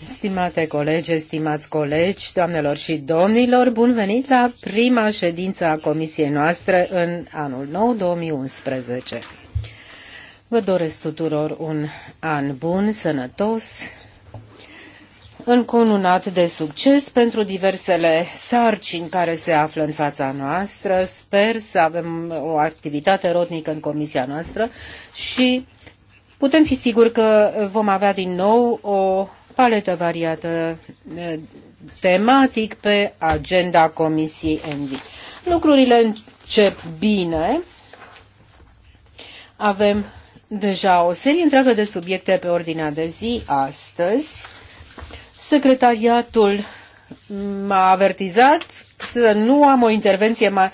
Stimate colegi, stimați colegi, doamnelor și domnilor, bun venit la prima ședință a comisiei noastre în anul nou 2011. Vă doresc tuturor un an bun, sănătos, încununat de succes pentru diversele sarcini care se află în fața noastră. Sper să avem o activitate rotnică în comisia noastră și putem fi siguri că vom avea din nou o paletă variată tematic pe agenda Comisiei Envi. Lucrurile încep bine. Avem deja o serie întreagă de subiecte pe ordinea de zi astăzi. Secretariatul m-a avertizat să nu am o intervenție mai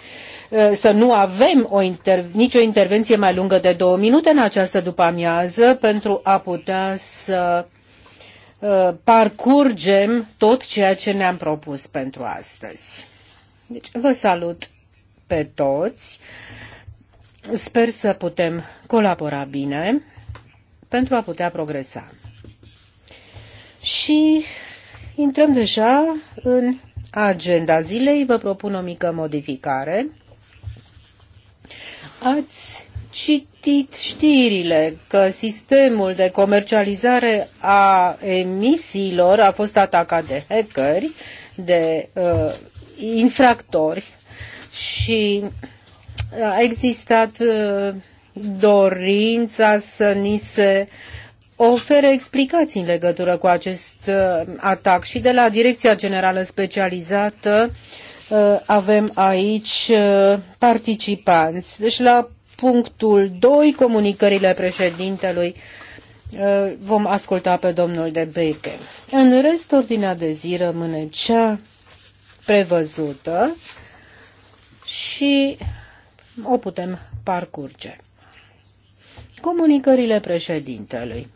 Eh, să nu avem o inter- nicio intervenție mai lungă de două minute în această după-amiază pentru a putea să eh, parcurgem tot ceea ce ne-am propus pentru astăzi. Deci vă salut pe toți. Sper să putem colabora bine pentru a putea progresa. Și intrăm deja în agenda zilei. Vă propun o mică modificare. Ați citit știrile că sistemul de comercializare a emisiilor a fost atacat de hackeri, de uh, infractori și a existat uh, dorința să ni se ofere explicații în legătură cu acest uh, atac și de la Direcția Generală Specializată uh, Eh, avem aici eh, participanți. Deci la punctul 2, comunicările președintelui, eh, vom asculta pe domnul de Beche. În rest, ordinea de zi rămâne cea prevăzută și o putem parcurge. Comunicările președintelui.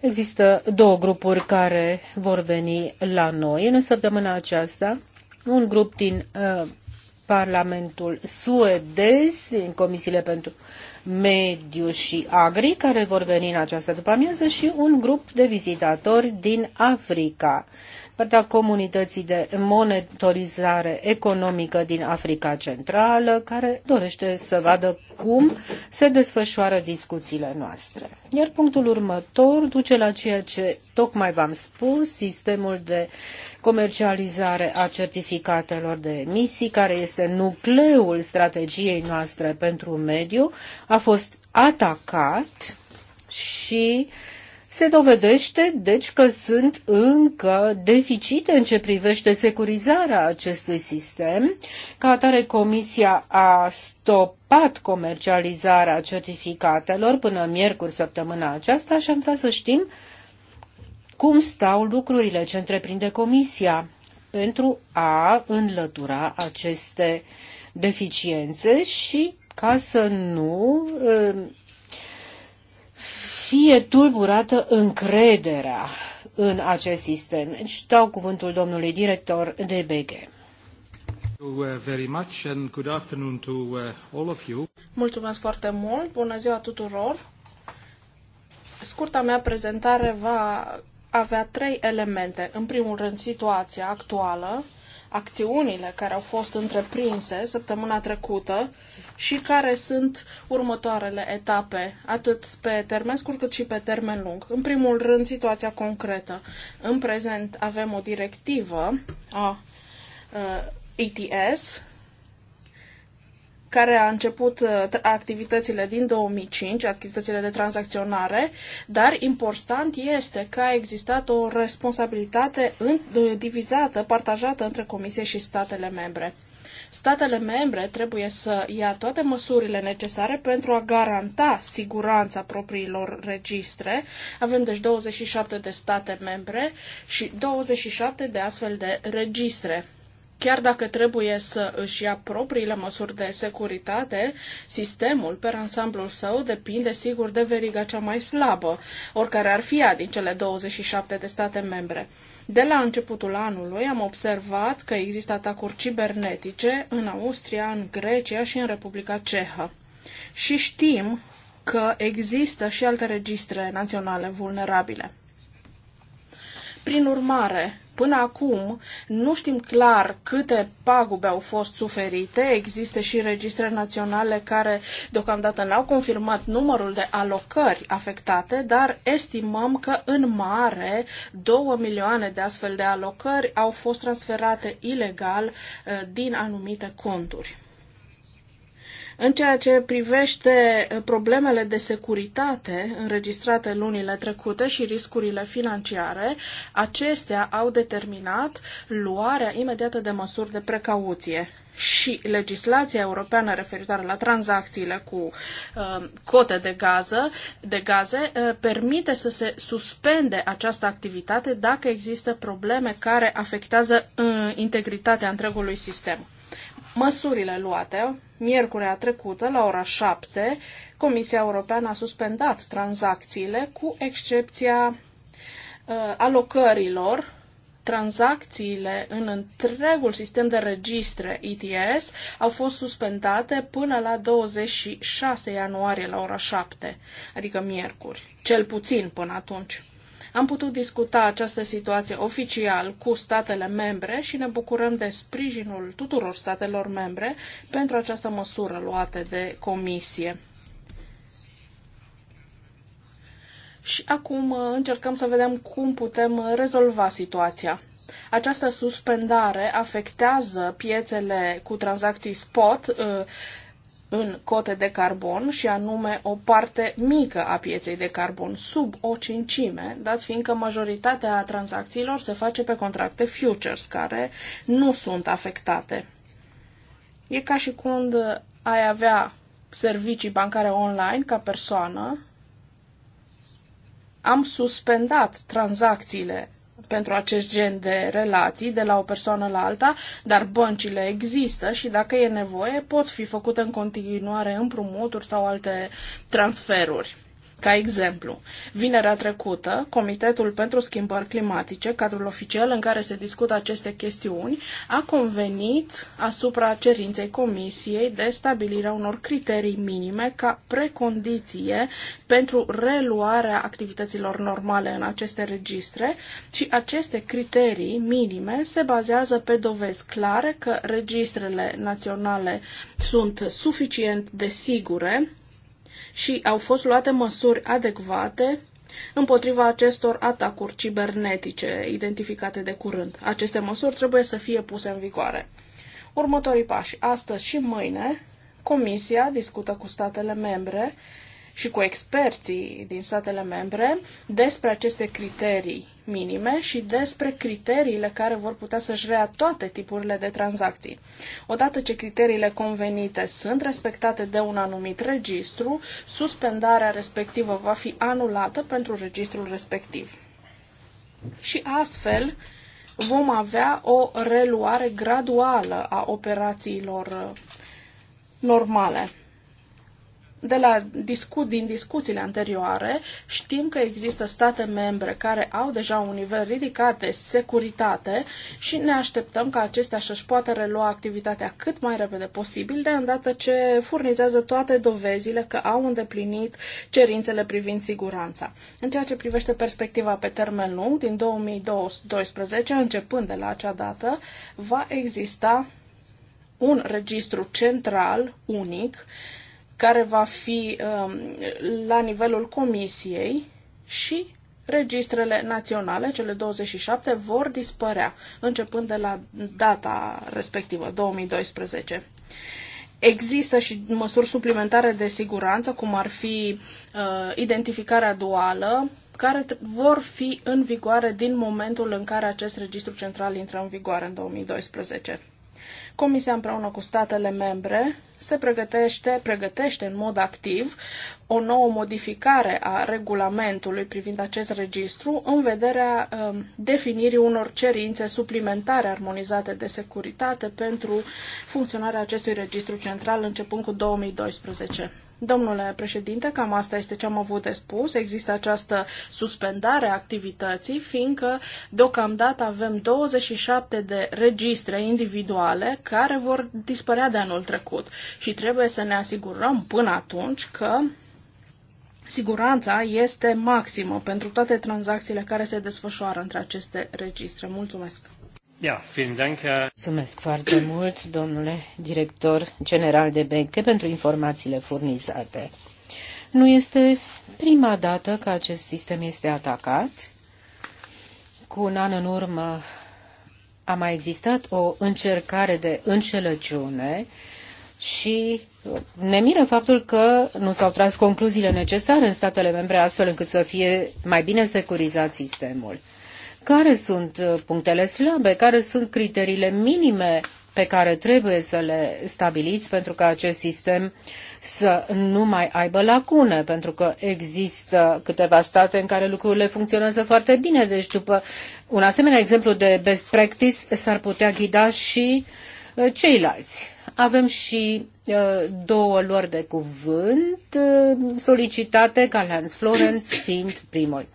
Există două grupuri care vor veni la noi în săptămâna aceasta. Un grup din uh, Parlamentul suedez, în comisiile pentru mediu și agri, care vor veni în această după amiază, și un grup de vizitatori din Africa, partea comunității de monitorizare economică din Africa Centrală, care dorește să vadă cum se desfășoară discuțiile noastre. Iar punctul următor duce la ceea ce tocmai v-am spus, sistemul de comercializare a certificatelor de emisii, care este nucleul strategiei noastre pentru mediu, a fost atacat și uh, se dovedește, deci, că sunt încă deficite în ce privește securizarea acestui sistem. Ca atare, Comisia a stopat comercializarea certificatelor până miercuri săptămâna aceasta și am vrea să știm cum stau lucrurile ce întreprinde Comisia pentru a înlătura aceste deficiențe și ca să nu fie tulburată încrederea în acest sistem. Și deci, dau cuvântul domnului director de BG. Uh, uh, Mulțumesc foarte mult. Bună ziua tuturor. Scurta mea prezentare va avea trei elemente. În primul rând, situația actuală, acțiunile care au fost întreprinse săptămâna trecută și care sunt următoarele etape, atât pe termen scurt cât și pe termen lung. În primul rând, situația concretă. În prezent avem o directivă a uh, ETS care a început uh, activitățile din 2005, activitățile de tranzacționare, dar important este că a existat o responsabilitate în, uh, divizată, partajată între Comisie și statele membre. Statele membre trebuie să ia toate măsurile necesare pentru a garanta siguranța propriilor registre. Avem deci 27 de state membre și 27 de astfel de registre Chiar dacă trebuie să își ia propriile măsuri de securitate, sistemul, per ansamblul său, depinde sigur de veriga cea mai slabă, oricare ar fi ea din cele 27 de state membre. De la începutul anului am observat că există atacuri cibernetice în Austria, în Grecia și în Republica Cehă. Și știm că există și alte registre naționale vulnerabile. Prin urmare, Până acum nu știm clar câte pagube au fost suferite. Există și registre naționale care deocamdată n-au confirmat numărul de alocări afectate, dar estimăm că în mare 2 milioane de astfel de alocări au fost transferate ilegal eh, din anumite conturi. În ceea ce privește problemele de securitate înregistrate lunile trecute și riscurile financiare, acestea au determinat luarea imediată de măsuri de precauție și legislația europeană referitoare la tranzacțiile cu uh, cote de gază, de gaze uh, permite să se suspende această activitate dacă există probleme care afectează uh, integritatea întregului sistem. Măsurile luate Miercurea trecută, la ora 7, Comisia Europeană a suspendat tranzacțiile cu excepția uh, alocărilor tranzacțiile în întregul sistem de registre ETS au fost suspendate până la 26 ianuarie la ora 7, adică miercuri, cel puțin până atunci. Am putut discuta această situație oficial cu statele membre și ne bucurăm de sprijinul tuturor statelor membre pentru această măsură luată de Comisie. Și acum uh, încercăm să vedem cum putem rezolva situația. Această suspendare afectează piețele cu tranzacții spot uh, în cote de carbon și anume o parte mică a pieței de carbon, sub o cincime, dat fiindcă majoritatea tranzacțiilor se face pe contracte futures, care nu sunt afectate. E ca și când ai avea servicii bancare online ca persoană, am suspendat tranzacțiile pentru acest gen de relații de la o persoană la alta, dar băncile există și dacă e nevoie pot fi făcute în continuare împrumuturi sau alte transferuri. Ca exemplu, vinerea trecută, Comitetul pentru Schimbări Climatice, cadrul oficial în care se discută aceste chestiuni, a convenit asupra cerinței Comisiei de stabilirea unor criterii minime ca precondiție pentru reluarea activităților normale în aceste registre și aceste criterii minime se bazează pe dovezi clare că registrele naționale sunt suficient de sigure și au fost luate măsuri adecvate împotriva acestor atacuri cibernetice identificate de curând. Aceste măsuri trebuie să fie puse în vigoare. Următorii pași. Astăzi și mâine, Comisia discută cu statele membre și cu experții din statele membre despre aceste criterii minime și despre criteriile care vor putea să-și rea toate tipurile de tranzacții. Odată ce criteriile convenite sunt respectate de un anumit registru, suspendarea respectivă va fi anulată pentru registrul respectiv. Și astfel, vom avea o reluare graduală a operațiilor uh, normale de la discu- din discuțiile anterioare, știm că există state membre care au deja un nivel ridicat de securitate și ne așteptăm ca acestea să-și poată relua activitatea cât mai repede posibil, de îndată ce furnizează toate dovezile că au îndeplinit cerințele privind siguranța. În ceea ce privește perspectiva pe termen lung, din 2012, începând de la acea dată, va exista un registru central unic care va fi um, la nivelul comisiei și registrele naționale, cele 27, vor dispărea începând de la data respectivă, 2012. Există și măsuri suplimentare de siguranță, cum ar fi uh, identificarea duală, care vor fi în vigoare din momentul în care acest registru central intră în vigoare în 2012. Comisia împreună cu statele membre se pregătește, pregătește în mod activ o nouă modificare a regulamentului privind acest registru în vederea um, definirii unor cerințe suplimentare armonizate de securitate pentru funcționarea acestui registru central începând cu 2012. Domnule președinte, cam asta este ce am avut de spus. Există această suspendare a activității, fiindcă deocamdată avem 27 de registre individuale care vor dispărea de anul trecut și trebuie să ne asigurăm până atunci că siguranța este maximă pentru toate tranzacțiile care se desfășoară între aceste registre. Mulțumesc! Mulțumesc foarte mult, domnule director general de Benche, pentru informațiile furnizate. Nu este prima dată că acest sistem este atacat. Cu un an în urmă a mai existat o încercare de înșelăciune și ne miră faptul că nu s-au tras concluziile necesare în statele membre astfel încât să fie mai bine securizat sistemul care sunt uh, punctele slabe, care sunt criteriile minime pe care trebuie să le stabiliți pentru ca acest sistem să nu mai aibă lacune, pentru că există câteva state în care lucrurile funcționează foarte bine. Deci, după un asemenea exemplu de best practice, s-ar putea ghida și uh, ceilalți. Avem și uh, două luări de cuvânt solicitate ca Hans Florenz fiind primul.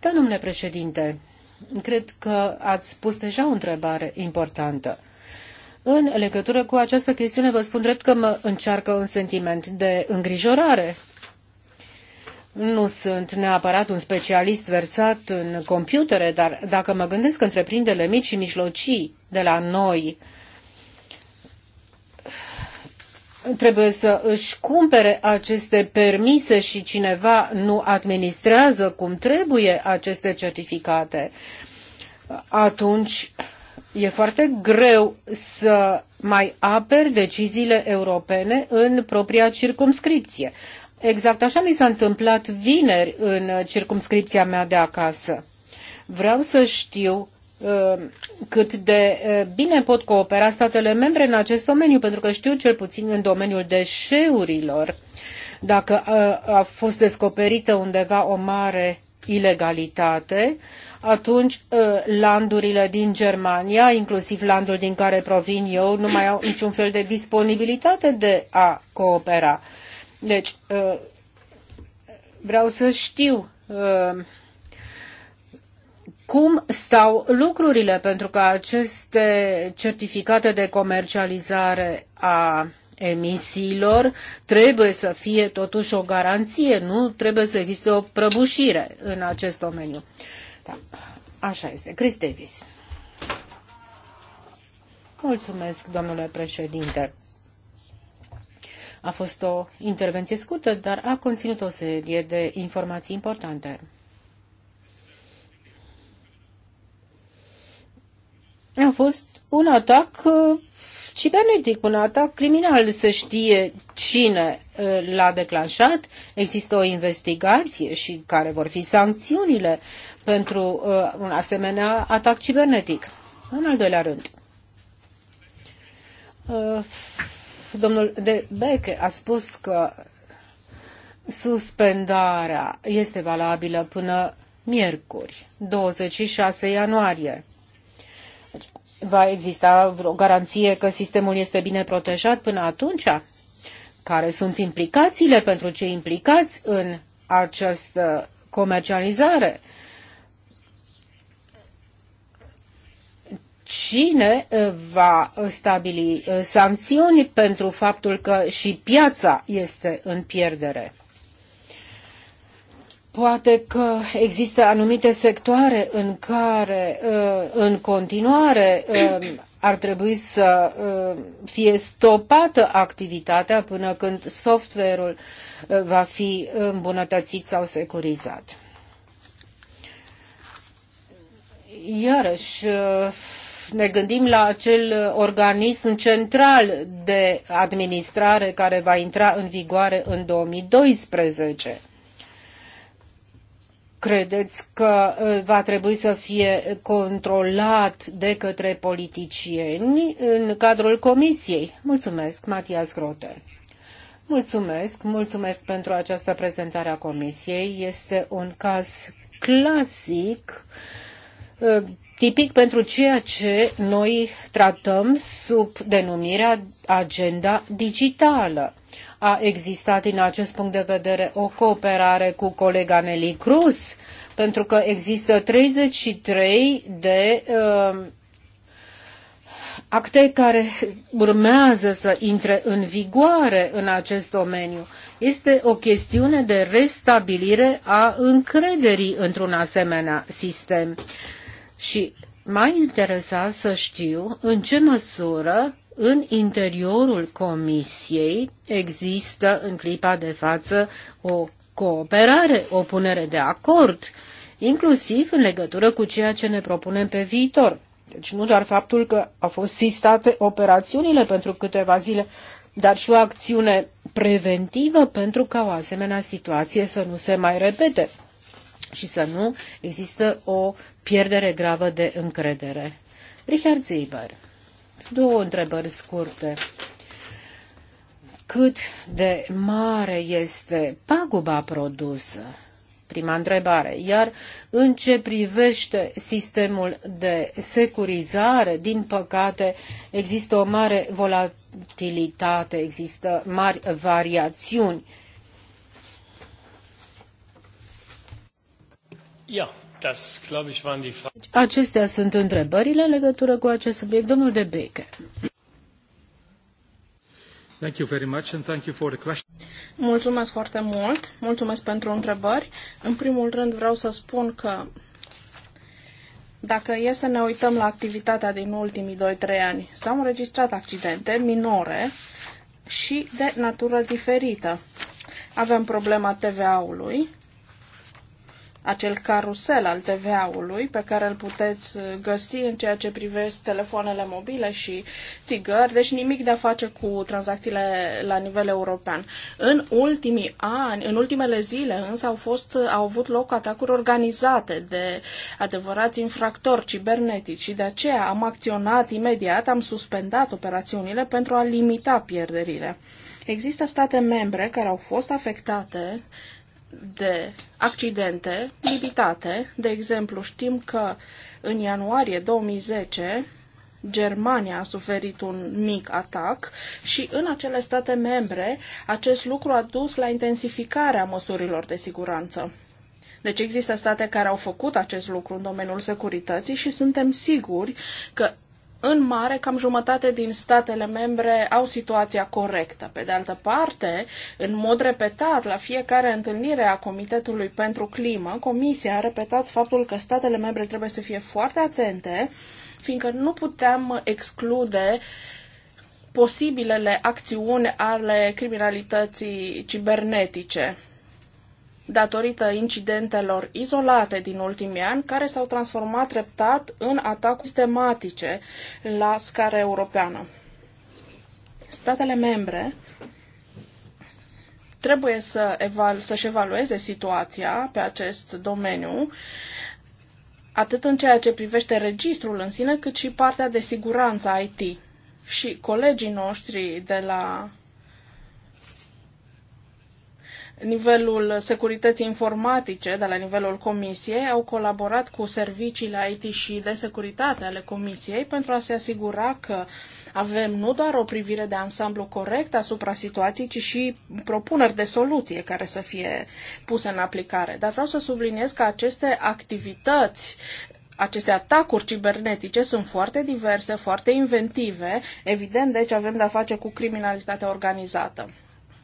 Da, domnule președinte, Cred că ați pus deja o întrebare importantă. În legătură cu această chestiune, vă spun drept că mă încearcă un sentiment de îngrijorare. Nu sunt neapărat un specialist versat în computere, dar dacă mă gândesc întreprinderile mici și mijlocii de la noi, trebuie să își cumpere aceste permise și cineva nu administrează cum trebuie aceste certificate, atunci e foarte greu să mai aperi deciziile europene în propria circumscripție. Exact așa mi s-a întâmplat vineri în circumscripția mea de acasă. Vreau să știu Uh, cât de uh, bine pot coopera statele membre în acest domeniu, pentru că știu cel puțin în domeniul deșeurilor, dacă uh, a fost descoperită undeva o mare ilegalitate, atunci landurile din Germania, inclusiv landul din care provin eu, nu mai au niciun fel de disponibilitate de a coopera. Deci, vreau să știu cum stau lucrurile, pentru că aceste certificate de comercializare a emisiilor trebuie să fie totuși o garanție, nu trebuie să existe o prăbușire în acest domeniu. Da. Așa este. Chris Davis. Mulțumesc, domnule președinte. A fost o intervenție scurtă, dar a conținut o serie de informații importante. a fost un atac uh, cibernetic, un atac criminal. să știe cine uh, l-a declanșat, există o investigație și care vor fi sancțiunile pentru uh, un asemenea atac cibernetic. În al doilea rând, domnul de Beche a spus că suspendarea este valabilă până miercuri, 26 ianuarie va exista vreo garanție că sistemul este bine protejat până atunci? Care sunt implicațiile pentru cei implicați în această comercializare? Cine eh, va stabili eh, sancțiuni pentru faptul că și piața este în pierdere? Poate că există anumite sectoare în care uh, în continuare uh, ar trebui să uh, fie stopată activitatea până când software-ul va fi îmbunătățit sau securizat. Iarăși, ne gândim la acel organism central de administrare care va intra în vigoare în 2012 credeți că uh, va trebui să fie controlat de către politicieni în cadrul comisiei? Mulțumesc, Matias Grote. Mulțumesc, mulțumesc pentru această prezentare a comisiei. Este un caz clasic uh, tipic pentru ceea ce noi tratăm sub denumirea agenda digitală. A existat din acest punct de vedere o cooperare cu colega Nelly Cruz, pentru că există 33 de uh, acte care urmează să intre în vigoare în acest domeniu. Este o chestiune de restabilire a încrederii într-un asemenea sistem. Uh, și m-a interesat să știu în ce măsură în interiorul comisiei există în clipa de față o cooperare, o punere de acord, inclusiv în legătură cu ceea ce ne propunem pe viitor. Deci nu doar faptul că au fost sistate operațiunile pentru câteva zile, dar și o acțiune preventivă pentru ca o asemenea situație să nu se mai repete și să nu există o pierdere gravă de încredere. Richard Zieber, două întrebări scurte. Cât de mare este paguba produsă? Prima întrebare. Iar în ce privește sistemul de securizare, din păcate, există o mare volatilitate, există mari variațiuni Deci, acestea sunt întrebările în legătură cu acest subiect. Domnul de Beke. Thank you very much and thank you for the question. Mulțumesc foarte mult. Mulțumesc pentru întrebări. În primul rând vreau să spun că dacă e să ne uităm la activitatea din ultimii 2-3 ani, s-au înregistrat accidente minore și de natură diferită. Avem problema TVA-ului, acel carusel al TVA-ului pe care îl puteți uh, găsi în ceea ce privește telefoanele mobile și țigări, deci nimic de a face cu tranzacțiile la nivel european. În ultimii ani, în ultimele zile însă au, fost, uh, au avut loc atacuri organizate de adevărați infractori cibernetici și de aceea am acționat imediat, am suspendat operațiunile pentru a limita pierderile. Există state membre care au fost afectate de accidente limitate. De exemplu, știm că în ianuarie 2010 Germania a suferit un mic atac și în acele state membre acest lucru a dus la intensificarea măsurilor de siguranță. Deci există state care au făcut acest lucru în domeniul securității și suntem siguri că în mare, cam jumătate din statele membre au situația corectă. Pe de altă parte, în mod repetat, la fiecare întâlnire a Comitetului pentru Climă, Comisia a repetat faptul că statele membre trebuie să fie foarte atente, fiindcă nu putem exclude posibilele acțiuni ale criminalității cibernetice datorită incidentelor izolate din ultimii ani, care s-au transformat treptat în atacuri sistematice la scară europeană. Statele membre trebuie să eval- să-și evalueze situația pe acest domeniu, atât în ceea ce privește registrul în sine, cât și partea de siguranță IT. Și colegii noștri de la nivelul securității informatice de la nivelul Comisiei au colaborat cu serviciile IT și de securitate ale Comisiei pentru a se asigura că avem nu doar o privire de ansamblu corect asupra situației, ci și propuneri de soluție care să fie puse în aplicare. Dar vreau să subliniez că aceste activități aceste atacuri cibernetice sunt foarte diverse, foarte inventive. Evident, deci avem de-a face cu criminalitatea organizată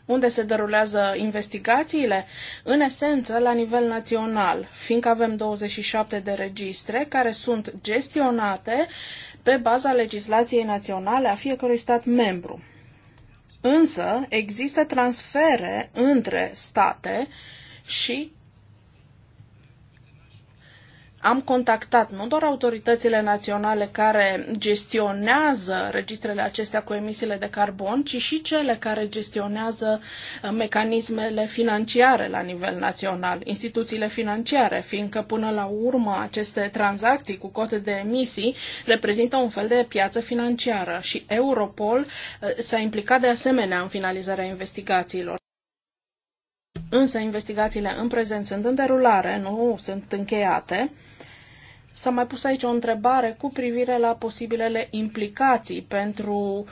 unde se derulează investigațiile? În esență, la nivel național, fiindcă avem 27 de registre care sunt gestionate pe baza legislației naționale a fiecărui stat membru. Însă, există transfere între state și am contactat nu doar autoritățile naționale care gestionează registrele acestea cu emisiile de carbon, ci și cele care gestionează uh, mecanismele financiare la nivel național, instituțiile financiare, fiindcă până la urmă aceste tranzacții cu cote de emisii reprezintă un fel de piață financiară și Europol uh, s-a implicat de asemenea în finalizarea investigațiilor. Însă investigațiile în prezent sunt în derulare, nu sunt încheiate S-a mai pus aici o întrebare cu privire la posibilele implicații pentru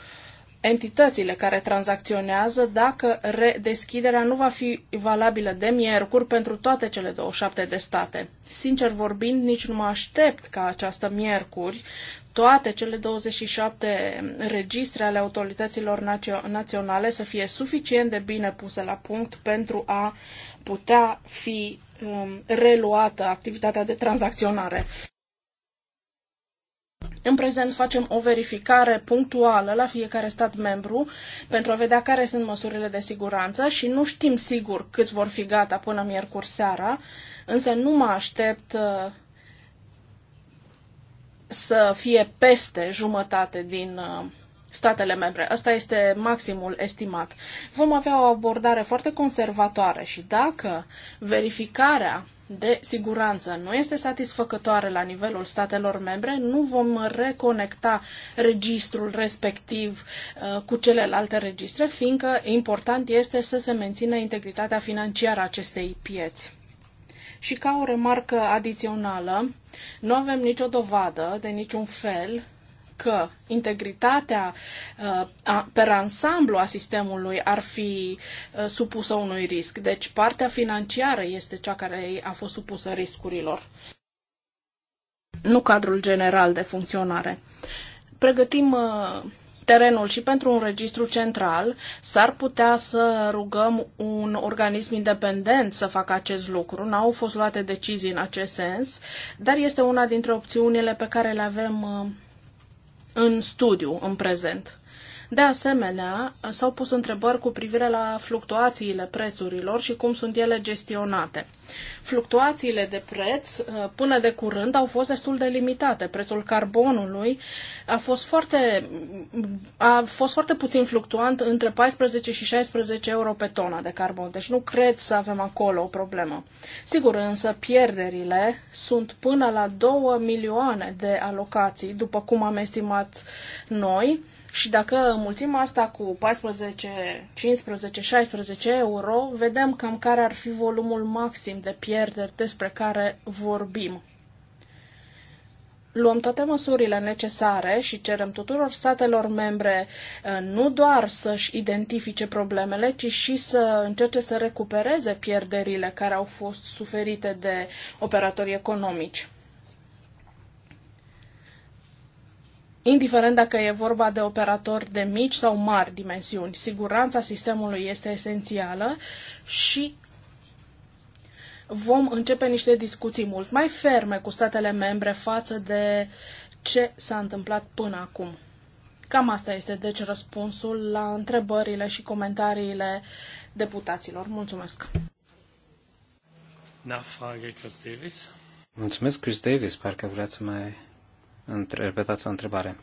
entitățile care tranzacționează dacă redeschiderea nu va fi valabilă de miercuri pentru toate cele 27 de state. Sincer vorbind, nici nu mă aștept ca această miercuri toate cele 27 registre ale autorităților naționale să fie suficient de bine puse la punct pentru a putea fi um, reluată activitatea de tranzacționare. În prezent facem o verificare punctuală la fiecare stat membru pentru a vedea care sunt măsurile de siguranță și nu știm sigur câți vor fi gata până miercuri seara, însă nu mă aștept uh, să fie peste jumătate din uh, statele membre. Asta este maximul estimat. Vom avea o abordare foarte conservatoare și dacă verificarea de siguranță nu este satisfăcătoare la nivelul statelor membre, nu vom reconecta registrul respectiv uh, cu celelalte registre, fiindcă important este să se mențină integritatea financiară a acestei pieți. Și ca o remarcă adițională, nu avem nicio dovadă de niciun fel că integritatea uh, per ansamblu a sistemului ar fi uh, supusă unui risc. Deci partea financiară este cea care a fost supusă riscurilor, nu cadrul general de funcționare. Pregătim uh, terenul și pentru un registru central, s-ar putea să rugăm un organism independent să facă acest lucru. N-au fost luate decizii în acest sens, dar este una dintre opțiunile pe care le avem în studiu în prezent. De asemenea, s-au pus întrebări cu privire la fluctuațiile prețurilor și cum sunt ele gestionate. Fluctuațiile de preț uh, până de curând au fost destul de limitate. Prețul carbonului a fost foarte, a fost foarte puțin fluctuant între 14 și 16 euro pe tonă de carbon, deci nu cred să avem acolo o problemă. Sigur, însă pierderile sunt până la 2 milioane de alocații, după cum am estimat noi, și dacă mulțim asta cu 14, 15, 16 euro, vedem cam care ar fi volumul maxim de pierderi despre care vorbim. Luăm toate măsurile necesare și cerem tuturor statelor membre eh, nu doar să-și identifice problemele, ci și să încerce să recupereze pierderile care au fost suferite de operatorii economici. indiferent dacă e vorba de operatori de mici sau mari dimensiuni. Siguranța sistemului este esențială și vom începe niște discuții mult mai ferme cu statele membre față de ce s-a întâmplat până acum. Cam asta este, deci, răspunsul la întrebările și comentariile deputaților. Mulțumesc! Nachfrage, Chris Davis. Mulțumesc, Chris Davis. Parcă vreați să mai repetați o întrebare.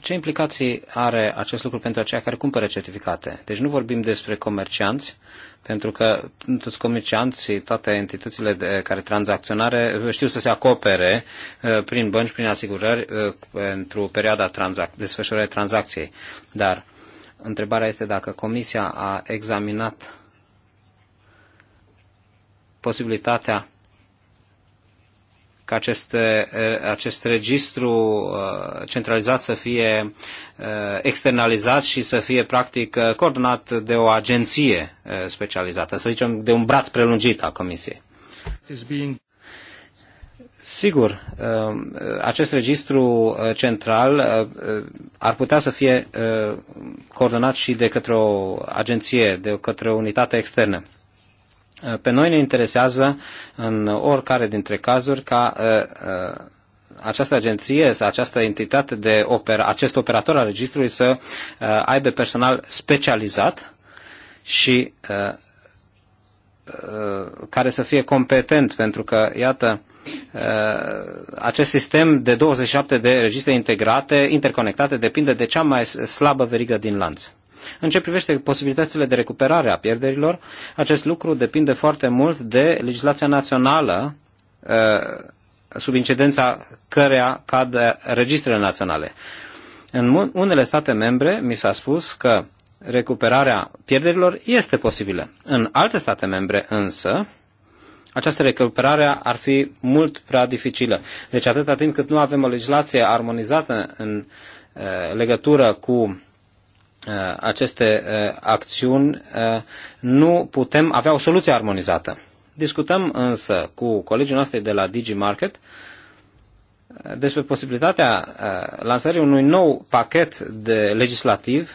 Ce implicații are acest lucru pentru aceia care cumpără certificate? Deci nu vorbim despre comercianți, pentru că toți comercianții, toate entitățile de, care tranzacționare știu să se acopere prin bănci, prin asigurări pentru perioada transac- desfășurării tranzacției. Dar întrebarea este dacă Comisia a examinat posibilitatea ca aceste, acest registru centralizat să fie externalizat și să fie practic coordonat de o agenție specializată, să zicem de un braț prelungit al Comisiei. Sigur, acest registru central ar putea să fie coordonat și de către o agenție, de către o unitate externă. Pe noi ne interesează în oricare dintre cazuri ca uh, uh, această agenție, această entitate de opera, acest operator al registrului să uh, aibă personal specializat și care să fie competent, pentru că, iată, acest sistem de 27 de registre integrate, interconectate, depinde de cea mai slabă verigă din lanț. În ce privește posibilitățile de recuperare a pierderilor, acest lucru depinde foarte mult de legislația națională uh, sub incidența căreia cad uh, registrele naționale. În unele state membre mi s-a spus că recuperarea pierderilor este posibilă. În alte state membre însă, această recuperare ar fi mult prea dificilă. Deci atâta timp cât nu avem o legislație armonizată în uh, legătură cu Uh, aceste uh, acțiuni, uh, nu putem avea o soluție armonizată. Discutăm însă cu colegii noștri de la DigiMarket despre posibilitatea lansării unui nou pachet de legislativ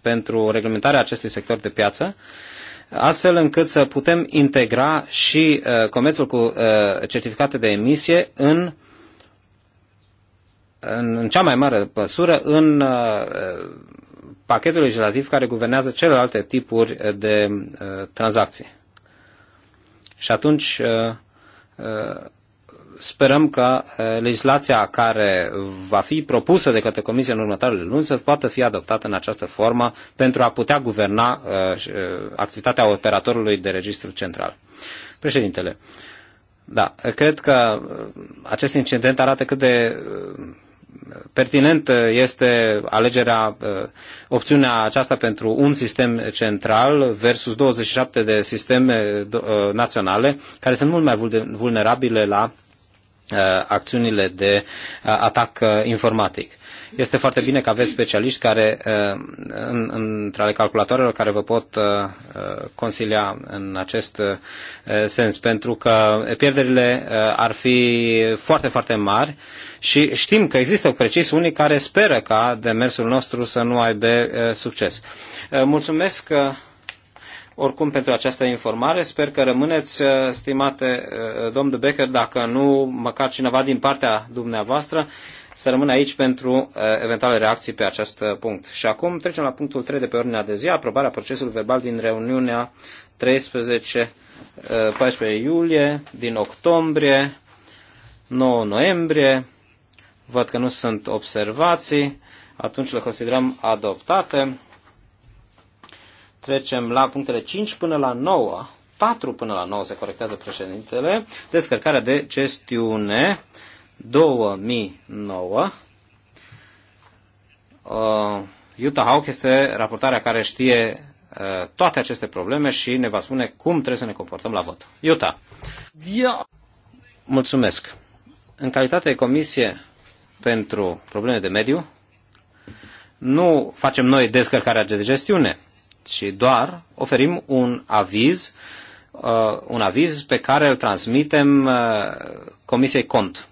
pentru reglementarea acestui sector de piață, astfel încât să putem integra și comerțul cu certificate de emisie în, în, în cea mai mare măsură în pachetul legislativ care guvernează celelalte tipuri de uh, tranzacții. Și atunci uh, uh, sperăm că uh, legislația care va fi propusă de către Comisia în următoarele luni să poată fi adoptată în această formă pentru a putea guverna activitatea operatorului de registru central. Președintele, da, cred că acest incident arată cât de pertinentă uh, este alegerea, uh, opțiunea aceasta pentru un sistem central versus 27 de sisteme uh, naționale, care sunt mult mai vulnerabile la acțiunile de atac informatic. Este foarte bine că aveți specialiști care, uh, în, între ale calculatoarelor care vă pot uh, uh, consilia în acest sens, pentru că pierderile ar fi foarte, foarte mari și știm că există precis unii care speră ca demersul nostru să nu aibă succes. Mulțumesc oricum pentru această informare. Sper că rămâneți, stimate domn de Becker, dacă nu, măcar cineva din partea dumneavoastră, să rămân aici pentru uh, eventuale reacții pe acest uh, punct. Și acum trecem la punctul 3 de pe ordinea de zi, aprobarea procesului verbal din reuniunea 13 uh, 14 iulie, din octombrie, 9 noiembrie. Văd că nu sunt observații, atunci le considerăm adoptate. Trecem la punctele 5 până la 9. 4 până la 9 se corectează președintele, descărcarea de gestiune, uh, 2009. Uh, Utah Hawk este raportarea care știe uh, toate aceste probleme și ne va spune cum trebuie să ne comportăm la vot. Utah. Via. Mulțumesc. În calitate de comisie pentru probleme de mediu, nu facem noi descărcarea de gestiune, ci doar oferim un aviz, uh, un aviz pe care îl transmitem uh, Comisiei Cont.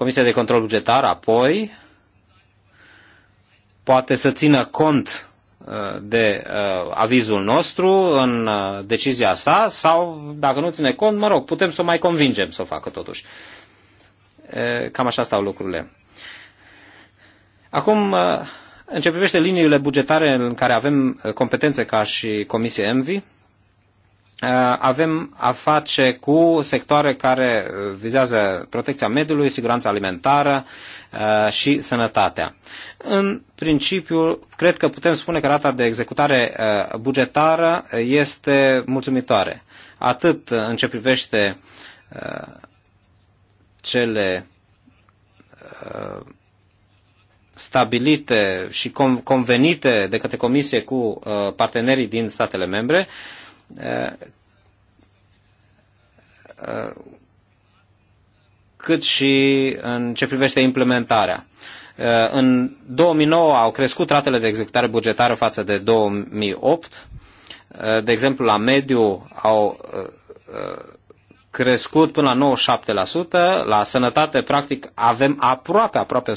Comisia de Control Bugetar apoi poate să țină cont uh, de uh, avizul nostru în uh, decizia sa sau, dacă nu ține cont, mă rog, putem să o mai convingem să o facă totuși. Cam așa stau lucrurile. Acum, în ce privește liniile bugetare în care avem competențe ca și Comisie ENVI, Uh, avem a face cu sectoare care uh, vizează protecția mediului, siguranța alimentară uh, și sănătatea. În principiu, cred că putem spune că rata de executare bugetară este mulțumitoare. Atât în ce privește cele stabilite și convenite de către Comisie cu partenerii din statele membre, uh, cât și în ce privește implementarea. Uh, în 2009 au crescut ratele de executare bugetară față de 2008. Uh, de exemplu, la mediu au uh, crescut până la 97%, la sănătate practic avem aproape, aproape 100%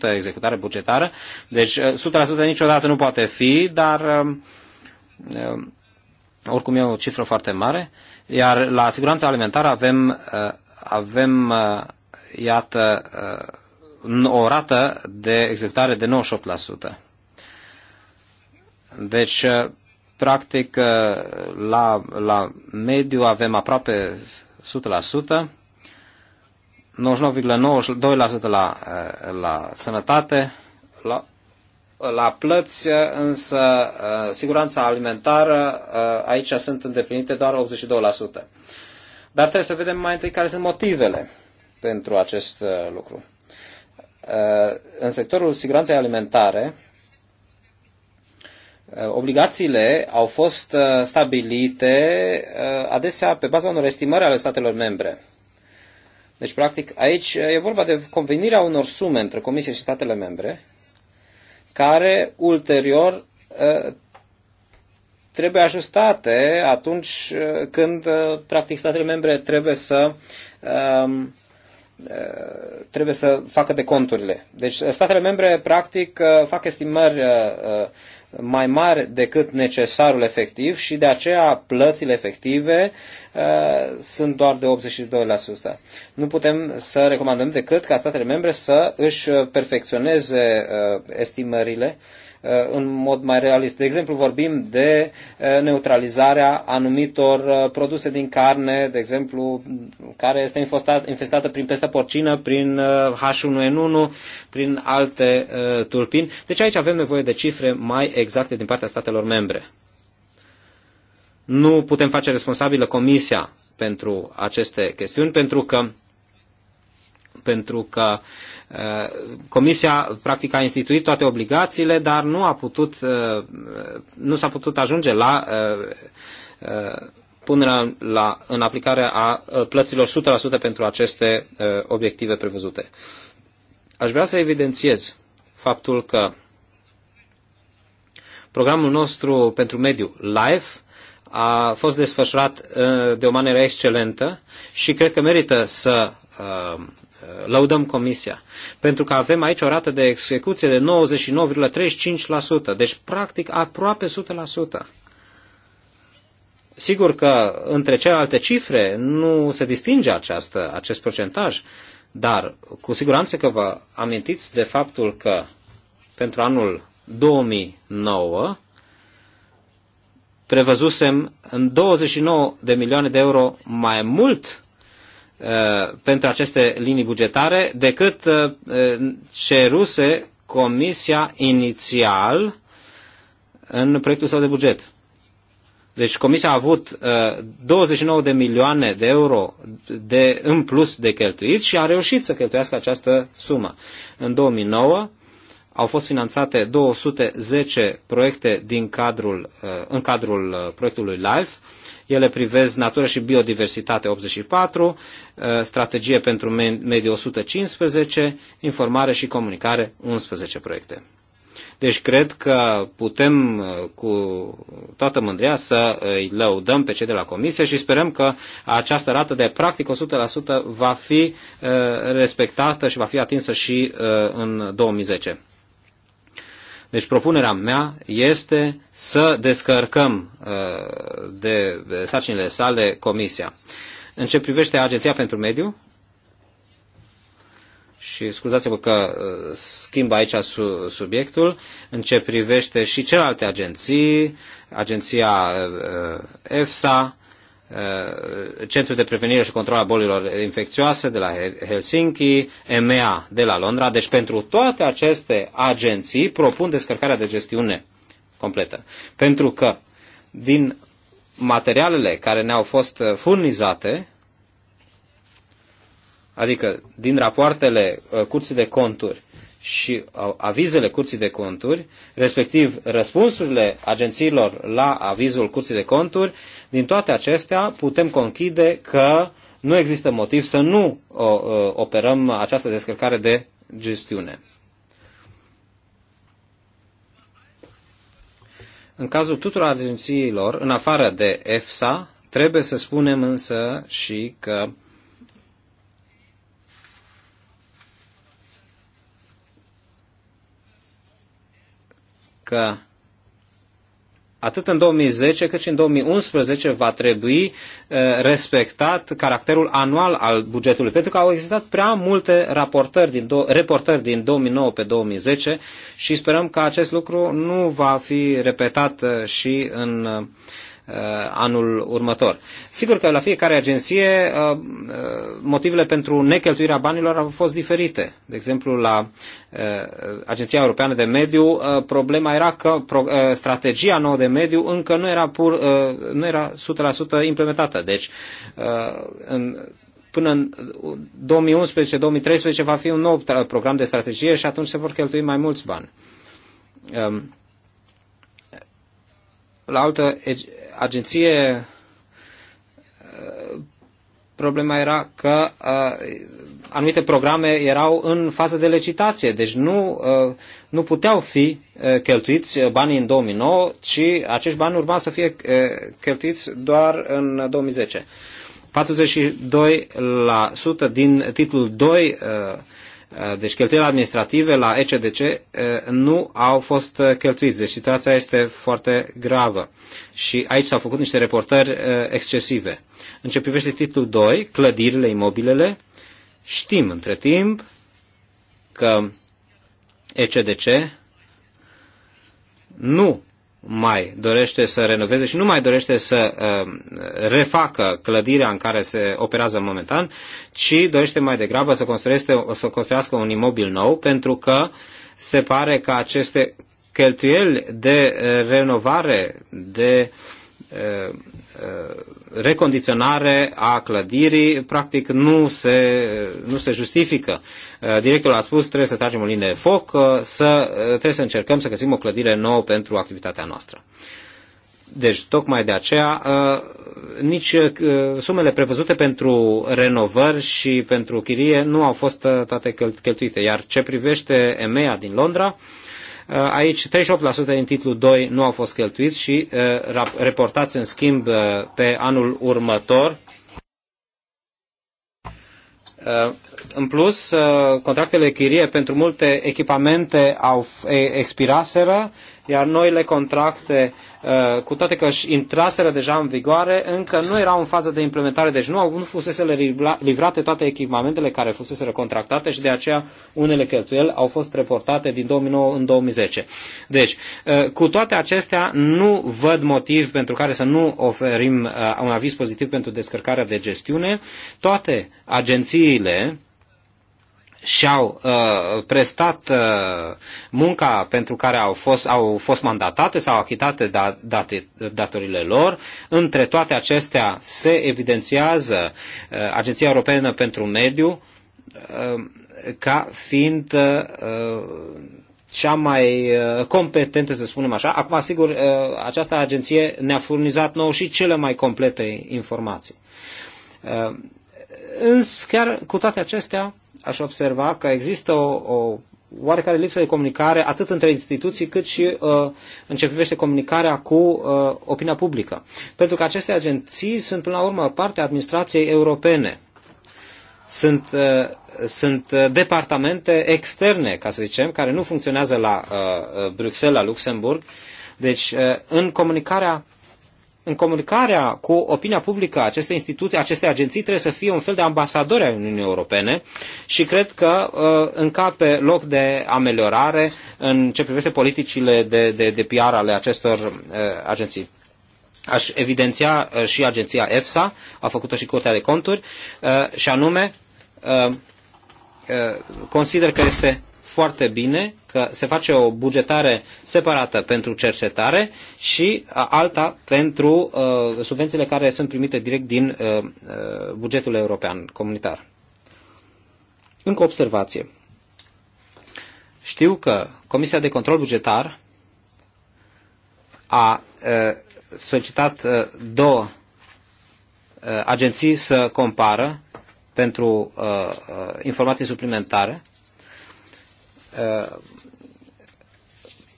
executare bugetară, deci 100% niciodată nu poate fi, dar oricum e o cifră foarte mare, iar la siguranța alimentară avem, uh, avem uh, iată, uh, o rată de executare de 98%. Deci, practic, la, la mediu avem aproape 100%, 99,92% la, la sănătate, la la plăți, însă uh, siguranța alimentară, uh, aici sunt îndeplinite doar 82%. Dar trebuie să vedem mai întâi care sunt motivele pentru acest uh, lucru. În sectorul siguranței alimentare, obligațiile au fost stabilite adesea pe baza unor estimări ale statelor membre. Deci, practic, aici e vorba de convenirea unor sume între Comisie și statele membre care ulterior ă, trebuie ajustate atunci ă, când, ă, practic, statele membre trebuie să trebuie să facă de conturile. Deci statele membre practic fac estimări mai mari decât necesarul efectiv și de aceea plățile efective uh, sunt doar de 82%. Nu putem să recomandăm decât ca statele membre să își perfecționeze uh, estimările uh, Uh, în mod mai realist. De exemplu, vorbim de uh, neutralizarea anumitor uh, produse din carne, de exemplu, care este infestată, infestată prin pesta porcină, prin H1N1, prin alte tulpini. Deci aici avem nevoie de cifre mai exacte din partea statelor membre. Nu putem face responsabilă Comisia pentru aceste chestiuni, pentru că pentru că uh, Comisia practic a instituit toate obligațiile, dar nu, a putut, uh, nu s-a putut ajunge la uh, punerea la, în aplicare a plăților 100% pentru aceste obiective prevăzute. Aș vrea să evidențiez faptul că programul nostru pentru mediu LIFE a fost desfășurat de o manieră excelentă și cred că merită să Eh, lăudăm Comisia, pentru că avem aici o rată de execuție de 99,35%, deci practic aproape 100%. Sigur că între celelalte cifre nu se distinge această, acest procentaj, dar cu siguranță că vă amintiți de faptul că pentru anul 2009 prevăzusem în 29 de milioane de euro mai mult Uh, pentru aceste linii bugetare decât uh, ceruse Comisia inițial în proiectul său de buget. Deci Comisia a avut 29 uh, de milioane de euro de, în plus de cheltuit și a reușit să cheltuiască această sumă. În 2009 au fost finanțate 210 proiecte din cadrul, în cadrul proiectului LIFE ele privesc natură și biodiversitate 84, uh, strategie pentru mediu 115, informare și comunicare 11 proiecte. Deci cred că putem uh, cu toată mândria să îi lăudăm pe cei de la comisie și sperăm că această rată de practic 100% va fi uh, respectată și va fi atinsă și în 2010. Deci propunerea mea este să descărcăm uh, de sarcinile sale comisia. În ce privește Agenția pentru Mediu, și scuzați-vă că uh, schimb aici subiectul, în ce privește și celelalte agenții, agenția uh, EFSA, Uh, centrul de Prevenire și Control a Bolilor Infecțioase de la Helsinki, EMEA de la Londra. Deci pentru toate aceste agenții propun descărcarea de gestiune completă. Pentru că din materialele care ne-au fost uh, furnizate, adică din rapoartele uh, Curții de Conturi și avizele Curții de Conturi, respectiv răspunsurile agențiilor la avizul Curții de Conturi, din toate acestea putem conchide că nu există motiv să nu operăm această descărcare de gestiune. În cazul tuturor agențiilor, în afară de EFSA, trebuie să spunem însă și că că atât în 2010 cât și în 2011 va trebui uh, respectat caracterul anual al bugetului, pentru că au existat prea multe raportări din, reportări din 2009 pe 2010 și sperăm că acest lucru nu va fi repetat uh, și în uh, Uh, anul următor. Sigur că la fiecare agenție uh, uh, motivele pentru necheltuirea banilor au fost diferite. De exemplu, la Agenția Europeană de Mediu, problema era că strategia nouă de mediu încă nu era, pur, nu era 100% implementată. Deci, în până în 2011-2013 va fi un nou program de strategie și atunci se vor cheltui mai mulți bani. Um, la altă agenție, uh, problema era că uh, anumite programe erau în fază de licitație, deci nu, uh, nu puteau fi cheltuiți banii în 2009, ci acești bani urma să fie cheltuiți doar în 2010. 42% din titlul 2 Eh, deci cheltuielile administrative la ECDC eh, nu au fost eh, cheltuiți. Deci situația este foarte gravă. Și aici s-au făcut niște reportări excesive. În ce privește titlul 2, clădirile, imobilele, știm între timp că ECDC nu mai dorește să renoveze și nu mai dorește să uh, refacă clădirea în care se operează momentan, ci dorește mai degrabă să construiască, să construiască un imobil nou, pentru că se pare că aceste cheltuieli de renovare, de uh, Uh, recondiționare a clădirii practic nu se, nu se justifică. Uh, directorul a spus trebuie să tragem o linie de foc, uh, să, trebuie să încercăm să găsim o clădire nouă pentru activitatea noastră. Deci, tocmai de aceea, nici sumele prevăzute pentru renovări și pentru chirie nu au fost toate cheltuite. Iar ce privește EMEA din Londra, Uh, aici 38% din titlul 2 nu au fost cheltuiți și uh, reportați în schimb uh, pe anul următor în plus, uh, contractele de chirie pentru multe echipamente au expiraseră, iar noile contracte, uh, cu toate că își intraseră deja în vigoare, încă nu erau în fază de implementare, deci nu au nu fusese livrate toate echipamentele care fusese contractate și de aceea unele cheltuieli au fost reportate din 2009 în 2010. Deci, uh, cu toate acestea, nu văd motiv pentru care să nu oferim un aviz pozitiv pentru descărcarea de gestiune. Toate agențiile și-au uh, prestat uh, munca pentru care au fost, au fost mandatate sau achitate da, date, datorile lor. Între toate acestea se evidențiază uh, Agenția Europeană pentru Mediu uh, ca fiind uh, cea mai uh, competentă, să spunem așa. Acum, sigur, uh, această agenție ne-a furnizat nou și cele mai complete informații. Uh, însă, chiar cu toate acestea, aș observa că există o, o oarecare lipsă de comunicare atât între instituții cât și uh, în ce privește comunicarea cu uh, opinia publică. Pentru că aceste agenții sunt până la urmă parte a administrației europene. Sunt, uh, sunt uh, departamente externe, ca să zicem, care nu funcționează la uh, uh Bruxelles, la Luxemburg. Deci, uh, în comunicarea în comunicarea cu opinia publică a acestei instituții, aceste agenții trebuie să fie un fel de ambasadori ai Uniunii Europene și cred că uh, încape loc de ameliorare în ce privește politicile de, de, de PR ale acestor uh, agenții. Aș evidenția uh, și agenția EFSA, a făcut-o și Curtea de Conturi, uh, și anume uh, uh, consider că este foarte bine că se face o bugetare separată pentru cercetare și alta pentru uh, subvențiile care sunt primite direct din uh, uh, bugetul european comunitar. Încă o observație. Știu că Comisia de Control Bugetar a uh, solicitat uh, două uh, agenții să compară pentru uh, uh, informații suplimentare Uh,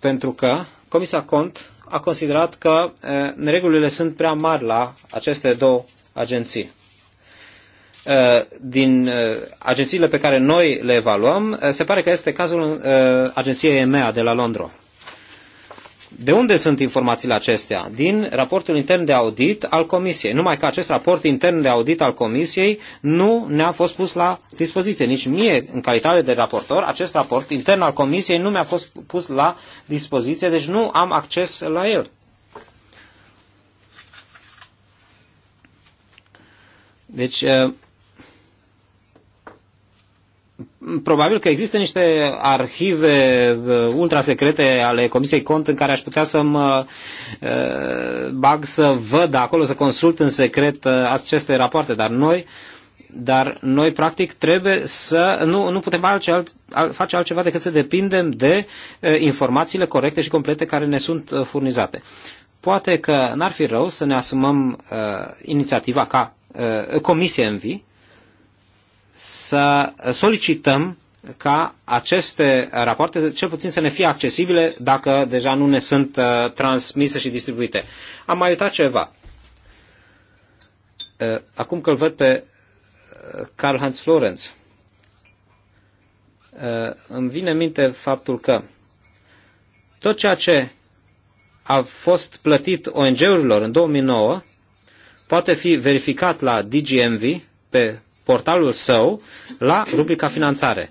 pentru că Comisia Cont a considerat că uh, neregulile sunt prea mari la aceste două agenții. Uh, din agențiile pe care noi le evaluăm, se pare că este cazul agenției EMEA de la Londra. De unde sunt informațiile acestea? Din raportul intern de audit al Comisiei. Numai că acest raport intern de audit al Comisiei nu ne-a fost pus la dispoziție. Nici mie, în calitate de raportor, acest raport intern al Comisiei nu mi-a fost pus la dispoziție, deci nu am acces la el. Deci, eh, probabil că există niște arhive uh, ultrasecrete ale Comisiei Cont în care aș putea să mă uh, bag să văd acolo, să consult în secret uh, aceste rapoarte, dar noi dar noi practic trebuie să nu, nu putem face, alt, face altceva decât să depindem de informațiile corecte și complete care ne sunt furnizate. Poate că n-ar fi rău să ne asumăm uh, inițiativa ca uh, comisie în vii, să solicităm ca aceste rapoarte cel puțin să ne fie accesibile dacă deja nu ne sunt uh, transmise și distribuite. Am mai uitat ceva. Uh, acum că îl văd pe uh, karl Hans, Florenz, uh, îmi vine în minte faptul că tot ceea ce a fost plătit ONG-urilor în 2009 poate fi verificat la DGMV pe portalul său la rubrica finanțare.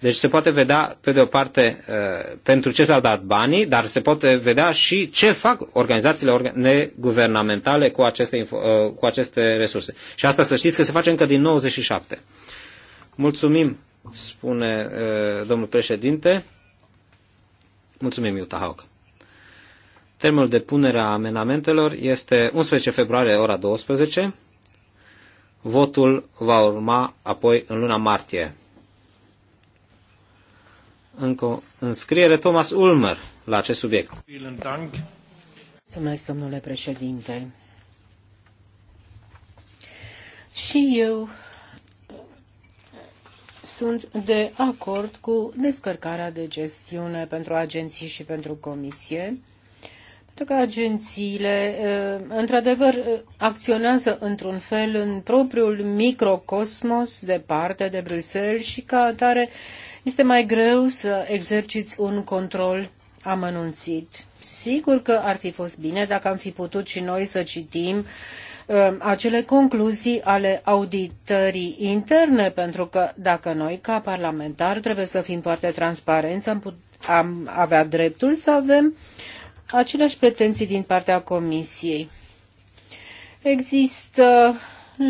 Deci se poate vedea, pe de o parte, uh, pentru ce s-au dat banii, dar se poate vedea și ce fac organizațiile neguvernamentale cu aceste, uh, cu aceste resurse. Și asta să știți că se face încă din 97. Mulțumim, spune uh, domnul președinte. Mulțumim, Iuta Hauk. Termenul de punere a amenamentelor este 11 februarie, ora 12. Votul va urma apoi în luna martie. Încă înscriere Thomas Ulmer la acest subiect. Mulțumesc, domnule președinte. Și eu sunt de acord cu descărcarea de gestiune pentru agenții și pentru comisie pentru că agențiile, ă, într-adevăr, ă, acționează într-un fel în propriul microcosmos de parte de Bruxelles și ca atare este mai greu să exerciți un control amănunțit. Sigur că ar fi fost bine dacă am fi putut și noi să citim ă, acele concluzii ale auditării interne, pentru că dacă noi, ca parlamentari, trebuie să fim foarte transparenți, am, put- am avea dreptul să avem uh, aceleași pretenții din partea Comisiei. Există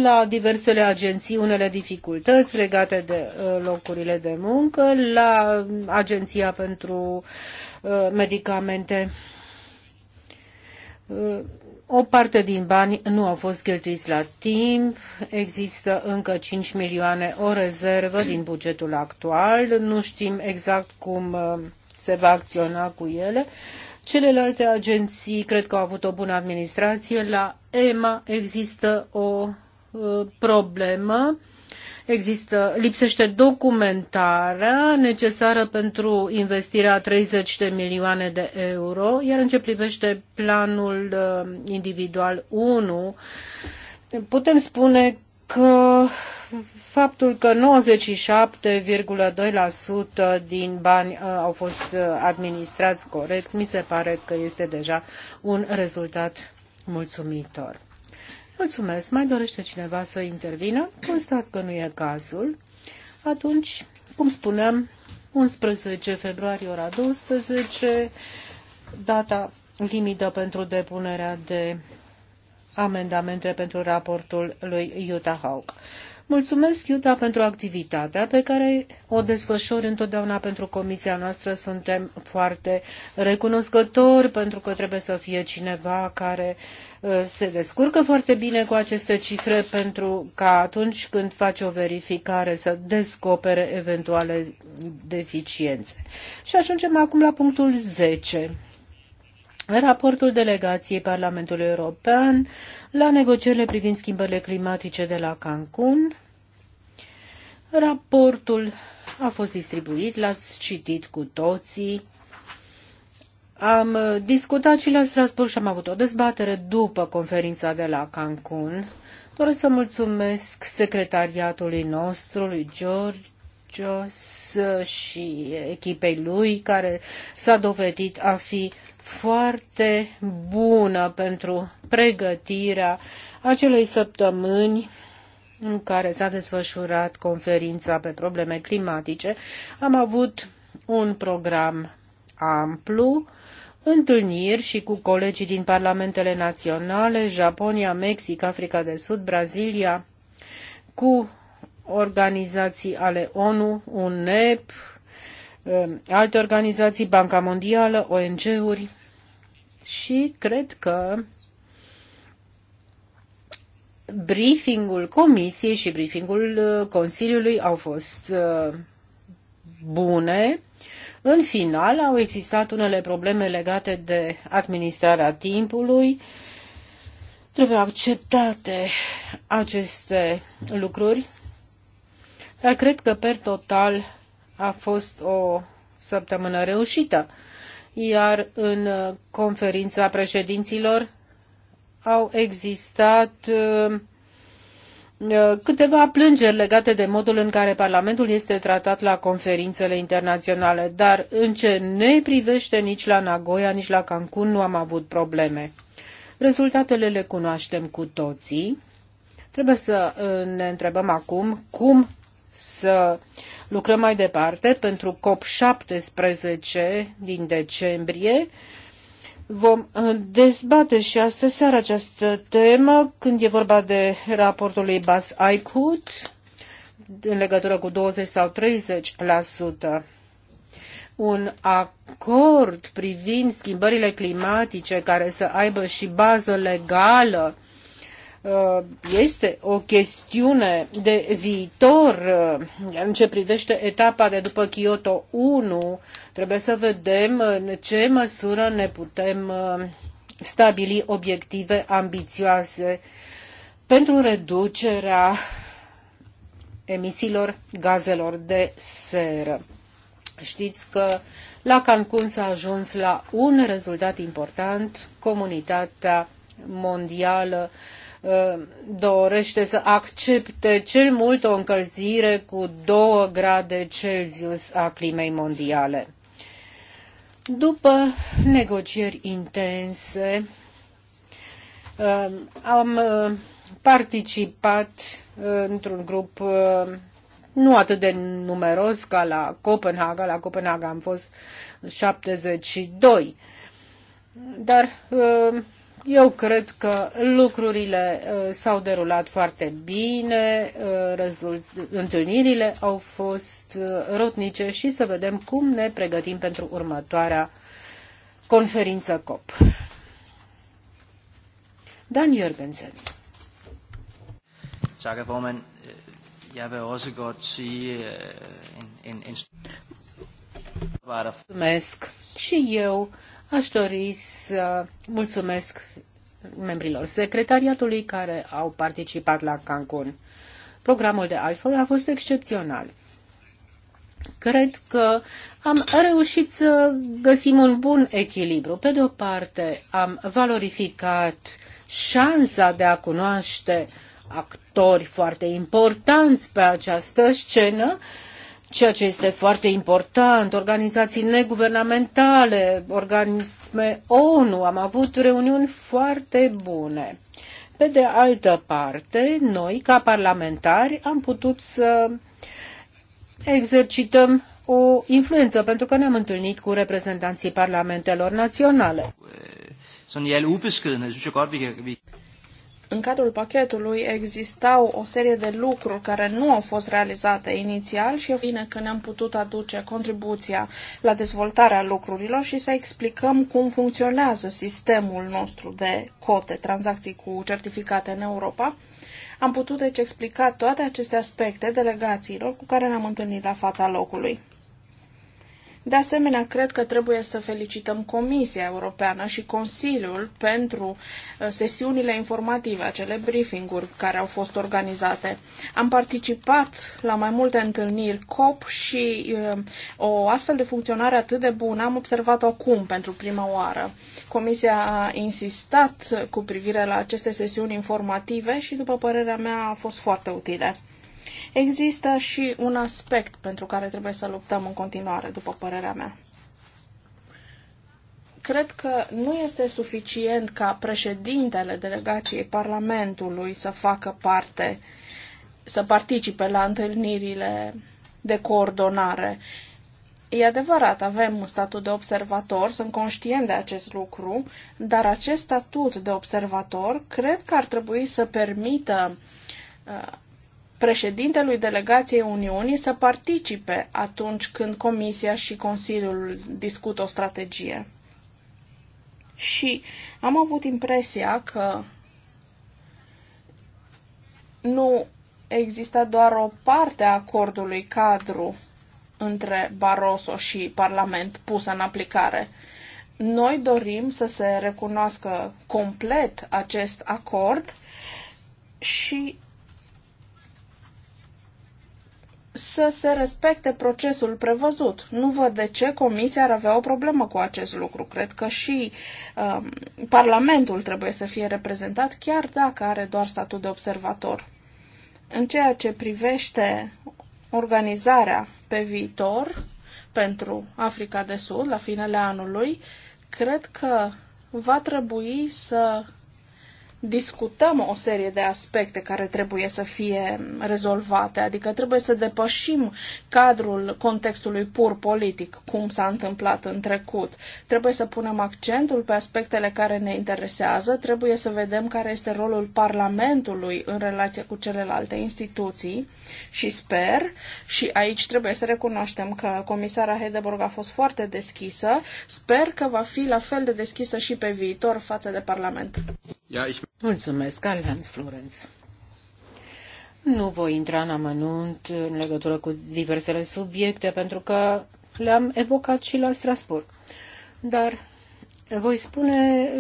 la diversele agenții unele dificultăți legate de uh, locurile de muncă, la Agenția pentru uh, Medicamente. Uh, o parte din bani nu au fost cheltuiți la timp, există încă 5 milioane o rezervă din bugetul actual, nu știm exact cum se va acționa cu ele. Uh, Celelalte agenții cred că au avut o bună administrație. La EMA există o uh, problemă. Există, lipsește documentarea necesară pentru investirea 30 de milioane de euro, iar în ce privește planul uh, individual 1, putem spune că faptul că 97,2% din bani uh, au fost uh, administrați corect, mi se pare că este deja un rezultat mulțumitor. Mulțumesc. Mai dorește cineva să intervină? Constat că nu e cazul. Atunci, cum spuneam, 11 februarie ora 12, data limită pentru depunerea de amendamente pentru raportul lui Jutta Haug. Mulțumesc, Iuda, pentru activitatea pe care o desfășor întotdeauna pentru comisia noastră. Suntem foarte recunoscători pentru că trebuie să fie cineva care uh, se descurcă foarte bine cu aceste cifre pentru ca atunci când face o verificare să descopere eventuale deficiențe. Și ajungem acum la punctul 10 raportul delegației Parlamentului European la negocierile privind schimbările climatice de la Cancun. Raportul a fost distribuit, l-ați citit cu toții. Am discutat și la Strasburg și am avut o dezbatere după conferința de la Cancun. Doresc să mulțumesc secretariatului nostru, lui George, credincios și echipei lui, care s-a dovedit a fi foarte bună pentru pregătirea acelei săptămâni în care s-a desfășurat conferința pe probleme climatice. Am avut un program amplu, întâlniri și cu colegii din parlamentele naționale, Japonia, Mexic, Africa de Sud, Brazilia, cu organizații ale ONU, UNEP, um, alte organizații, Banca Mondială, ONG-uri și cred că briefingul Comisiei și briefingul uh, Consiliului au fost uh, bune. În final au existat unele probleme legate de administrarea timpului. Trebuie acceptate aceste lucruri dar cred că, per total, a fost o săptămână reușită. Iar în conferința președinților au existat uh, uh, câteva plângeri legate de modul în care Parlamentul este tratat la conferințele internaționale, dar în ce ne privește nici la Nagoya, nici la Cancun nu am avut probleme. Rezultatele le cunoaștem cu toții. Trebuie să uh, ne întrebăm acum cum să lucrăm mai departe pentru COP17 din decembrie. Vom uh, dezbate și astăzi seară această temă când e vorba de raportul lui Bas Aicut în legătură cu 20 sau 30%. Un acord privind schimbările climatice care să aibă și bază legală Uh, este o chestiune de viitor uh, în ce privește etapa de după Kyoto 1. Trebuie să vedem uh, în ce măsură ne putem stabili obiective ambițioase pentru reducerea emisiilor gazelor de seră. Știți că la Cancun s-a ajuns la un rezultat important, comunitatea mondială uh, dorește să accepte cel mult o încălzire cu 2 grade Celsius a climei mondiale. După negocieri intense, uh, am uh, participat uh, într-un grup nu atât de numeros ca la Copenhaga. La Copenhaga am fost 72. Dar eu cred că lucrurile uh, s-au derulat foarte bine, uh, rezult... întâlnirile au fost uh, rotnice și să vedem cum ne pregătim pentru următoarea conferință COP. Dan Jorgensen. Tak, formand. Jeg vil også godt sige øh, en, en, en... Mulțumesc. Și eu Aș dori să mulțumesc membrilor secretariatului care au participat la Cancun. Programul de altfel a fost excepțional. Cred că am reușit să găsim un bun echilibru. Pe de o parte, am valorificat șansa de a cunoaște actori foarte importanți pe această scenă, uh, ceea ce este foarte important, organizații neguvernamentale, organisme ONU, am avut reuniuni foarte bune. Pe de altă parte, noi, ca parlamentari, am putut să exercităm o influență, pentru că ne-am întâlnit cu reprezentanții parlamentelor naționale. Er vi în cadrul pachetului existau o serie de lucruri care nu au fost realizate inițial și e bine că ne-am putut aduce contribuția la dezvoltarea lucrurilor și să explicăm cum funcționează sistemul nostru de cote, tranzacții cu certificate în Europa. Am putut deci explica toate aceste aspecte delegațiilor cu care ne-am întâlnit la fața locului. De asemenea, cred că trebuie să felicităm Comisia Europeană și Consiliul pentru uh, sesiunile informative, acele briefing-uri care au fost organizate. Am participat la mai multe întâlniri COP și uh, o astfel de funcționare atât de bună am observat-o acum pentru prima oară. Comisia a insistat cu privire la aceste sesiuni informative și, după părerea mea, a fost foarte utile. Există și un aspect pentru care trebuie să luptăm în continuare, după părerea mea. Cred că nu este suficient ca președintele delegației Parlamentului să facă parte, să participe la întâlnirile de coordonare. E adevărat, avem un statut de observator, sunt conștient de acest lucru, dar acest statut de observator cred că ar trebui să permită uh, președintelui delegației Uniunii să participe atunci când Comisia și Consiliul discută o strategie. Și am avut impresia că nu exista doar o parte a acordului cadru între Barroso și Parlament pusă în aplicare. Noi dorim să se recunoască complet acest acord și să se respecte procesul prevăzut. Nu văd de ce Comisia ar avea o problemă cu acest lucru. Cred că și uh, Parlamentul trebuie să fie reprezentat, chiar dacă are doar statut de observator. În ceea ce privește organizarea pe viitor pentru Africa de Sud, la finele anului, cred că va trebui să discutăm o serie de aspecte care trebuie să fie rezolvate, adică trebuie să depășim cadrul contextului pur politic, cum s-a întâmplat în trecut. Trebuie să punem accentul pe aspectele care ne interesează, trebuie să vedem care este rolul Parlamentului în relație cu celelalte instituții și sper, și aici trebuie să recunoaștem că comisara Hedeborg a fost foarte deschisă, sper că va fi la fel de deschisă și pe viitor față de Parlament. Ja, ich... Mulțumesc, Alhans Florence. Nu voi intra în amănunt în legătură cu diversele subiecte, pentru că le-am evocat și la Strasburg. Dar voi spune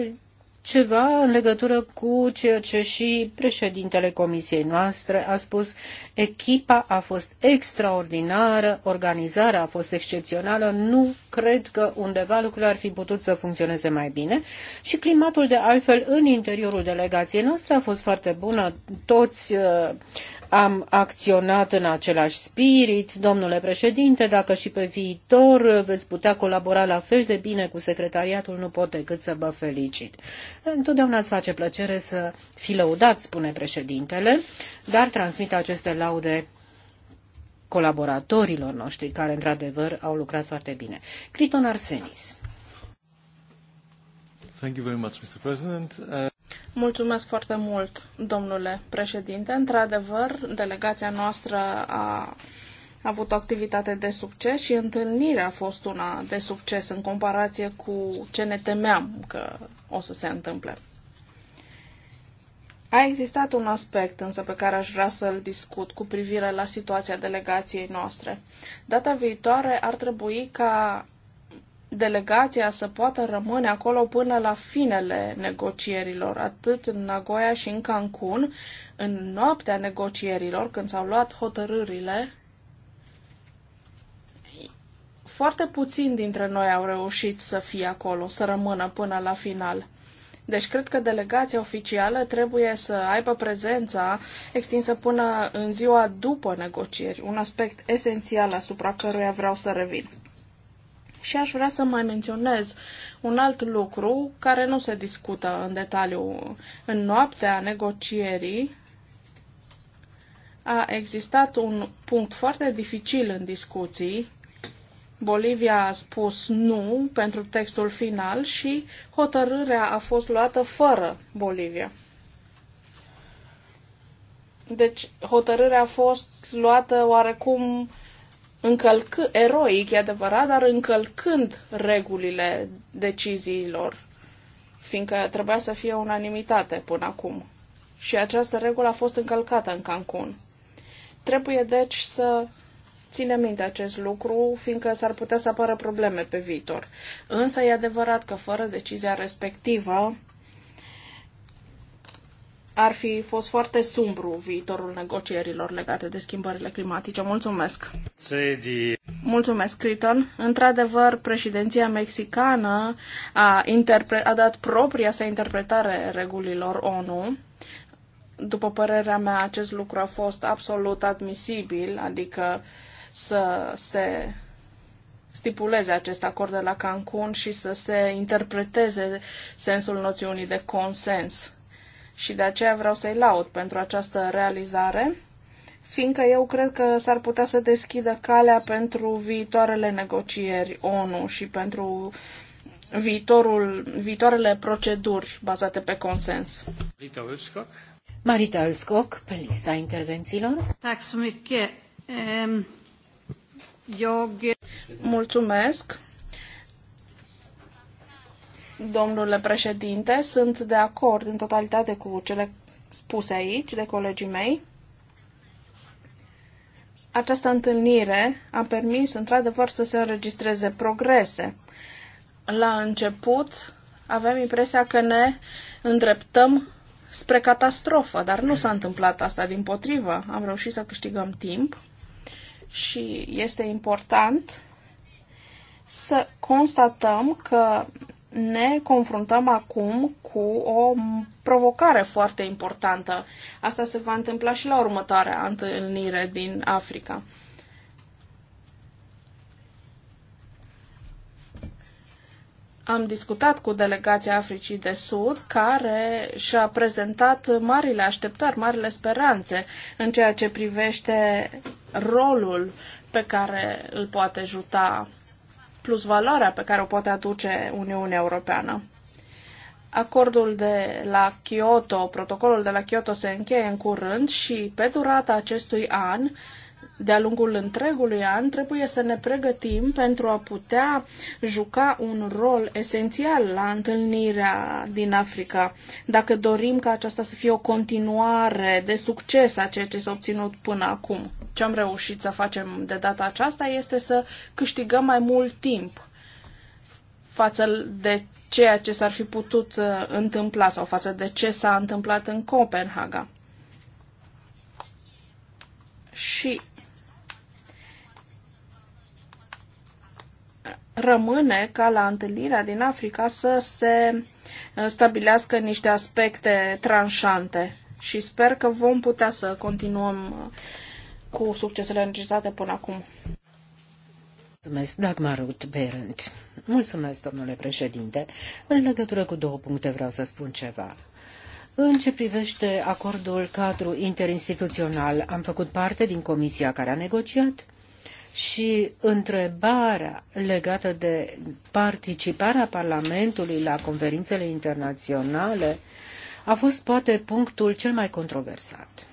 ceva în legătură cu ceea ce și președintele comisiei noastre a spus. Echipa a fost extraordinară, organizarea a fost excepțională, nu cred că undeva lucrurile ar fi putut să funcționeze mai bine și climatul de altfel în interiorul delegației noastre a fost foarte bună. Toți uh, am acționat în același spirit. Domnule președinte, dacă și pe viitor veți putea colabora la fel de bine cu secretariatul, nu pot decât să vă felicit. Întotdeauna îți face plăcere să fi lăudat, spune președintele, dar transmit aceste laude colaboratorilor noștri, care într-adevăr au lucrat foarte bine. Criton Arsenis. Thank you very much, Mr. President. Uh... Mulțumesc foarte mult, domnule președinte. Într-adevăr, delegația noastră a avut o activitate de succes și întâlnirea a fost una de succes în comparație cu ce ne temeam că o să se întâmple. A existat un aspect însă pe care aș vrea să-l discut cu privire la situația delegației noastre. Data viitoare ar trebui ca delegația să poată rămâne acolo până la finele negocierilor, atât în Nagoya și în Cancun, în noaptea negocierilor, când s-au luat hotărârile. Foarte puțin dintre noi au reușit să fie acolo, să rămână până la final. Deci cred că delegația oficială trebuie să aibă prezența extinsă până în ziua după negocieri, un aspect esențial asupra căruia vreau să revin. Și aș vrea să mai menționez un alt lucru care nu se discută în detaliu. În noaptea negocierii a existat un punct foarte dificil în discuții. Bolivia a spus nu pentru textul final și hotărârea a fost luată fără Bolivia. Deci hotărârea a fost luată oarecum uh, încălcă, eroic, e adevărat, dar încălcând regulile deciziilor, fiindcă trebuia să fie unanimitate până acum. Și această regulă a fost încălcată în Cancun. Trebuie deci să ține minte acest lucru, fiindcă s-ar putea să apară probleme pe viitor. Însă e adevărat că fără decizia respectivă, ar fi fost foarte sumbru viitorul negocierilor legate de schimbările climatice. Mulțumesc! Mulțumesc, Criton! Într-adevăr, președinția mexicană a, a dat propria sa interpretare regulilor ONU. După părerea mea, acest lucru a fost absolut admisibil, adică să se stipuleze acest acord de la Cancun și să se interpreteze sensul noțiunii de consens și de aceea vreau să-i laud pentru această realizare, fiindcă eu cred că s-ar putea să deschidă calea pentru viitoarele negocieri ONU și pentru viitorul, viitoarele proceduri bazate pe consens. Ulskog. Marita Ulskog, pe lista intervențiilor. Mulțumesc domnule președinte. Sunt de acord în totalitate cu cele spuse aici de colegii mei. Această întâlnire a permis, într-adevăr, să se înregistreze progrese. La început aveam impresia că ne îndreptăm spre catastrofă, dar nu s-a întâmplat asta. Din potrivă, am reușit să câștigăm timp și este important să constatăm că ne confruntăm acum cu o provocare foarte importantă. Asta se va întâmpla și la următoarea întâlnire din Africa. Am discutat cu delegația Africii de Sud, care și-a prezentat marile așteptări, marile speranțe în ceea ce privește rolul pe care îl poate juta plus valoarea pe care o poate aduce Uniunea Europeană. Acordul de la Kyoto, protocolul de la Kyoto se încheie în curând și pe durata acestui an de-a lungul întregului an, trebuie să ne pregătim pentru a putea juca un rol esențial la întâlnirea din Africa. Dacă dorim ca aceasta să fie o continuare de succes a ceea ce s-a obținut până acum, ce am reușit să facem de data aceasta este să câștigăm mai mult timp față de ceea ce s-ar fi putut uh, întâmpla sau față de ce s-a întâmplat în Copenhaga. Și rămâne ca la întâlnirea din Africa să se uh, stabilească niște aspecte tranșante și sper că vom putea să continuăm uh, cu succesele înregistrate până acum. Mulțumesc, Dagmar Berend. Mulțumesc, domnule președinte. În legătură cu două puncte vreau să spun ceva. În ce privește acordul cadru interinstituțional, am făcut parte din comisia care a negociat și întrebarea legată de participarea Parlamentului la conferințele internaționale a fost poate punctul cel mai controversat.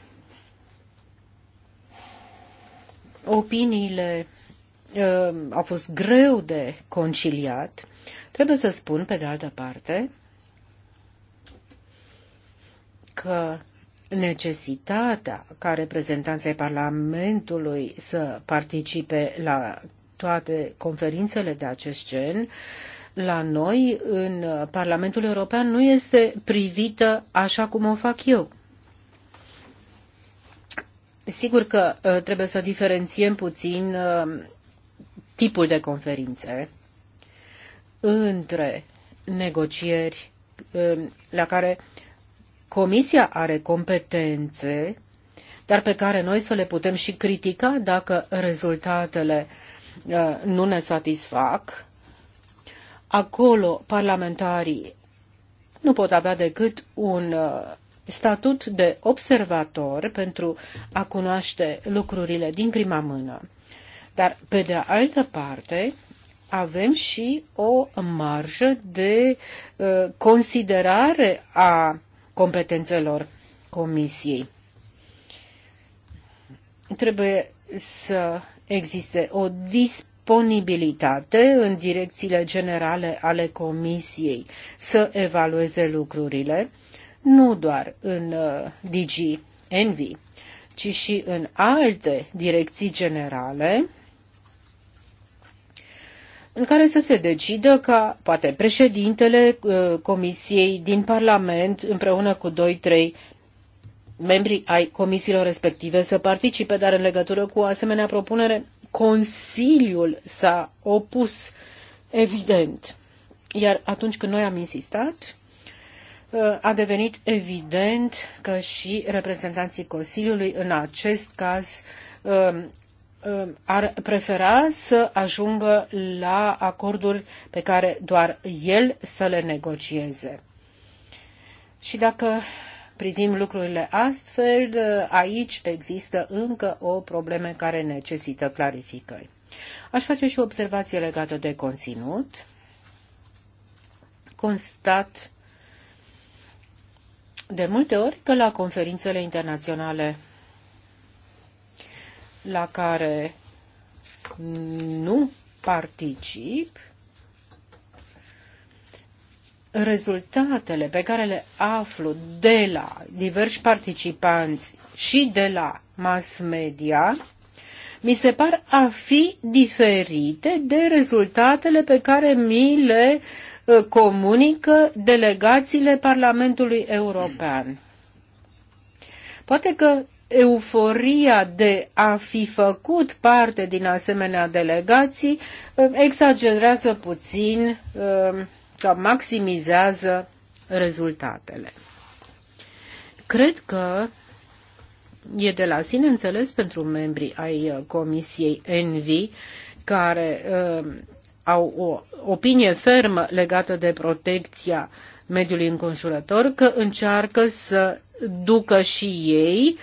Opiniile uh, au fost greu de conciliat. Trebuie să spun, pe de altă parte, că necesitatea ca reprezentanții Parlamentului să participe la toate conferințele de acest gen, la noi, în Parlamentul European, nu este privită așa cum o fac eu. Sigur că ă, trebuie să diferențiem puțin ă, tipul de conferințe între negocieri ă, la care Comisia are competențe, dar pe care noi să le putem și critica dacă rezultatele uh, nu ne satisfac. Acolo parlamentarii nu pot avea decât un uh, statut de observator pentru a cunoaște lucrurile din prima mână. Dar, pe de altă parte, avem și o marjă de uh, considerare a competențelor Comisiei. Trebuie să existe o disponibilitate în direcțiile generale ale Comisiei să evalueze lucrurile, nu doar în uh, DG Envy, ci și în alte direcții generale în care să se decidă ca poate președintele uh, Comisiei din Parlament împreună cu doi trei membrii ai comisiilor respective să participe, dar în legătură cu o asemenea propunere, Consiliul s-a opus evident. Iar atunci când noi am insistat, uh, a devenit evident că și reprezentanții Consiliului în acest caz uh, Uh, ar prefera să ajungă la acorduri pe care doar el să le negocieze. Și dacă privim lucrurile astfel, uh, aici există încă o problemă care necesită clarificări. Aș face și o observație legată de conținut. Constat de multe ori că la conferințele internaționale la care nu particip, rezultatele pe care le aflu de la diversi participanți și de la mass media mi se par a fi diferite de rezultatele pe care mi le uh, comunică delegațiile Parlamentului European. Poate că euforia de a fi făcut parte din asemenea delegații uh, exagerează puțin uh, sau maximizează rezultatele. Cred că e de la sine înțeles pentru membrii ai uh, Comisiei Envi care au o opinie fermă legată de protecția mediului înconjurător, că încearcă să ducă și ei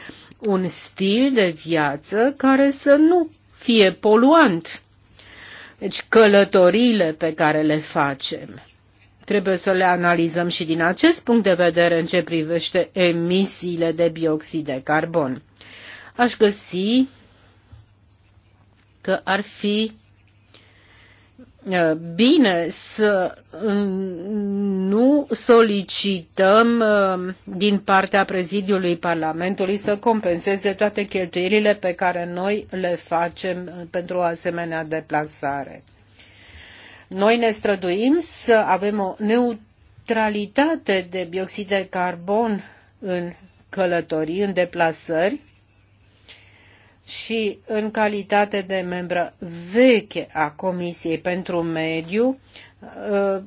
un stil de viață care să nu fie poluant. Deci călătorile pe care le facem trebuie să le analizăm și din acest punct de vedere în ce privește emisiile de bioxid de carbon. Aș găsi că ar fi Eh, bine să mm, nu solicităm eh, din partea prezidiului Parlamentului să compenseze toate cheltuielile pe care noi le facem eh, pentru o asemenea deplasare. Noi ne străduim să avem o neutralitate de bioxid de carbon în călătorii, în deplasări, și în calitate de membră veche a Comisiei pentru Mediu, uh,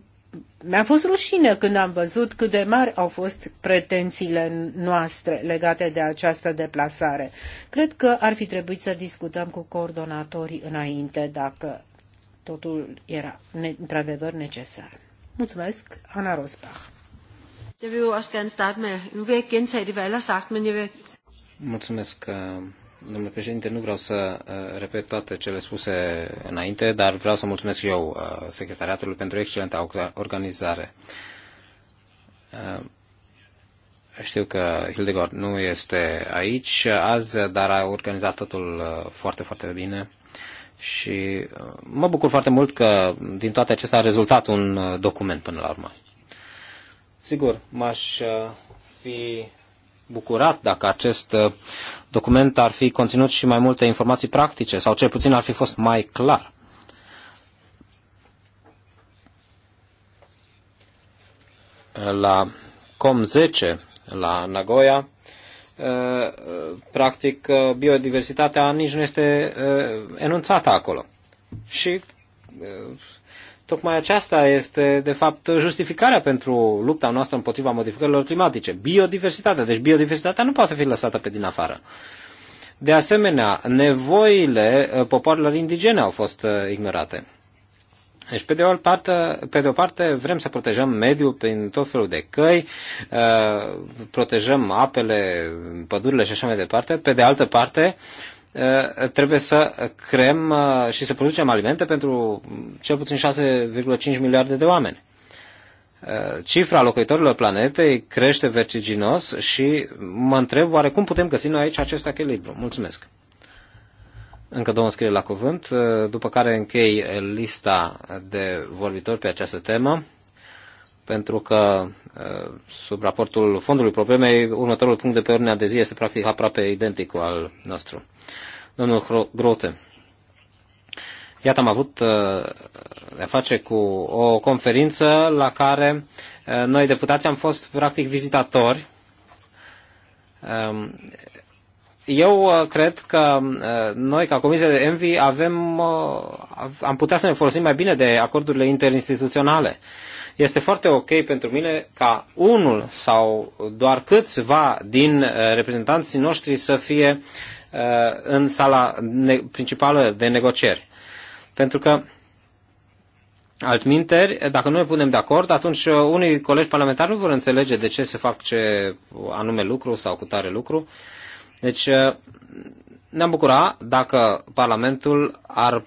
mi-a fost rușine când am văzut cât de mari au fost pretențiile noastre legate de această deplasare. Cred că ar fi trebuit să discutăm cu coordonatorii înainte dacă totul era ne- într-adevăr necesar. Mulțumesc, Ana Rosbach. Jeg vreau să også cu nu vil jeg gentage det, vi alle sagt, men jeg vil... Mulțumesc, uh, Domnule președinte, nu vreau să uh, repet toate cele spuse înainte, dar vreau să mulțumesc și eu uh, secretariatului pentru excelenta organizare. Uh, știu că Hildegard nu este aici azi, dar a organizat totul foarte, foarte bine și mă bucur foarte mult că din toate acestea a rezultat un document până la urmă. Sigur, m-aș fi bucurat dacă acest uh, document ar fi conținut și mai multe informații practice sau cel puțin ar fi fost mai clar. La COM10, la Nagoya, uh, practic uh, biodiversitatea nici nu este enunțată acolo. Și Tocmai aceasta este, de fapt, justificarea pentru lupta noastră împotriva modificărilor climatice. Biodiversitatea. Deci biodiversitatea nu poate fi lăsată pe din afară. De asemenea, nevoile uh, popoarelor indigene au fost uh, ignorate. Deci, pe de, o parte, pe de o parte, vrem să protejăm mediul prin tot felul de căi, uh, protejăm apele, pădurile și așa mai departe. Pe de altă parte, Eh, trebuie să creăm eh, și să producem alimente pentru cel puțin 6,5 miliarde de oameni. Eh, cifra locuitorilor planetei crește vertiginos și mă întreb oare cum putem găsi noi aici acest echilibru. Mulțumesc! Încă două înscrieri la cuvânt, după care închei lista de vorbitori pe această temă pentru că sub raportul fondului problemei, următorul punct de pe ordinea de zi este practic aproape identic cu al nostru. Domnul Grote, iată am avut de face cu o conferință la care noi deputații am fost practic vizitatori eu uh, cred că uh, noi, ca Comisia de Envi, avem, uh, am putea să ne folosim mai bine de acordurile interinstituționale. Este foarte ok pentru mine ca unul sau doar câțiva din reprezentanții noștri să fie în sala principală de negocieri. Pentru că Altminteri, dacă nu ne punem de acord, atunci unii colegi parlamentari nu vor înțelege de ce se fac ce anume lucru sau cu tare lucru. Uh, deci uh, ne-am bucura dacă Parlamentul ar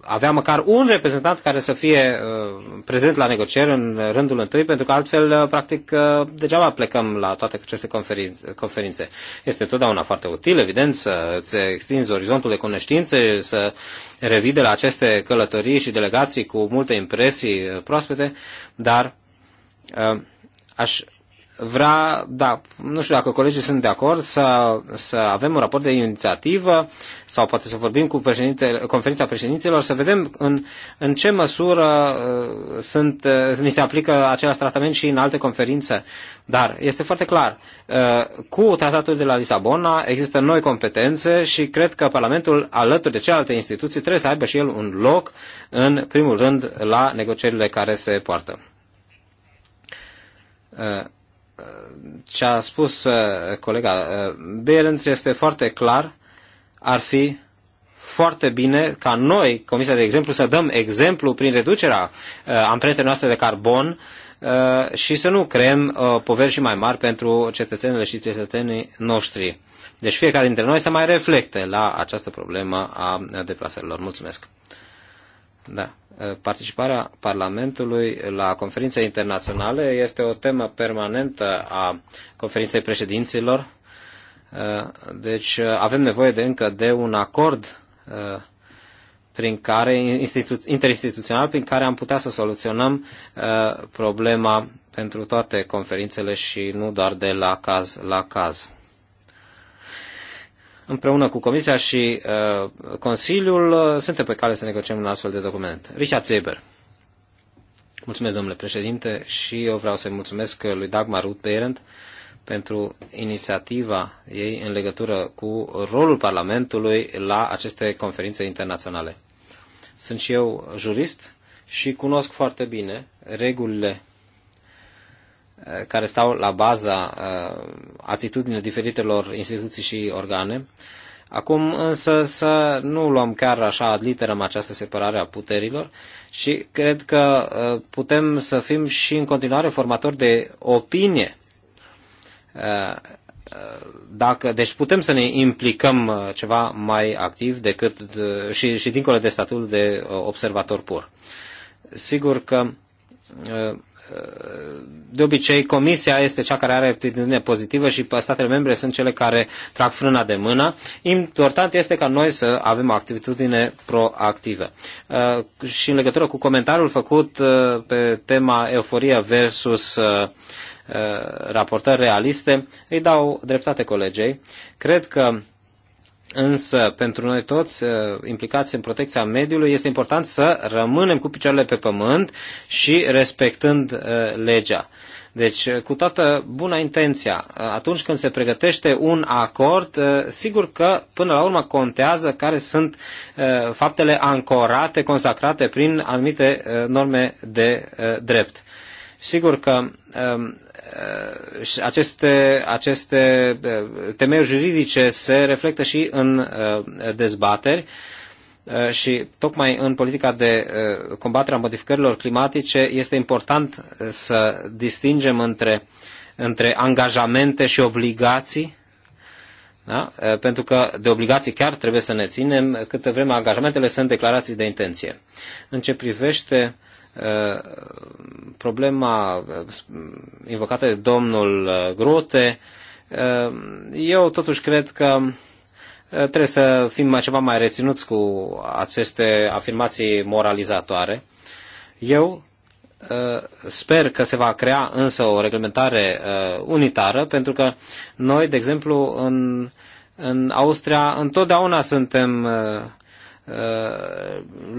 avea măcar un reprezentant care să fie uh, prezent la negocieri în rândul întâi, pentru că altfel, uh, practic, degeaba plecăm la toate aceste conferințe. Este totdeauna foarte util, evident, să îți extinzi orizontul de cunoștințe, să revii de la aceste călătorii și delegații cu multe impresii proaspete, dar aș vrea, da, nu știu dacă colegii sunt de acord, să, să avem un raport de inițiativă sau poate să vorbim cu conferința președinților, să vedem în, în ce măsură uh, sunt, uh, ni se aplică același tratament și în alte conferințe. Dar este foarte clar, uh, cu tratatul de la Lisabona există noi competențe și cred că Parlamentul, alături de celelalte instituții, trebuie să aibă și el un loc, în primul rând, la negocierile care se poartă. Uh, ce a spus uh, colega uh, Berens este foarte clar. Ar fi foarte bine ca noi, Comisia de exemplu, să dăm exemplu prin reducerea uh, amprentei noastre de carbon și să nu creăm poveri și mai mari pentru cetățenile și cetățenii noștri. Deci fiecare dintre noi să mai reflecte la această problemă a deplasărilor. Mulțumesc! Da. Uh, participarea Parlamentului la conferințe internaționale este o temă permanentă a conferinței președinților. Uh, deci uh, avem nevoie de încă de un acord prin care, interinstituțional prin care am putea să soluționăm problema pentru toate conferințele și nu doar de la caz la caz împreună cu Comisia și uh, Consiliul, uh, suntem pe cale să negociem un astfel de document. Richard Zeber. Mulțumesc, domnule președinte, și eu vreau să-i mulțumesc lui Dagmar Ruth Behrendt pentru inițiativa ei în legătură cu rolul Parlamentului la aceste conferințe internaționale. Sunt și eu jurist și cunosc foarte bine regulile Uh, care stau la baza uh, atitudinii diferitelor instituții și organe. Acum însă să nu luăm chiar așa ad literăm această separare a puterilor și cred că uh, putem să fim și în continuare formatori de opinie. Dacă, deci putem să ne implicăm ceva mai activ decât și, și dincolo de statul de observator pur. Sigur că de obicei comisia este cea care are atitudine pozitivă și statele membre sunt cele care trag frâna de mână. Important este ca noi să avem o atitudine proactivă. Uh, și în legătură cu comentariul făcut uh, pe tema euforia versus uh, raportări realiste, îi dau dreptate colegei. Cred că Însă, pentru noi toți uh, implicați în protecția mediului, este important să rămânem cu picioarele pe pământ și respectând uh, legea. Deci, uh, cu toată buna intenția, atunci când se pregătește un acord, sigur că până la urmă contează care sunt faptele ancorate, consacrate prin anumite norme de drept. Sigur că um, Uh, aceste, aceste uh, temei juridice se reflectă și în uh, dezbateri și tocmai în politica de combatere a modificărilor climatice este important să distingem între, între angajamente și obligații da? Pentru că de obligații chiar trebuie să ne ținem câtă vreme angajamentele sunt declarații de intenție. În ce privește uh, Uh, problema uh, invocată de domnul uh, Grote, eu totuși cred că trebuie să fim mai ceva mai reținuți cu aceste afirmații moralizatoare. Eu sper că se va crea însă o reglementare unitară, pentru că noi, de exemplu, în, în Austria întotdeauna suntem Uh,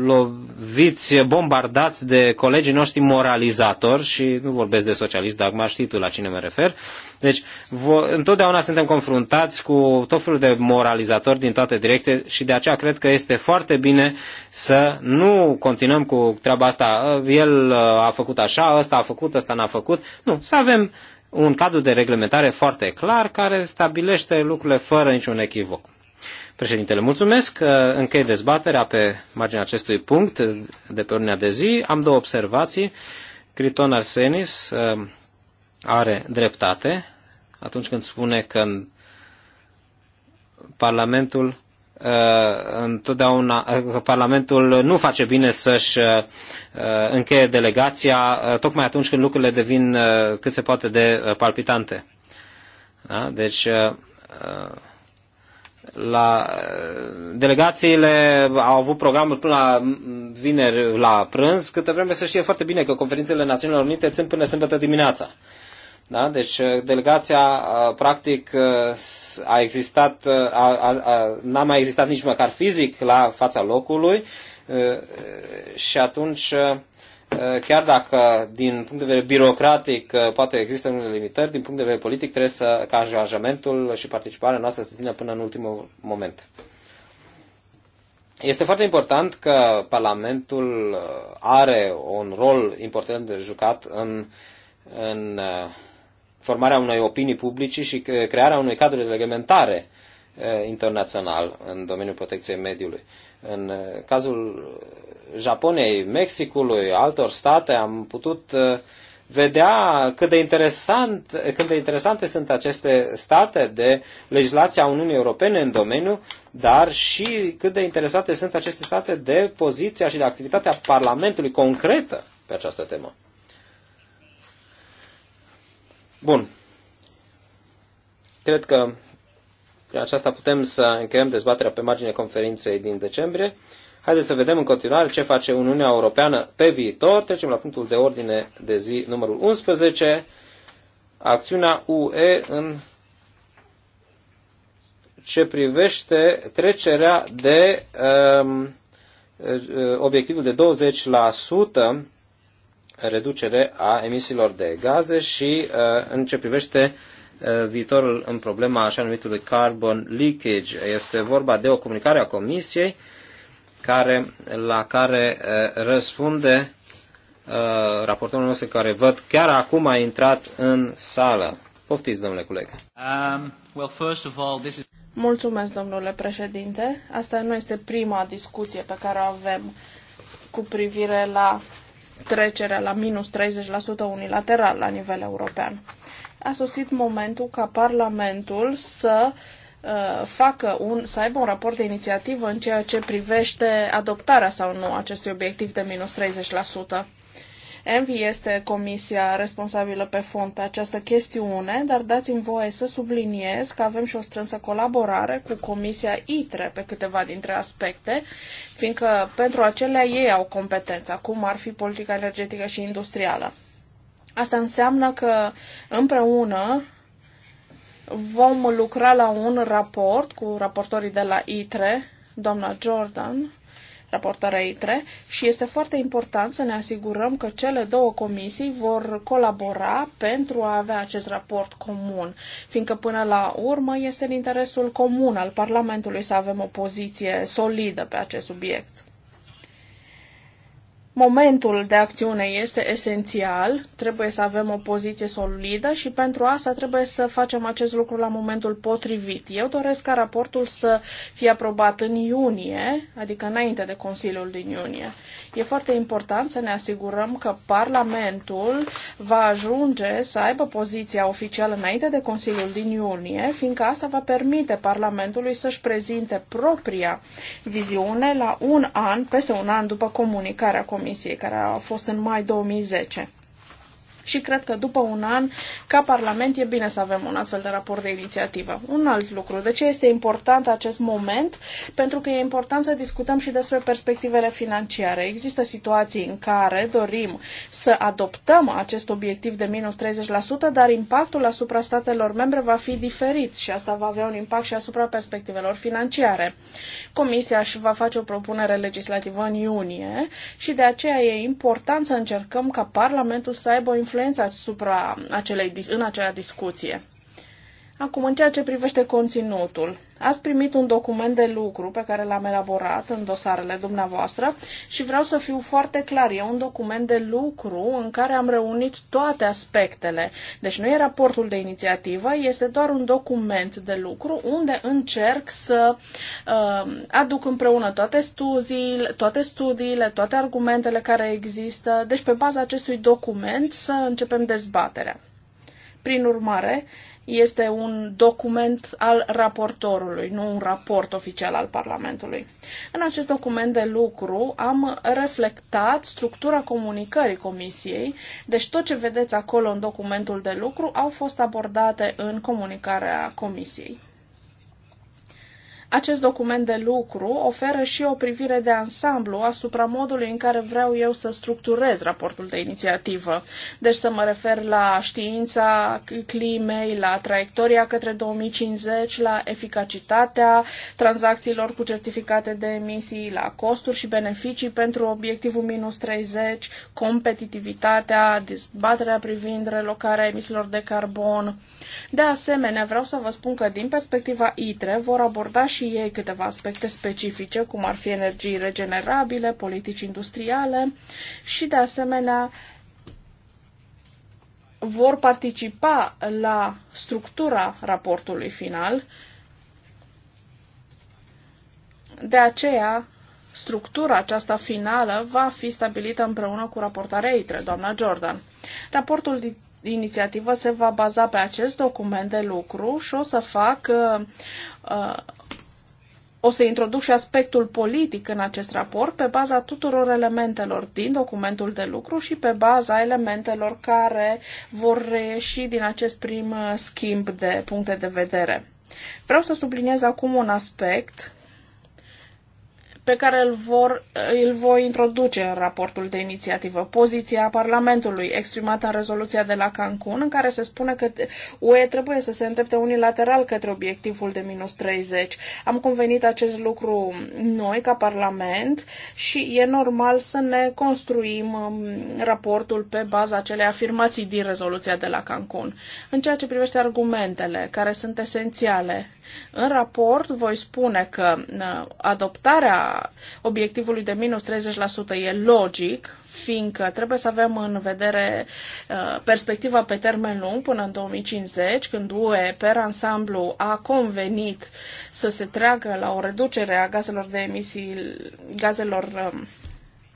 loviți, bombardați de colegii noștri moralizatori și nu vorbesc de socialist, dar acum știi tu la cine mă refer. Deci vo, întotdeauna suntem confruntați cu tot felul de moralizatori din toate direcțiile și de aceea cred că este foarte bine să nu continuăm cu treaba asta. Uh, el uh, a făcut așa, ăsta a făcut, ăsta n-a făcut. Nu, să avem un cadru de reglementare foarte clar care stabilește lucrurile fără niciun echivoc. Președintele, mulțumesc. Uh, închei dezbaterea pe marginea acestui punct de pe ordinea de zi. Am două observații. Criton Arsenis uh, are dreptate atunci când spune că Parlamentul uh, întotdeauna Parlamentul nu face bine să-și încheie delegația tocmai atunci când lucrurile devin cât se poate de palpitante. Da? Deci la, delegațiile au avut programul până la vineri la prânz, câtă vreme se știe foarte bine că conferințele Națiunilor Unite țin până sâmbătă dimineața. Da? Deci uh, delegația uh, practic uh, a existat, a, a, a, n-a mai existat nici măcar fizic la fața locului și atunci Eh, chiar dacă din punct de vedere birocratic eh, poate există unele limitări, din punct de vedere politic trebuie să, ca angajamentul și participarea noastră să țină până în ultimul moment. Este foarte important că Parlamentul eh, are un rol important de jucat în, în formarea unei opinii publice și crearea unui cadru de reglementare Eh, internațional în domeniul protecției mediului. În eh, cazul Japoniei, Mexicului, altor state, am putut eh, vedea cât de, interesant, cât de interesante sunt aceste state de legislația Uniunii Europene în domeniu, dar și cât de interesate sunt aceste state de poziția și de activitatea Parlamentului concretă pe această temă. Bun. Cred că prin aceasta putem să încheiem dezbaterea pe marginea conferinței din decembrie. Haideți să vedem în continuare ce face Uniunea Europeană pe viitor. Trecem la punctul de ordine de zi numărul 11, acțiunea UE în ce privește trecerea de um, obiectivul de 20% reducere a emisiilor de gaze și uh, în ce privește Eh, viitorul în problema așa numitului carbon leakage. Este vorba de o comunicare a Comisiei care, la care eh, răspunde eh, raportorul nostru care văd chiar acum a intrat în sală. Poftiți, domnule coleg. Um, well, first of all, this is... Mulțumesc, domnule președinte. Asta nu este prima discuție pe care o avem cu privire la trecerea la minus 30% unilateral la nivel european a sosit momentul ca Parlamentul să uh, facă un, să aibă un raport de inițiativă în ceea ce privește adoptarea sau nu acestui obiectiv de minus 30%. Envi este comisia responsabilă pe fond pe această chestiune, dar dați-mi voie să subliniez că avem și o strânsă colaborare cu comisia ITRE pe câteva dintre aspecte, fiindcă pentru acelea ei au competența, cum ar fi politica energetică și industrială. Asta înseamnă că împreună vom lucra la un raport cu raportorii de la ITRE, doamna Jordan, raportarea ITRE, și este foarte important să ne asigurăm că cele două comisii vor colabora pentru a avea acest raport comun, fiindcă până la urmă este în interesul comun al Parlamentului să avem o poziție solidă pe acest subiect. Momentul de acțiune este esențial, trebuie să avem o poziție solidă și pentru asta trebuie să facem acest lucru la momentul potrivit. Eu doresc ca raportul să fie aprobat în iunie, adică înainte de Consiliul din iunie. E foarte important să ne asigurăm că Parlamentul va ajunge să aibă poziția oficială înainte de Consiliul din iunie, fiindcă asta va permite Parlamentului să-și prezinte propria viziune la un an, peste un an după comunicarea Comisiei Comisiei, care a fost în mai 2010 și cred că după un an, ca Parlament, e bine să avem un astfel de raport de inițiativă. Un alt lucru. De ce este important acest moment? Pentru că e important să discutăm și despre perspectivele financiare. Există situații în care dorim să adoptăm acest obiectiv de minus 30%, dar impactul asupra statelor membre va fi diferit și asta va avea un impact și asupra perspectivelor financiare. Comisia își va face o propunere legislativă în iunie și de aceea e important să încercăm ca Parlamentul să aibă o influență asupra acelei, în acea discuție. Acum, în ceea ce privește conținutul, ați primit un document de lucru pe care l-am elaborat în dosarele dumneavoastră și vreau să fiu foarte clar. E un document de lucru în care am reunit toate aspectele. Deci nu e raportul de inițiativă, este doar un document de lucru unde încerc să uh, aduc împreună toate studiile, toate studiile, toate argumentele care există. Deci pe baza acestui document să începem dezbaterea. Prin urmare, uh, este un document al raportorului, nu un raport oficial al Parlamentului. În acest document de lucru am reflectat structura comunicării Comisiei, deci tot ce vedeți acolo în documentul de lucru au fost abordate în comunicarea Comisiei. Acest document de lucru oferă și o privire de ansamblu asupra modului în care vreau eu să structurez raportul de inițiativă. Deci să mă refer la știința climei, la traiectoria către 2050, la eficacitatea tranzacțiilor cu certificate de emisii, la costuri și beneficii pentru obiectivul minus 30, competitivitatea, dezbaterea privind relocarea emisiilor de carbon. De asemenea, vreau să vă spun că din perspectiva ITRE vor aborda și și ei câteva aspecte specifice, cum ar fi energii regenerabile, politici industriale și, de asemenea, vor participa la structura raportului final. De aceea, structura aceasta finală va fi stabilită împreună cu raportarea ITRE, doamna Jordan. Raportul din inițiativă se va baza pe acest document de lucru și o să fac uh, uh o să introduc și aspectul politic în acest raport pe baza tuturor elementelor din documentul de lucru și pe baza elementelor care vor reieși din acest prim schimb de puncte de vedere. Vreau să subliniez acum un aspect pe care îl, vor, îl voi introduce în raportul de inițiativă, poziția Parlamentului exprimată în rezoluția de la Cancun, în care se spune că UE trebuie să se îndrepte unilateral către obiectivul de minus 30. Am convenit acest lucru noi ca Parlament și e normal să ne construim um, raportul pe baza acelei afirmații din rezoluția de la Cancun. În ceea ce privește argumentele care sunt esențiale în raport voi spune că uh, adoptarea obiectivului de minus 30% e logic, fiindcă trebuie să avem în vedere uh, perspectiva pe termen lung până în 2050, când UE per ansamblu a convenit să se treagă la o reducere a gazelor de emisii, gazelor um,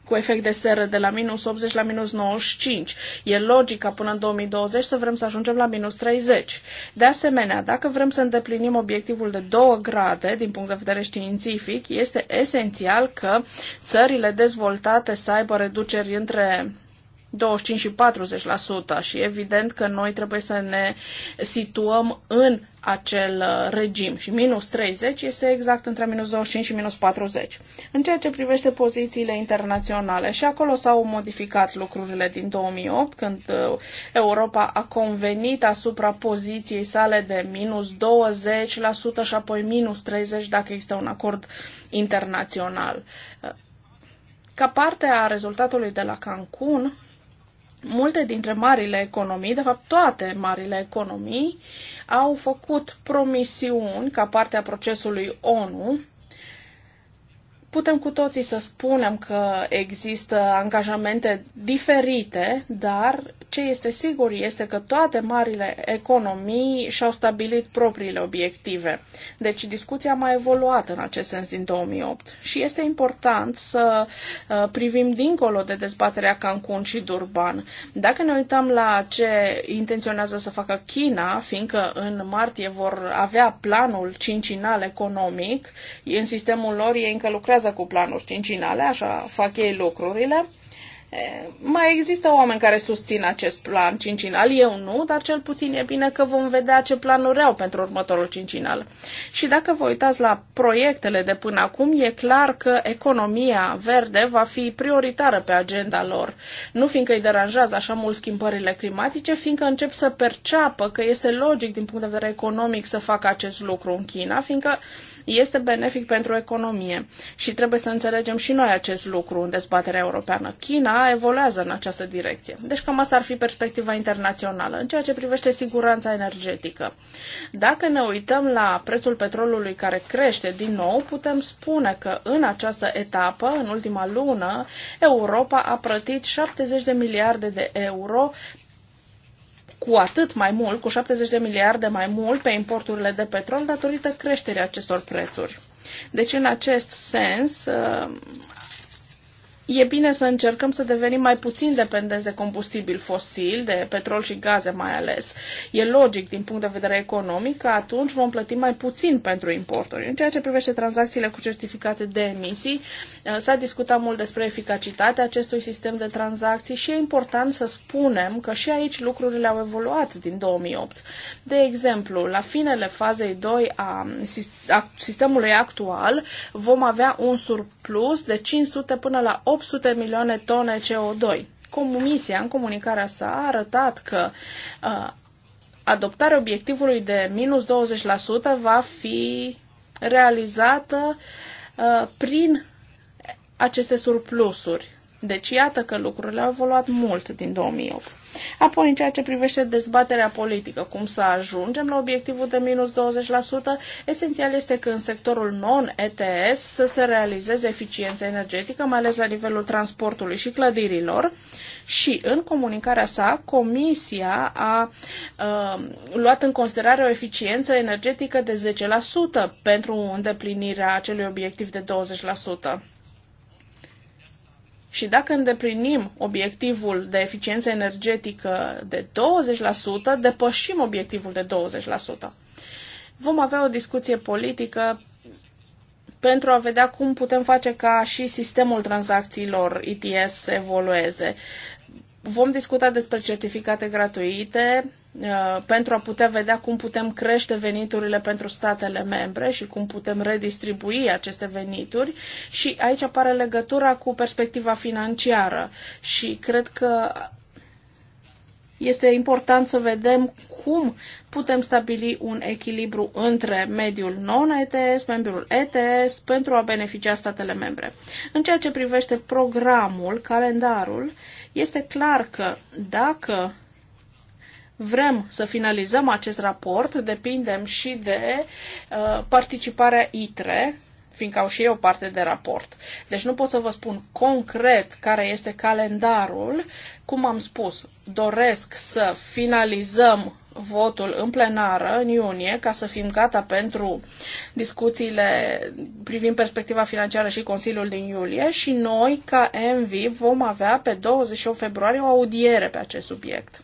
cu efect de seră de la minus 80 la minus 95. E logic ca până în 2020 să vrem să ajungem la minus 30. De asemenea, dacă vrem să îndeplinim obiectivul de 2 grade din punct de vedere științific, este esențial că țările dezvoltate să aibă reduceri între 25 și 40% și evident că noi trebuie să ne situăm în acel uh, regim și minus 30 este exact între minus 25 și minus 40. În ceea ce privește pozițiile internaționale și acolo s-au modificat lucrurile din 2008 când uh, Europa a convenit asupra poziției sale de minus 20% și apoi minus 30 dacă există un acord internațional. Ca parte a rezultatului de la Cancun, multe dintre marile economii, de fapt toate marile economii, au făcut promisiuni ca parte a procesului ONU Putem cu toții să spunem că există angajamente diferite, dar ce este sigur este că toate marile economii și-au stabilit propriile obiective. Deci discuția a mai evoluat în acest sens din 2008 și este important să uh, privim dincolo de dezbaterea Cancun și Durban. Dacă ne uităm la ce intenționează să facă China, fiindcă în martie vor avea planul cincinal economic, în sistemul lor ei încă lucrează lucrează cu planuri cincinale, așa fac ei lucrurile. Mai există oameni care susțin acest plan cincinal, eu nu, dar cel puțin e bine că vom vedea ce planuri au pentru următorul cincinal. Și dacă vă uitați la proiectele de până acum, e clar că economia verde va fi prioritară pe agenda lor. Nu fiindcă îi deranjează așa mult schimbările climatice, fiindcă încep să perceapă că este logic din punct de vedere economic să facă acest lucru în China, fiindcă este benefic pentru economie și trebuie să înțelegem și noi acest lucru în dezbaterea europeană. China evoluează în această direcție. Deci cam asta ar fi perspectiva internațională în ceea ce privește siguranța energetică. Dacă ne uităm la prețul petrolului care crește din nou, putem spune că în această etapă, în ultima lună, Europa a plătit 70 de miliarde de euro cu atât mai mult, cu 70 de miliarde mai mult pe importurile de petrol datorită creșterii acestor prețuri. Deci, în acest sens, E bine să încercăm să devenim mai puțin dependenți de combustibil fosil, de petrol și gaze mai ales. E logic din punct de vedere economic că atunci vom plăti mai puțin pentru importuri. În ceea ce privește tranzacțiile cu certificate de emisii, uh, s-a discutat mult despre eficacitatea acestui sistem de tranzacții și e important să spunem că și aici lucrurile au evoluat din 2008. De exemplu, la finele fazei 2 a sistemului actual vom avea un surplus de 500 până la 8 800 milioane tone CO2. Comisia, în comunicarea sa, a arătat că uh, adoptarea obiectivului de minus 20% va fi realizată uh, prin aceste surplusuri. Deci iată că lucrurile au evoluat mult din 2008. Apoi, în ceea ce privește dezbaterea politică, cum să ajungem la obiectivul de minus 20%, esențial este că în sectorul non-ETS să se realizeze eficiența energetică, mai ales la nivelul transportului și clădirilor, și în comunicarea sa, Comisia a uh, luat în considerare o eficiență energetică de 10% pentru îndeplinirea acelui obiectiv de 20%. Și dacă îndeplinim obiectivul de eficiență energetică de 20%, depășim obiectivul de 20%. Vom avea o discuție politică pentru a vedea cum putem face ca și sistemul tranzacțiilor ETS să evolueze. Vom discuta despre certificate gratuite, Uh, pentru a putea vedea cum putem crește veniturile pentru statele membre și cum putem redistribui aceste venituri. Și aici apare legătura cu perspectiva financiară și cred că este important să vedem cum putem stabili un echilibru între mediul non-ETS, membrul ETS, pentru a beneficia statele membre. În ceea ce privește programul, calendarul, este clar că dacă vrem să finalizăm acest raport, depindem și de uh, participarea ITRE, fiindcă au și o parte de raport. Deci nu pot să vă spun concret care este calendarul. Cum am spus, doresc să finalizăm votul în plenară în iunie ca să fim gata pentru discuțiile privind perspectiva financiară și Consiliul din iulie și noi, ca MV, vom avea pe 28 februarie o audiere pe acest subiect.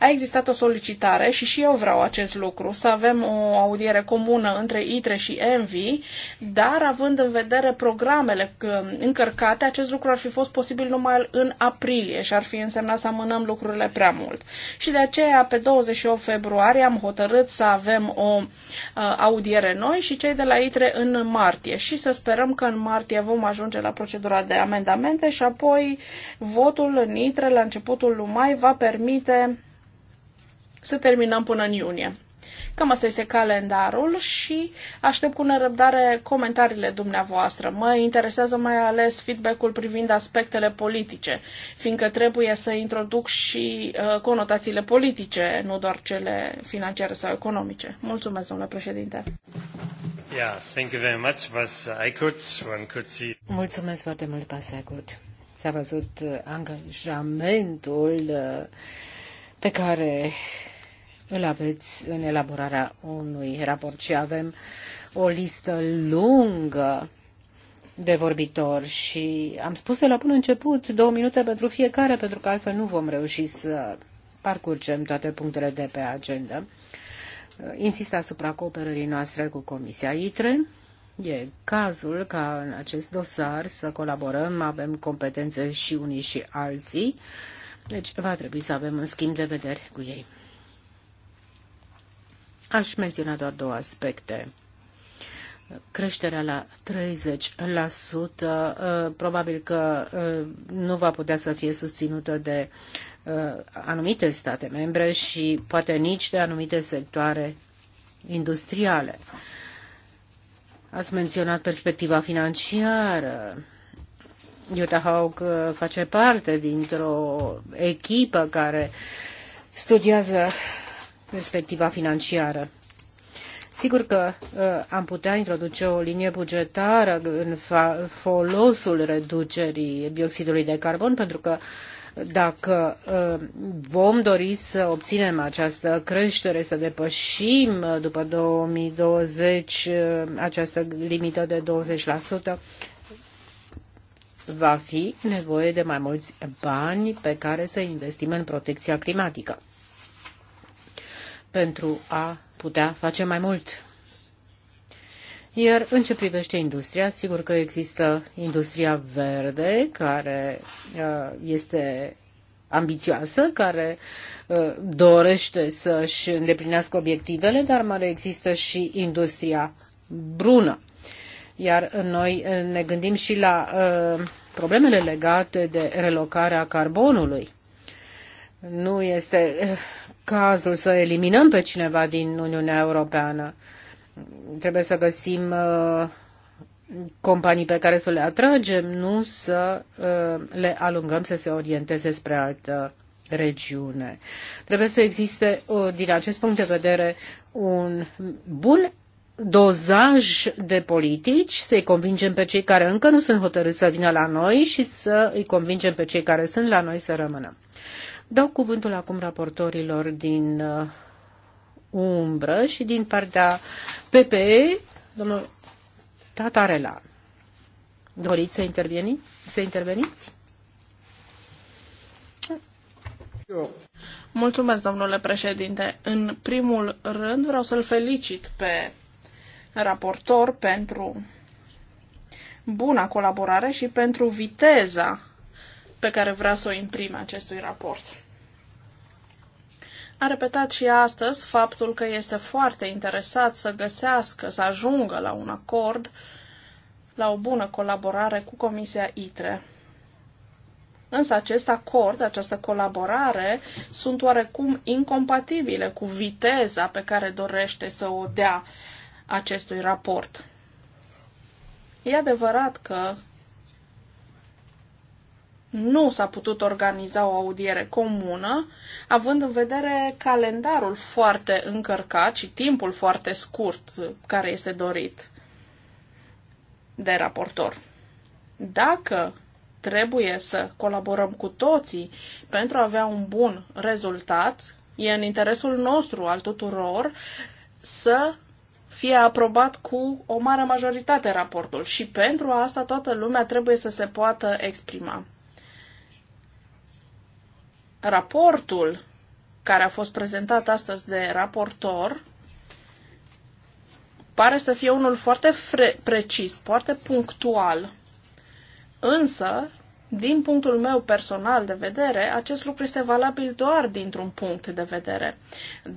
A existat o solicitare și și eu vreau acest lucru, să avem o audiere comună între ITRE și ENVI, dar având în vedere programele încărcate, acest lucru ar fi fost posibil numai în aprilie și ar fi însemnat să amânăm lucrurile prea mult. Și de aceea, pe 28 februarie, am hotărât să avem o uh, audiere noi și cei de la ITRE în martie și să sperăm că în martie vom ajunge la procedura de amendamente și apoi votul în ITRE la începutul lui mai va permite să terminăm până în iunie. Cam asta este calendarul și aștept cu nerăbdare comentariile dumneavoastră. Mă interesează mai ales feedback-ul privind aspectele politice, fiindcă trebuie să introduc și uh, conotațiile politice, nu doar cele financiare sau economice. Mulțumesc, domnule președinte. Yeah, thank you very much. Was could, could see. Mulțumesc foarte mult, Pasecut. S-a văzut uh, angajamentul uh, pe care îl aveți în elaborarea unui raport și avem o listă lungă de vorbitori și am spus de la bun început două minute pentru fiecare, pentru că altfel nu vom reuși să parcurgem toate punctele de pe agenda. Insist asupra cooperării noastre cu Comisia ITRE. E cazul ca în acest dosar să colaborăm, avem competențe și unii și alții, deci va trebui să avem un schimb de vedere cu ei. Aș menționa doar două aspecte creșterea la 30%, uh, probabil că uh, nu va putea să fie susținută de uh, anumite state membre și poate nici de anumite sectoare industriale. Ați menționat perspectiva financiară. Iuta Hauk face parte dintr-o echipă care studiază perspectiva financiară. Sigur că uh, am putea introduce o linie bugetară în folosul reducerii dioxidului de carbon, pentru că dacă uh, vom dori să obținem această creștere, să depășim uh, după 2020 uh, această limită de 20%, va fi nevoie de mai mulți bani pe care să investim în protecția climatică pentru a putea face mai mult. Iar în ce privește industria, sigur că există industria verde, care uh, este ambițioasă, care uh, dorește să-și îndeplinească obiectivele, dar mai există și industria brună. Iar noi uh, ne gândim și la problemele legate de relocarea carbonului. Nu este cazul să eliminăm pe cineva din Uniunea Europeană. Trebuie să găsim uh, companii pe care să le atragem, nu să uh, le alungăm să se orienteze spre altă regiune. Trebuie să existe, din acest punct de vedere, un bun dozaj de politici, să-i convingem pe cei care încă nu sunt hotărâți să vină la noi și să îi convingem pe cei care sunt la noi să rămână. Dau cuvântul acum raportorilor din uh, umbră și din partea PPE, domnul Tatarela. Doriți să, interveni? să interveniți? Mulțumesc, domnule președinte. În primul rând vreau să-l felicit pe raportor pentru buna colaborare și pentru viteza pe care vrea să o imprime acestui raport a repetat și astăzi faptul că este foarte interesat să găsească, să ajungă la un acord, la o bună colaborare cu Comisia ITRE. Însă acest acord, această colaborare sunt oarecum incompatibile cu viteza pe care dorește să o dea acestui raport. E adevărat că nu s-a putut organiza o audiere comună, având în vedere calendarul foarte încărcat și timpul foarte scurt care este dorit de raportor. Dacă trebuie să colaborăm cu toții pentru a avea un bun rezultat, e în interesul nostru al tuturor să fie aprobat cu o mare majoritate raportul și pentru asta toată lumea trebuie să se poată exprima raportul care a fost prezentat astăzi de raportor pare să fie unul foarte precis, foarte punctual. Însă, din punctul meu personal de vedere, acest lucru este valabil doar dintr-un punct de vedere.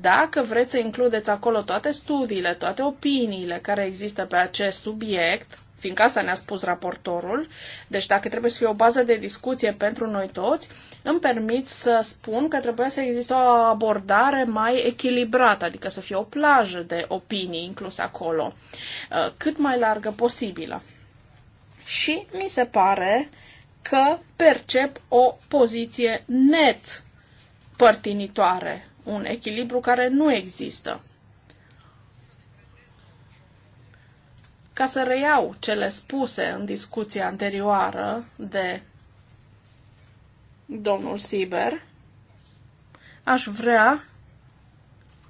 Dacă vreți să includeți acolo toate studiile, toate opiniile care există pe acest subiect, fiindcă asta ne-a spus raportorul, deci dacă trebuie să fie o bază de discuție pentru noi toți, îmi permit să spun că trebuie să existe o abordare mai echilibrată, adică să fie o plajă de opinii inclus acolo, uh, cât mai largă posibilă. Și mi se pare că percep o poziție net părtinitoare, un echilibru care nu există. Ca să reiau cele spuse în discuția anterioară de domnul Siber, aș vrea.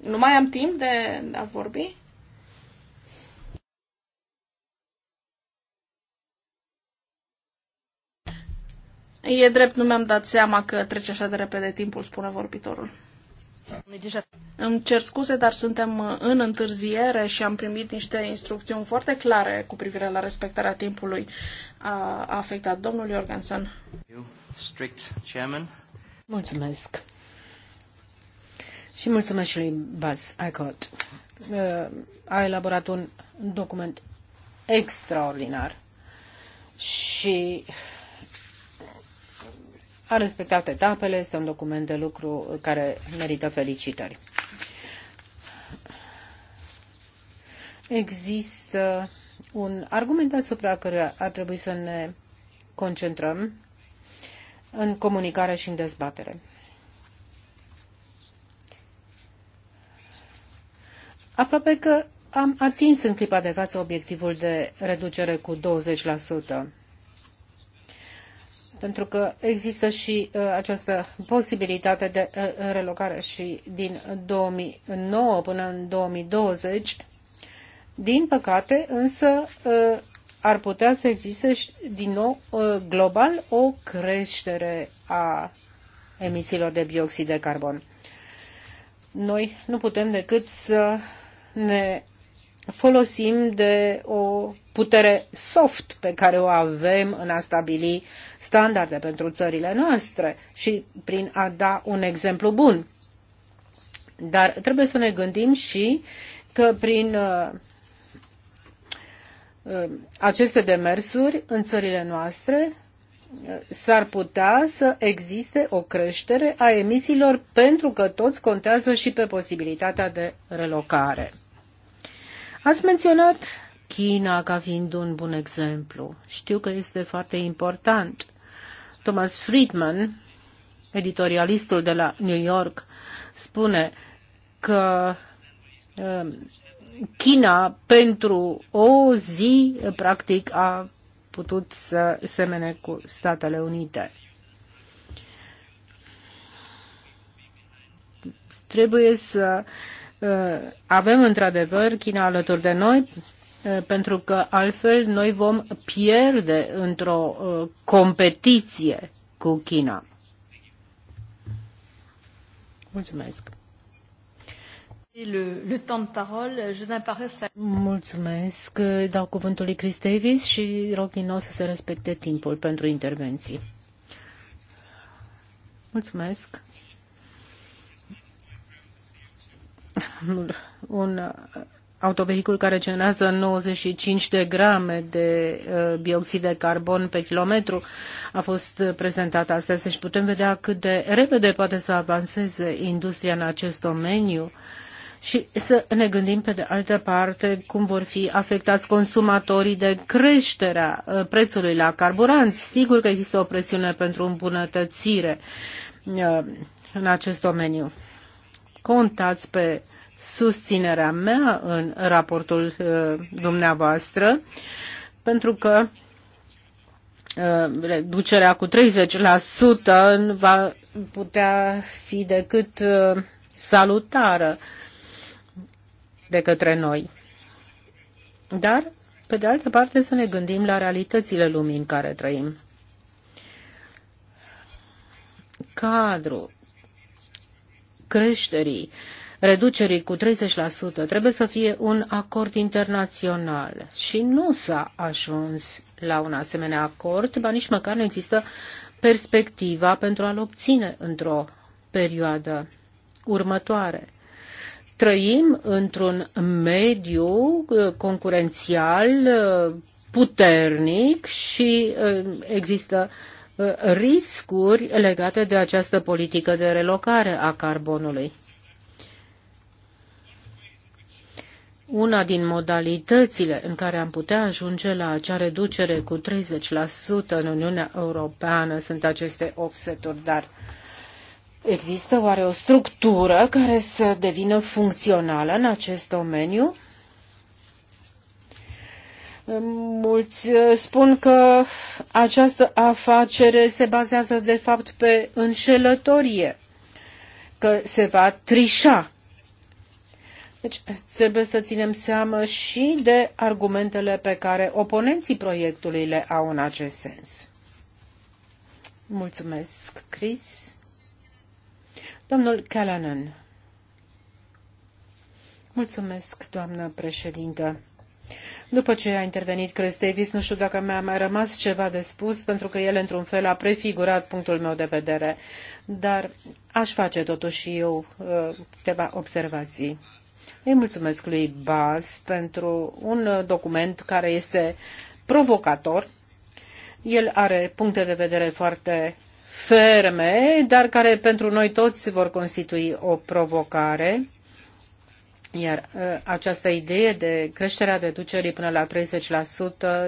Nu mai am timp de a vorbi? E drept, nu mi-am dat seama că trece așa de repede timpul, spune vorbitorul. Îmi cer scuze, dar suntem în întârziere și am primit niște instrucțiuni foarte clare cu privire la respectarea timpului a afectat domnul Jorgensen. Mulțumesc. Și mulțumesc și lui Buzz Icot. Uh, a elaborat un document extraordinar și a respectat etapele, este un document de lucru care merită felicitări. Există un argument asupra căruia ar trebui să ne concentrăm în comunicare și în dezbatere. Aproape că am atins în clipa de față obiectivul de reducere cu 20% pentru că există și uh, această posibilitate de uh, relocare și din 2009 până în 2020. Din păcate, însă, uh, ar putea să existe din nou global o creștere a emisiilor de bioxid de carbon. Noi nu putem decât să ne folosim de o putere soft pe care o avem în a stabili standarde pentru țările noastre și prin a da un exemplu bun. Dar trebuie să ne gândim și că prin uh, uh, aceste demersuri în țările noastre uh, s-ar putea să existe o creștere a emisiilor pentru că toți contează și pe posibilitatea de relocare. Ați menționat China ca fiind un bun exemplu. Știu că este foarte important. Thomas Friedman, editorialistul de la New York, spune că um, China pentru o zi, practic, a putut să semene cu Statele Unite. Trebuie să uh, Uh, avem într-adevăr China alături de noi, uh, pentru că altfel noi vom pierde într-o uh, competiție cu China. Mulțumesc. Le, le temps de parole, je n'apparaisse Mulțumesc. Dau cuvântul lui Chris Davis și rog din nou să se respecte timpul pentru intervenții. Mulțumesc. un uh, autovehicul care generează 95 de grame de uh, bioxid de carbon pe kilometru a fost prezentat astăzi. Deci putem vedea cât de repede poate să avanseze industria în acest domeniu și să ne gândim pe de altă parte cum vor fi afectați consumatorii de creșterea uh, prețului la carburanți. Sigur că există o presiune pentru îmbunătățire în acest domeniu contați pe susținerea mea în raportul uh, dumneavoastră, pentru că uh, reducerea cu 30% va putea fi decât uh, salutară de către noi. Dar, pe de altă parte, să ne gândim la realitățile lumii în care trăim. Cadrul creșterii, reducerii cu 30%, trebuie să fie un acord internațional. Și nu s-a ajuns la un asemenea acord, ba nici măcar nu există perspectiva pentru a-l obține într-o perioadă următoare. Trăim într-un mediu uh, concurențial uh, puternic și uh, există uh, riscuri legate de această politică de relocare a carbonului. Una din modalitățile în care am putea ajunge la acea reducere cu 30% în Uniunea Europeană sunt aceste offset-uri, dar există oare o structură care să devină funcțională în acest domeniu? Mulți uh, spun că această afacere se bazează de fapt pe înșelătorie, că se va trișa. Deci trebuie să ținem seama și de argumentele pe care oponenții proiectului le au în acest sens. Mulțumesc, Chris. Domnul Callanan. Mulțumesc, doamnă președintă. După ce a intervenit Chris Davis, nu știu dacă mi-a mai rămas ceva de spus, pentru că el, într-un fel, a prefigurat punctul meu de vedere, dar aș face totuși și eu uh, câteva observații. Îi mulțumesc lui Bas pentru un uh, document care este provocator. El are puncte de vedere foarte ferme, dar care pentru noi toți vor constitui o provocare iar uh, această idee de creșterea reducerii până la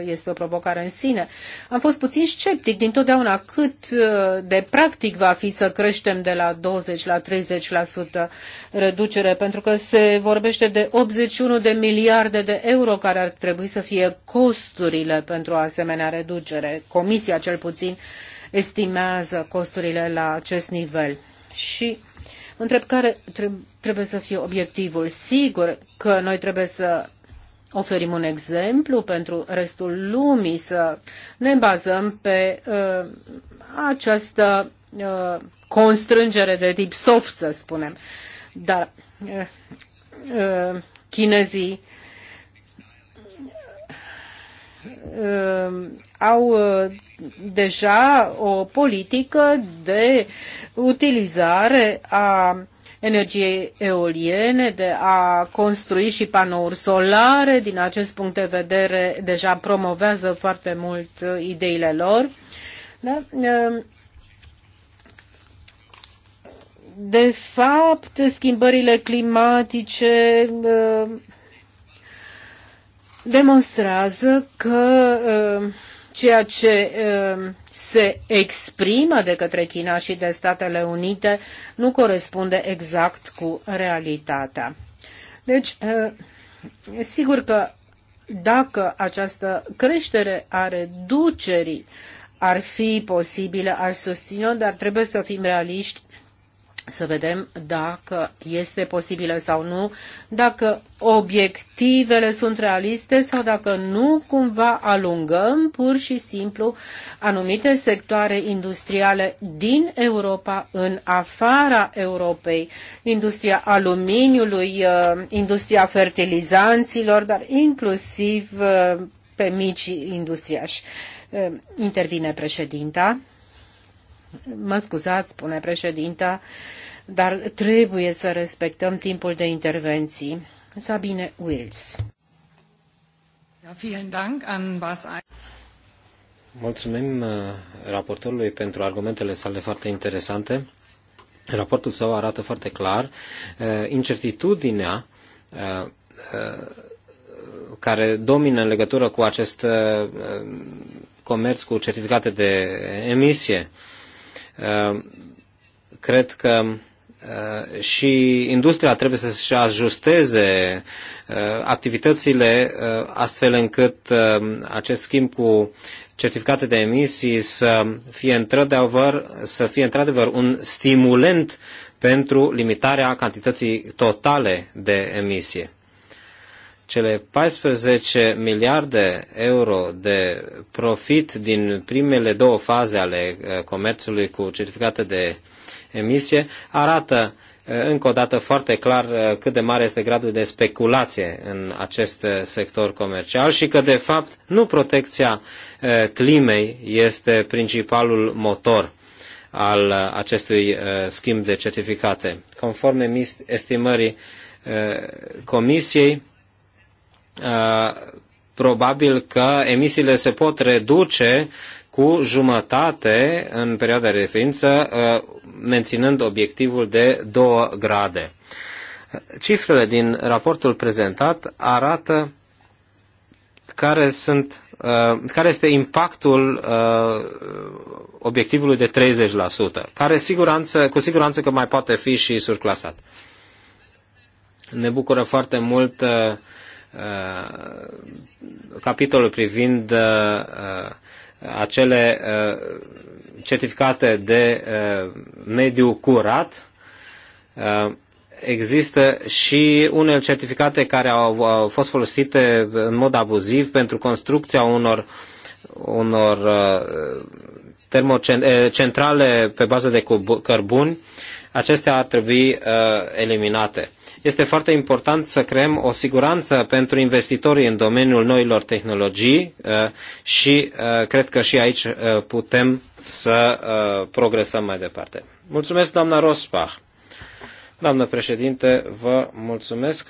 30% este o provocare în sine. Am fost puțin sceptic dintotdeauna cât uh, de practic va fi să creștem de la 20 la 30% reducere, pentru că se vorbește de 81 de miliarde de euro care ar trebui să fie costurile pentru o asemenea reducere. Comisia cel puțin estimează costurile la acest nivel. Și Întreb care trebuie să fie obiectivul. Sigur că noi trebuie să oferim un exemplu pentru restul lumii, să ne bazăm pe uh, această uh, constrângere de tip soft, să spunem. Dar uh, uh, chinezii uh, Uh, au uh, deja o politică de utilizare a energiei eoliene, de a construi și panouri solare. Din acest punct de vedere, deja promovează foarte mult uh, ideile lor. Da? De fapt, schimbările climatice demonstrează că uh, ceea ce uh, se exprimă de către China și de Statele Unite nu corespunde exact cu realitatea. Deci, uh, sigur că dacă această creștere a reducerii ar fi posibilă, ar susține, dar trebuie să fim realiști să vedem dacă este posibilă sau nu, dacă obiectivele sunt realiste sau dacă nu cumva alungăm pur și simplu anumite sectoare industriale din Europa în afara Europei, industria aluminiului, uh, industria fertilizanților, dar inclusiv uh, pe mici industriași. Uh, intervine președinta. Mă scuzați, spune președinta, dar trebuie să respectăm timpul de intervenții. Sabine Wills. Mulțumim uh, raportorului pentru argumentele sale foarte interesante. Raportul său arată foarte clar uh, incertitudinea uh, care domină în legătură cu acest comerț cu certificate de emisie Ehm, cred că ehm, și industria trebuie să-și ajusteze ehm, activitățile astfel încât acest schimb cu certificate de emisii să fie într-adevăr, să fie într-adevăr un stimulent pentru limitarea cantității totale de emisie cele 14 miliarde euro de profit din primele două faze ale uh, comerțului cu certificate de emisie arată uh, încă o dată foarte clar uh, cât de mare este gradul de speculație în acest sector comercial și că, de fapt, nu protecția climei este principalul motor al acestui schimb de certificate. Conform estimării Comisiei, Uh, probabil că emisiile se pot reduce cu jumătate în perioada de referință, uh, menținând obiectivul de 2 grade. Cifrele din raportul prezentat arată care, sunt, uh, care este impactul obiectivului de 30%, care siguranță, cu siguranță că mai poate fi și surclasat. Ne bucură foarte mult uh, Uh, capitolul privind uh, uh, acele certificate de mediu curat, există și unele certificate care au, au fost folosite în mod abuziv pentru construcția unor, unor termocentrale eh, pe bază de cărbuni. Acestea ar trebui eliminate. Este foarte important să creăm o siguranță pentru investitorii în domeniul noilor tehnologii uh, și uh, cred că și aici uh, putem să progresăm mai departe. Mulțumesc, doamna Rosbach. Doamnă președinte, vă mulțumesc.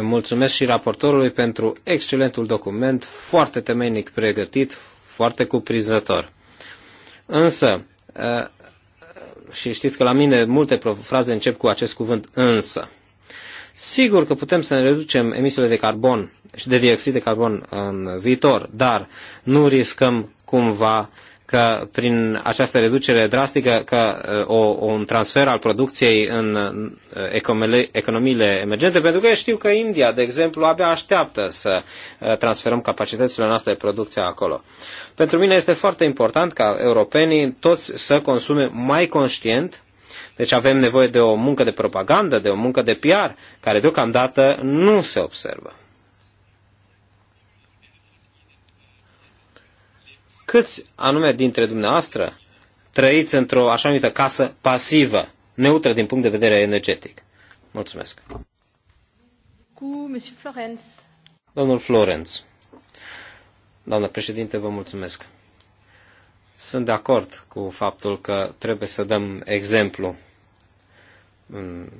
Mulțumesc și raportorului pentru excelentul document, foarte temeinic pregătit, foarte cuprinzător. Însă, și știți că la mine multe fraze încep cu acest cuvânt însă. Sigur că putem să ne reducem emisiile de carbon și de dioxid de carbon în viitor, dar nu riscăm cumva că prin această reducere drastică, că uh, o, un transfer al producției în uh, economiile emergente, pentru că știu că India, de exemplu, abia așteaptă să uh, transferăm capacitățile noastre de producție acolo. Pentru mine este foarte important ca europenii toți să consume mai conștient deci avem nevoie de o muncă de propagandă, de o muncă de PR, care deocamdată nu se observă. câți anume dintre dumneavoastră trăiți într-o așa numită casă pasivă, neutră din punct de vedere energetic? Mulțumesc. Cu Monsieur Florence. Domnul Florence. Doamnă președinte, vă mulțumesc. Sunt de acord cu faptul că trebuie să dăm exemplu mm,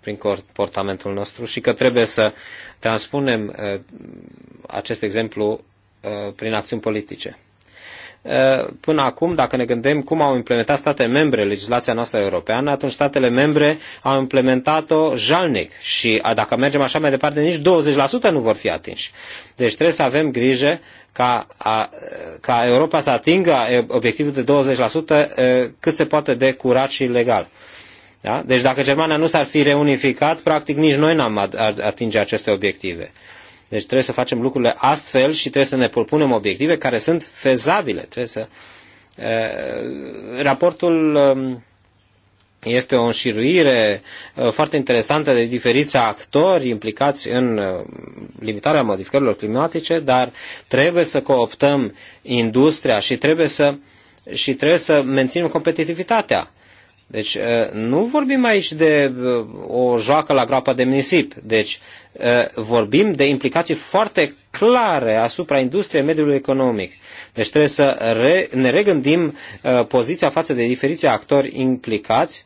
prin comportamentul nostru și că trebuie să transpunem eh, acest exemplu eh, prin acțiuni politice. Eh, până acum, dacă ne gândim cum au implementat statele membre legislația noastră europeană, atunci statele membre au implementat-o jalnic și dacă mergem așa mai departe, nici 20% nu vor fi atinși. Deci trebuie să avem grijă ca, a, ca Europa să atingă obiectivul de 20% eh, cât se poate de curat și legal. Da? Deci dacă Germania nu s-ar fi reunificat, practic nici noi n-am atinge aceste obiective. Deci trebuie să facem lucrurile astfel și trebuie să ne propunem obiective care sunt fezabile. Trebuie să... Raportul um, este o înșiruire foarte interesantă de diferiți actori implicați în limitarea modificărilor climatice, dar trebuie să cooptăm industria și trebuie să, și trebuie să menținem competitivitatea. Deci uh, nu vorbim aici de uh, o joacă la groapa de nisip, deci uh, vorbim de implicații foarte clare asupra industriei mediului economic. Deci trebuie să ne regândim poziția față de diferiți actori implicați,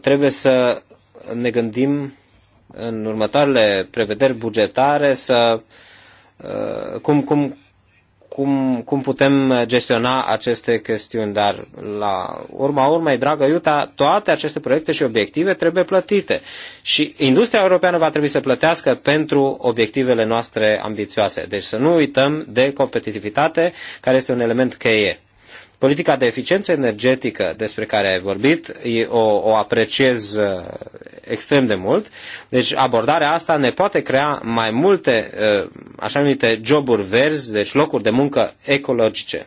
trebuie să ne gândim în următoarele prevederi bugetare să cum, cum, cum, cum putem gestiona aceste chestiuni. Dar la urma urmei, dragă Iuta, toate aceste proiecte și obiective trebuie plătite. Și industria europeană va trebui să plătească pentru obiectivele noastre ambițioase. Deci să nu uităm de competitivitate, care este un element cheie. Politica de eficiență energetică despre care ai vorbit, o, o apreciez uh, extrem de mult. Deci abordarea asta ne poate crea mai multe uh, așa numite joburi verzi, deci locuri de muncă ecologice.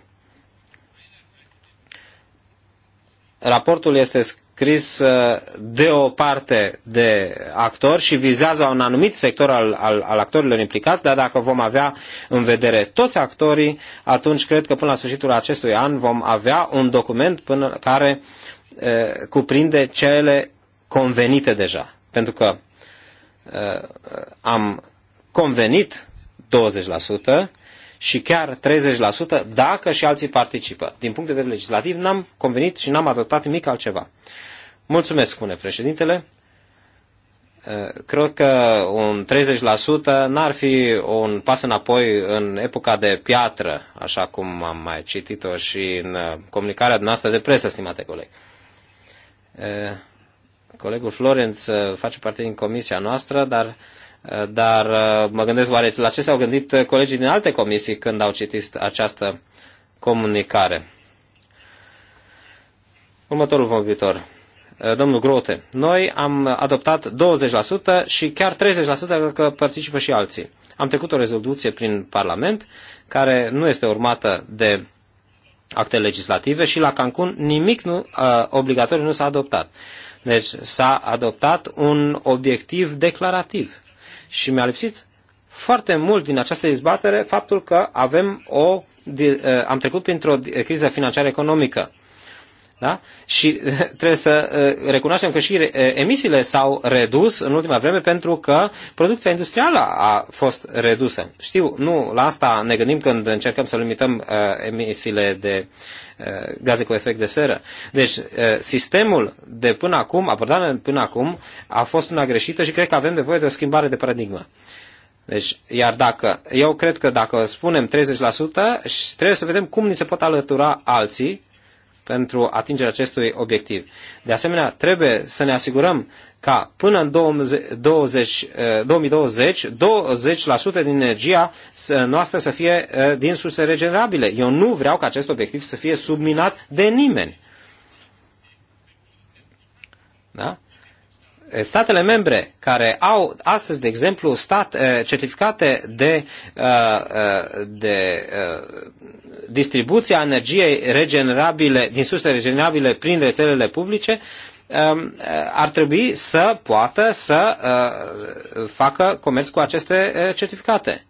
raportul este scris uh, de o parte de actori și vizează un anumit sector al, al, al actorilor implicați, dar dacă vom avea în vedere toți actorii, atunci cred că până la sfârșitul acestui an vom avea un document până care e, uh, cuprinde cele convenite deja. Pentru că e, uh, am convenit 20%, și chiar 30% dacă și alții participă. Din punct de vedere legislativ n-am convenit și n-am adoptat nimic altceva. Mulțumesc, spune președintele. Eh, cred că un 30% n-ar fi un pas înapoi în epoca de piatră, așa cum am mai citit-o și în eh, comunicarea noastră de presă, stimate coleg. Eh, colegul Florenț face parte din comisia noastră, dar uh, dar uh, mă gândesc oare la ce s-au gândit colegii din alte comisii când au citit această comunicare. Următorul vorbitor, uh, domnul Grote. Noi am adoptat 20% și chiar 30% că participă și alții. Am trecut o rezoluție prin Parlament care nu este urmată de acte legislative și la Cancun nimic nu, uh, obligatoriu nu s-a adoptat. Deci s-a adoptat un obiectiv declarativ și mi-a lipsit foarte mult din această dezbatere faptul că avem o, eh, am trecut printr-o criză financiară economică. Da? Și trebuie să uh, recunoaștem că și uh, emisiile s-au redus în ultima vreme pentru că producția industrială a fost redusă. Știu, nu la asta ne gândim când încercăm să limităm uh, emisiile de gaze cu efect de seră. Deci, sistemul de până acum, abordarea până acum, a fost una greșită și cred că avem nevoie de o schimbare de paradigmă. Deci, iar dacă, eu cred că dacă spunem 30%, trebuie să vedem cum ni se pot alătura alții pentru atingerea acestui obiectiv. De asemenea, trebuie să ne asigurăm ca până în 20, 2020, 20% din energia noastră să fie eh, din surse regenerabile. Eu nu vreau ca acest obiectiv să fie subminat de nimeni. Da? Eh, statele membre care au astăzi, de exemplu, stat, eh, certificate de, de, de distribuția energiei regenerabile, din surse regenerabile prin rețelele publice um, ar trebui să poată să uh, facă comerț cu aceste uh, certificate.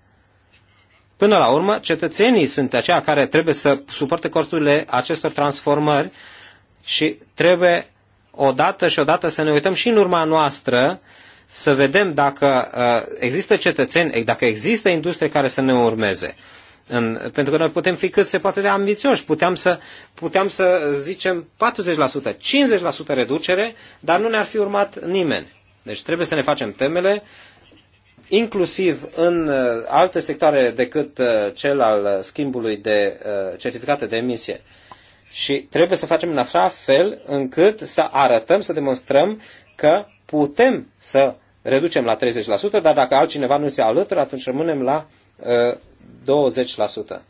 Până la urmă, cetățenii sunt aceia care trebuie să suporte costurile acestor transformări și trebuie odată și odată să ne uităm și în urma noastră să vedem dacă uh, există cetățeni, dacă există industrie care să ne urmeze. În, pentru că noi putem fi cât se poate de ambițioși. Puteam să, puteam să zicem 40%, 50% reducere, dar nu ne-ar fi urmat nimeni. Deci trebuie să ne facem temele, inclusiv în uh, alte sectoare decât uh, cel al schimbului de uh, certificate de emisie. Și trebuie să facem în așa fel încât să arătăm, să demonstrăm că putem să reducem la 30%, dar dacă altcineva nu se alătură, atunci rămânem la 20%.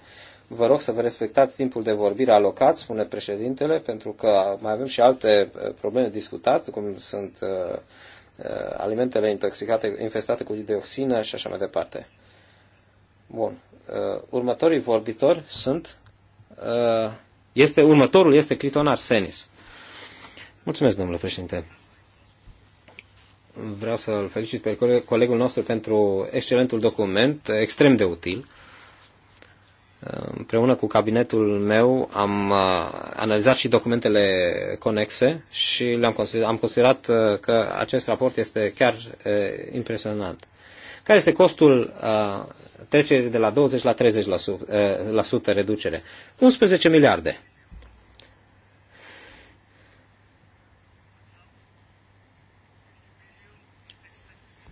Vă rog să vă respectați timpul de vorbire alocat, spune președintele, pentru că mai avem și alte uh, probleme discutate, cum sunt uh, uh, alimentele intoxicate, infestate cu dioxină și așa mai departe. Bun. Uh, următorii vorbitori sunt. Uh, este, următorul este Criton Arsenis. Mulțumesc, domnule președinte. Vreau să-l felicit pe colegul nostru pentru excelentul document, extrem de util. Împreună cu cabinetul meu am uh, analizat și documentele conexe și le-am considerat, am considerat uh, că acest raport este chiar uh, impresionant. Care este costul trecerii de la 20 la 30% la, sută reducere? 11 miliarde.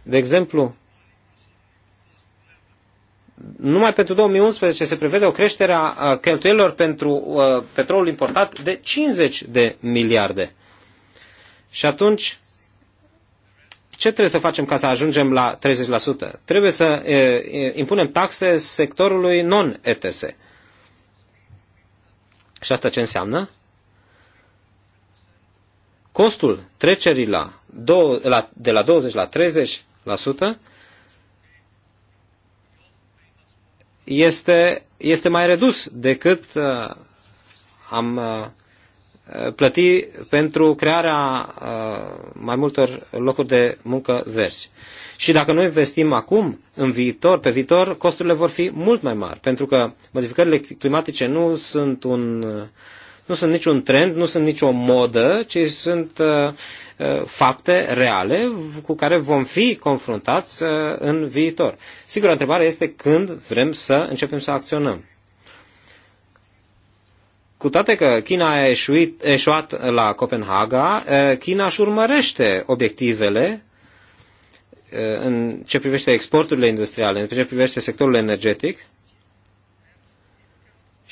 De exemplu, numai pentru 2011 se prevede o creștere a cheltuielilor pentru uh, petrolul importat de 50 de miliarde. Și atunci, ce trebuie să facem ca să ajungem la 30%? Trebuie să impunem taxe sectorului non-ETS. Și asta ce înseamnă? Costul trecerii la, de la 20 la 30% este, este mai redus decât uh, am uh, plăti pentru crearea uh, mai multor locuri de muncă verzi. Și dacă noi investim acum, în viitor, pe viitor, costurile vor fi mult mai mari, pentru că modificările climatice nu sunt un nu sunt niciun trend, nu sunt nicio modă, ci sunt uh, uh, fapte reale cu care vom fi confruntați uh, în viitor. Sigur, întrebarea este când vrem să începem să acționăm. Cu toate că China a eșuit, eșuat la Copenhaga, China își urmărește obiectivele în ce privește exporturile industriale, în ce privește sectorul energetic,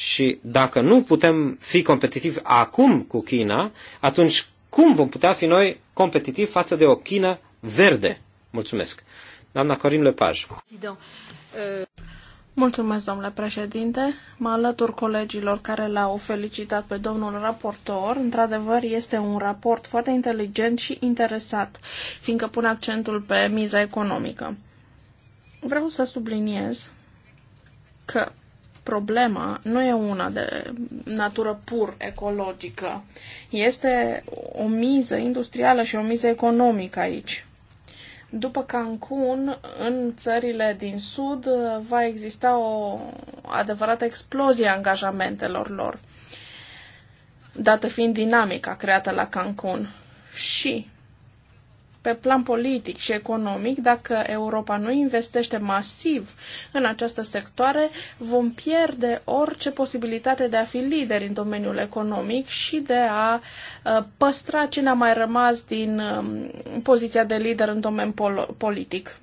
și dacă nu putem fi competitivi acum cu China, atunci cum vom putea fi noi competitivi față de o China verde? Mulțumesc. Doamna Corin Lepaj. Mulțumesc, domnule președinte. Mă alătur colegilor care l-au felicitat pe domnul raportor. Într-adevăr, este un raport foarte inteligent și interesat, fiindcă pune accentul pe miza economică. Vreau să subliniez că problema nu e una de natură pur ecologică. Este o miză industrială și o miză economică aici. După Cancun, în țările din sud, va exista o adevărată explozie a angajamentelor lor, dată fiind dinamica creată la Cancun. Și pe plan politic și economic, dacă Europa nu investește masiv în această sectoare, vom pierde orice posibilitate de a fi lideri în domeniul economic și de a uh, păstra cine a mai rămas din um, poziția de lider în domeniul politic.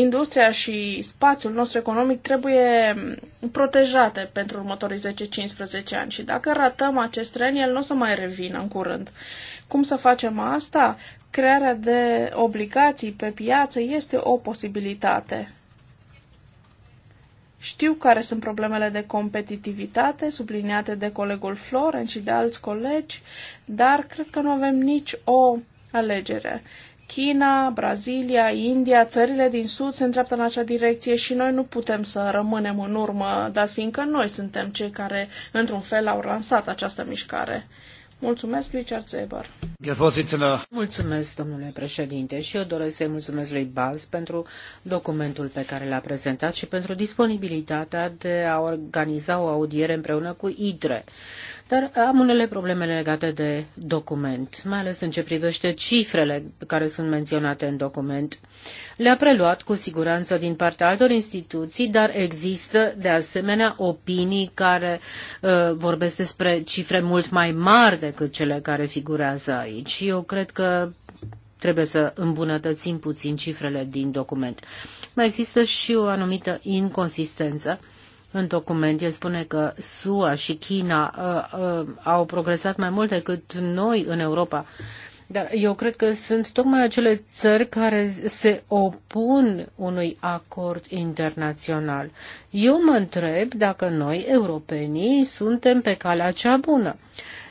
industria și spațiul nostru economic trebuie protejate pentru următorii 10-15 ani și dacă ratăm acest tren, el nu o să mai revină în curând. Cum să facem asta? Crearea de obligații pe piață este o posibilitate. Știu care sunt problemele de competitivitate subliniate de colegul Floren și de alți colegi, dar cred că nu avem nici o alegere. China, Brazilia, India, țările din Sud se îndreaptă în acea direcție și noi nu putem să rămânem în urmă, dar fiindcă noi suntem cei care, într-un fel, au lansat această mișcare. Mulțumesc, Richard Zeber. Mulțumesc, domnule președinte, și eu doresc să-i mulțumesc lui Baz pentru documentul pe care l-a prezentat și pentru disponibilitatea de a organiza o audiere împreună cu IDRE. Dar am unele probleme legate de document, mai ales în ce privește cifrele care sunt menționate în document. Le-a preluat cu siguranță din partea altor instituții, dar există de asemenea opinii care uh, vorbesc despre cifre mult mai mari decât cele care figurează aici. Eu cred că trebuie să îmbunătățim puțin cifrele din document. Mai există și o anumită inconsistență în document el spune că SUA și China uh, uh, au progresat mai mult decât noi în Europa. Dar eu cred că sunt tocmai acele țări care se opun unui acord internațional. Eu mă întreb dacă noi, europenii, suntem pe calea cea bună.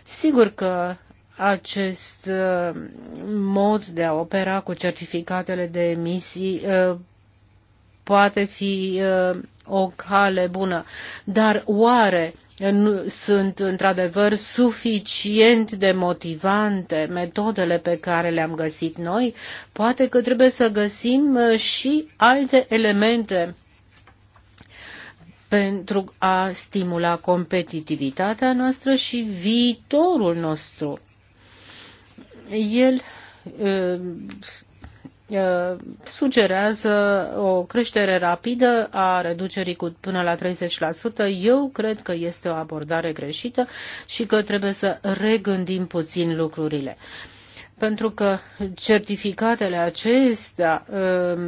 Sigur că acest uh, mod de a opera cu certificatele de emisii uh, poate fi uh, o cale bună. Dar oare sunt într-adevăr suficient de motivante metodele pe care le-am găsit noi? Poate că trebuie să găsim uh, și alte elemente pentru a stimula competitivitatea noastră și viitorul nostru. El uh, Uh, sugerează o creștere rapidă a reducerii cu până la 30%. Eu cred că este o abordare greșită și că trebuie să regândim puțin lucrurile. Pentru că certificatele acestea uh,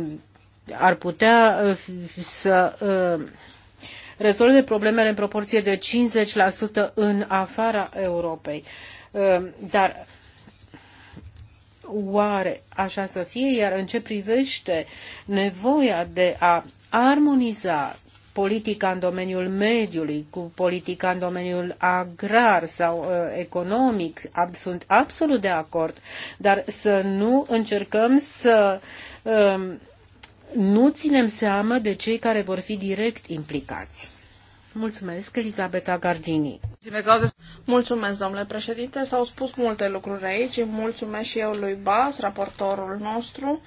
ar putea uh, să rezolve problemele în proporție de 50% în afara Europei. Dar oare așa să fie? Iar în ce privește nevoia de a armoniza politica în domeniul mediului cu politica în domeniul agrar sau uh, economic, ab, sunt absolut de acord, dar să nu încercăm să uh, nu ținem seamă de cei care vor fi direct implicați. Mulțumesc, Elisabeta Gardini. Mulțumesc, domnule președinte. S-au spus multe lucruri aici. Mulțumesc și eu lui Bas, raportorul nostru.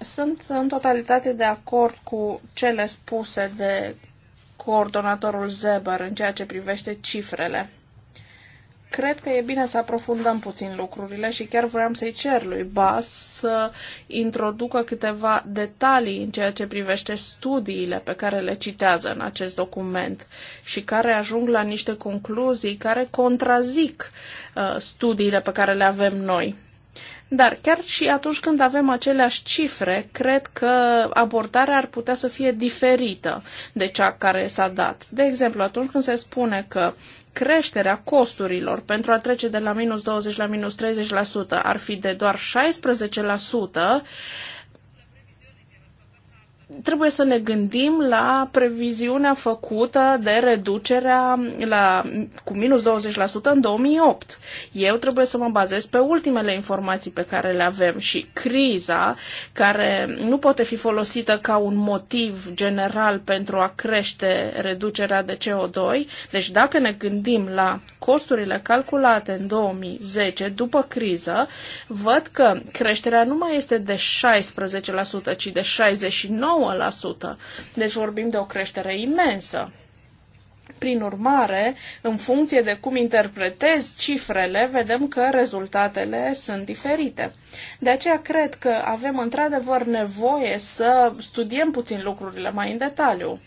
Sunt în totalitate de acord cu cele spuse de coordonatorul Zeber în ceea ce privește cifrele cred că e bine să aprofundăm puțin lucrurile și chiar vreau să-i cer lui Bas să introducă câteva detalii în ceea ce privește studiile pe care le citează în acest document și care ajung la niște concluzii care contrazic uh, studiile pe care le avem noi. Dar chiar și atunci când avem aceleași cifre, cred că abordarea ar putea să fie diferită de cea care s-a dat. De exemplu, atunci când se spune că creșterea costurilor pentru a trece de la minus 20 la minus 30% ar fi de doar 16%, trebuie să ne gândim la previziunea făcută de reducerea la, cu minus 20% în 2008. Eu trebuie să mă bazez pe ultimele informații pe care le avem și criza, care nu poate fi folosită ca un motiv general pentru a crește reducerea de CO2. Deci dacă ne gândim la costurile calculate în 2010 după criză, văd că creșterea nu mai este de 16%, ci de 69 9%. Deci vorbim de o creștere imensă. Prin urmare, în funcție de cum interpretezi cifrele, vedem că rezultatele sunt diferite. De aceea cred că avem într-adevăr nevoie să studiem puțin lucrurile mai în detaliu.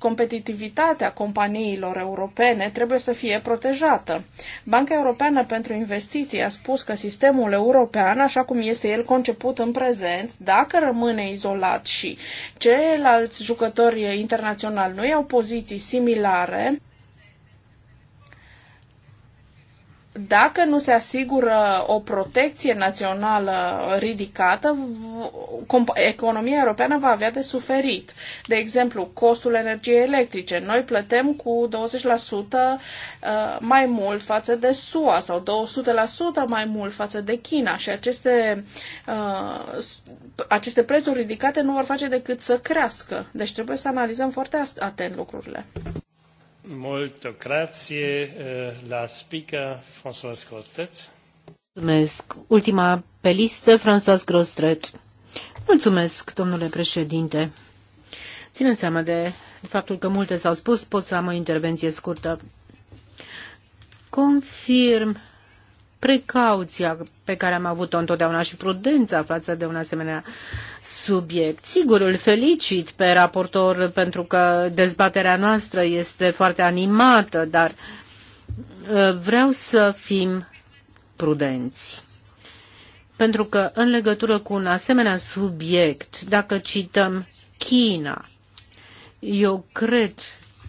Competitivitatea companiilor europene trebuie să fie protejată. Banca Europeană pentru Investiții a spus că sistemul european, așa cum este el conceput în prezent, dacă rămâne izolat și ceilalți jucători internaționali nu iau poziții similare, dacă nu se asigură o protecție națională ridicată, economia europeană va avea de suferit. De exemplu, costul energiei electrice. Noi plătem cu 20% uh, mai mult față de SUA sau 200% mai mult față de China și aceste, uh, aceste prețuri ridicate nu vor face decât să crească. Deci trebuie să analizăm foarte atent lucrurile. Molto grazie uh, la speaker François Grostet. Mulțumesc. Ultima pe listă, François Grostet. Mulțumesc, domnule președinte. Ținând seama de faptul că multe s-au spus, pot să am o intervenție scurtă. Confirm precauția pe care am avut-o întotdeauna și prudența față de un asemenea subiect. Sigur, îl felicit pe raportor pentru că dezbaterea noastră este foarte animată, dar ă, vreau să fim prudenți. Pentru că în legătură cu un asemenea subiect, dacă cităm China, eu cred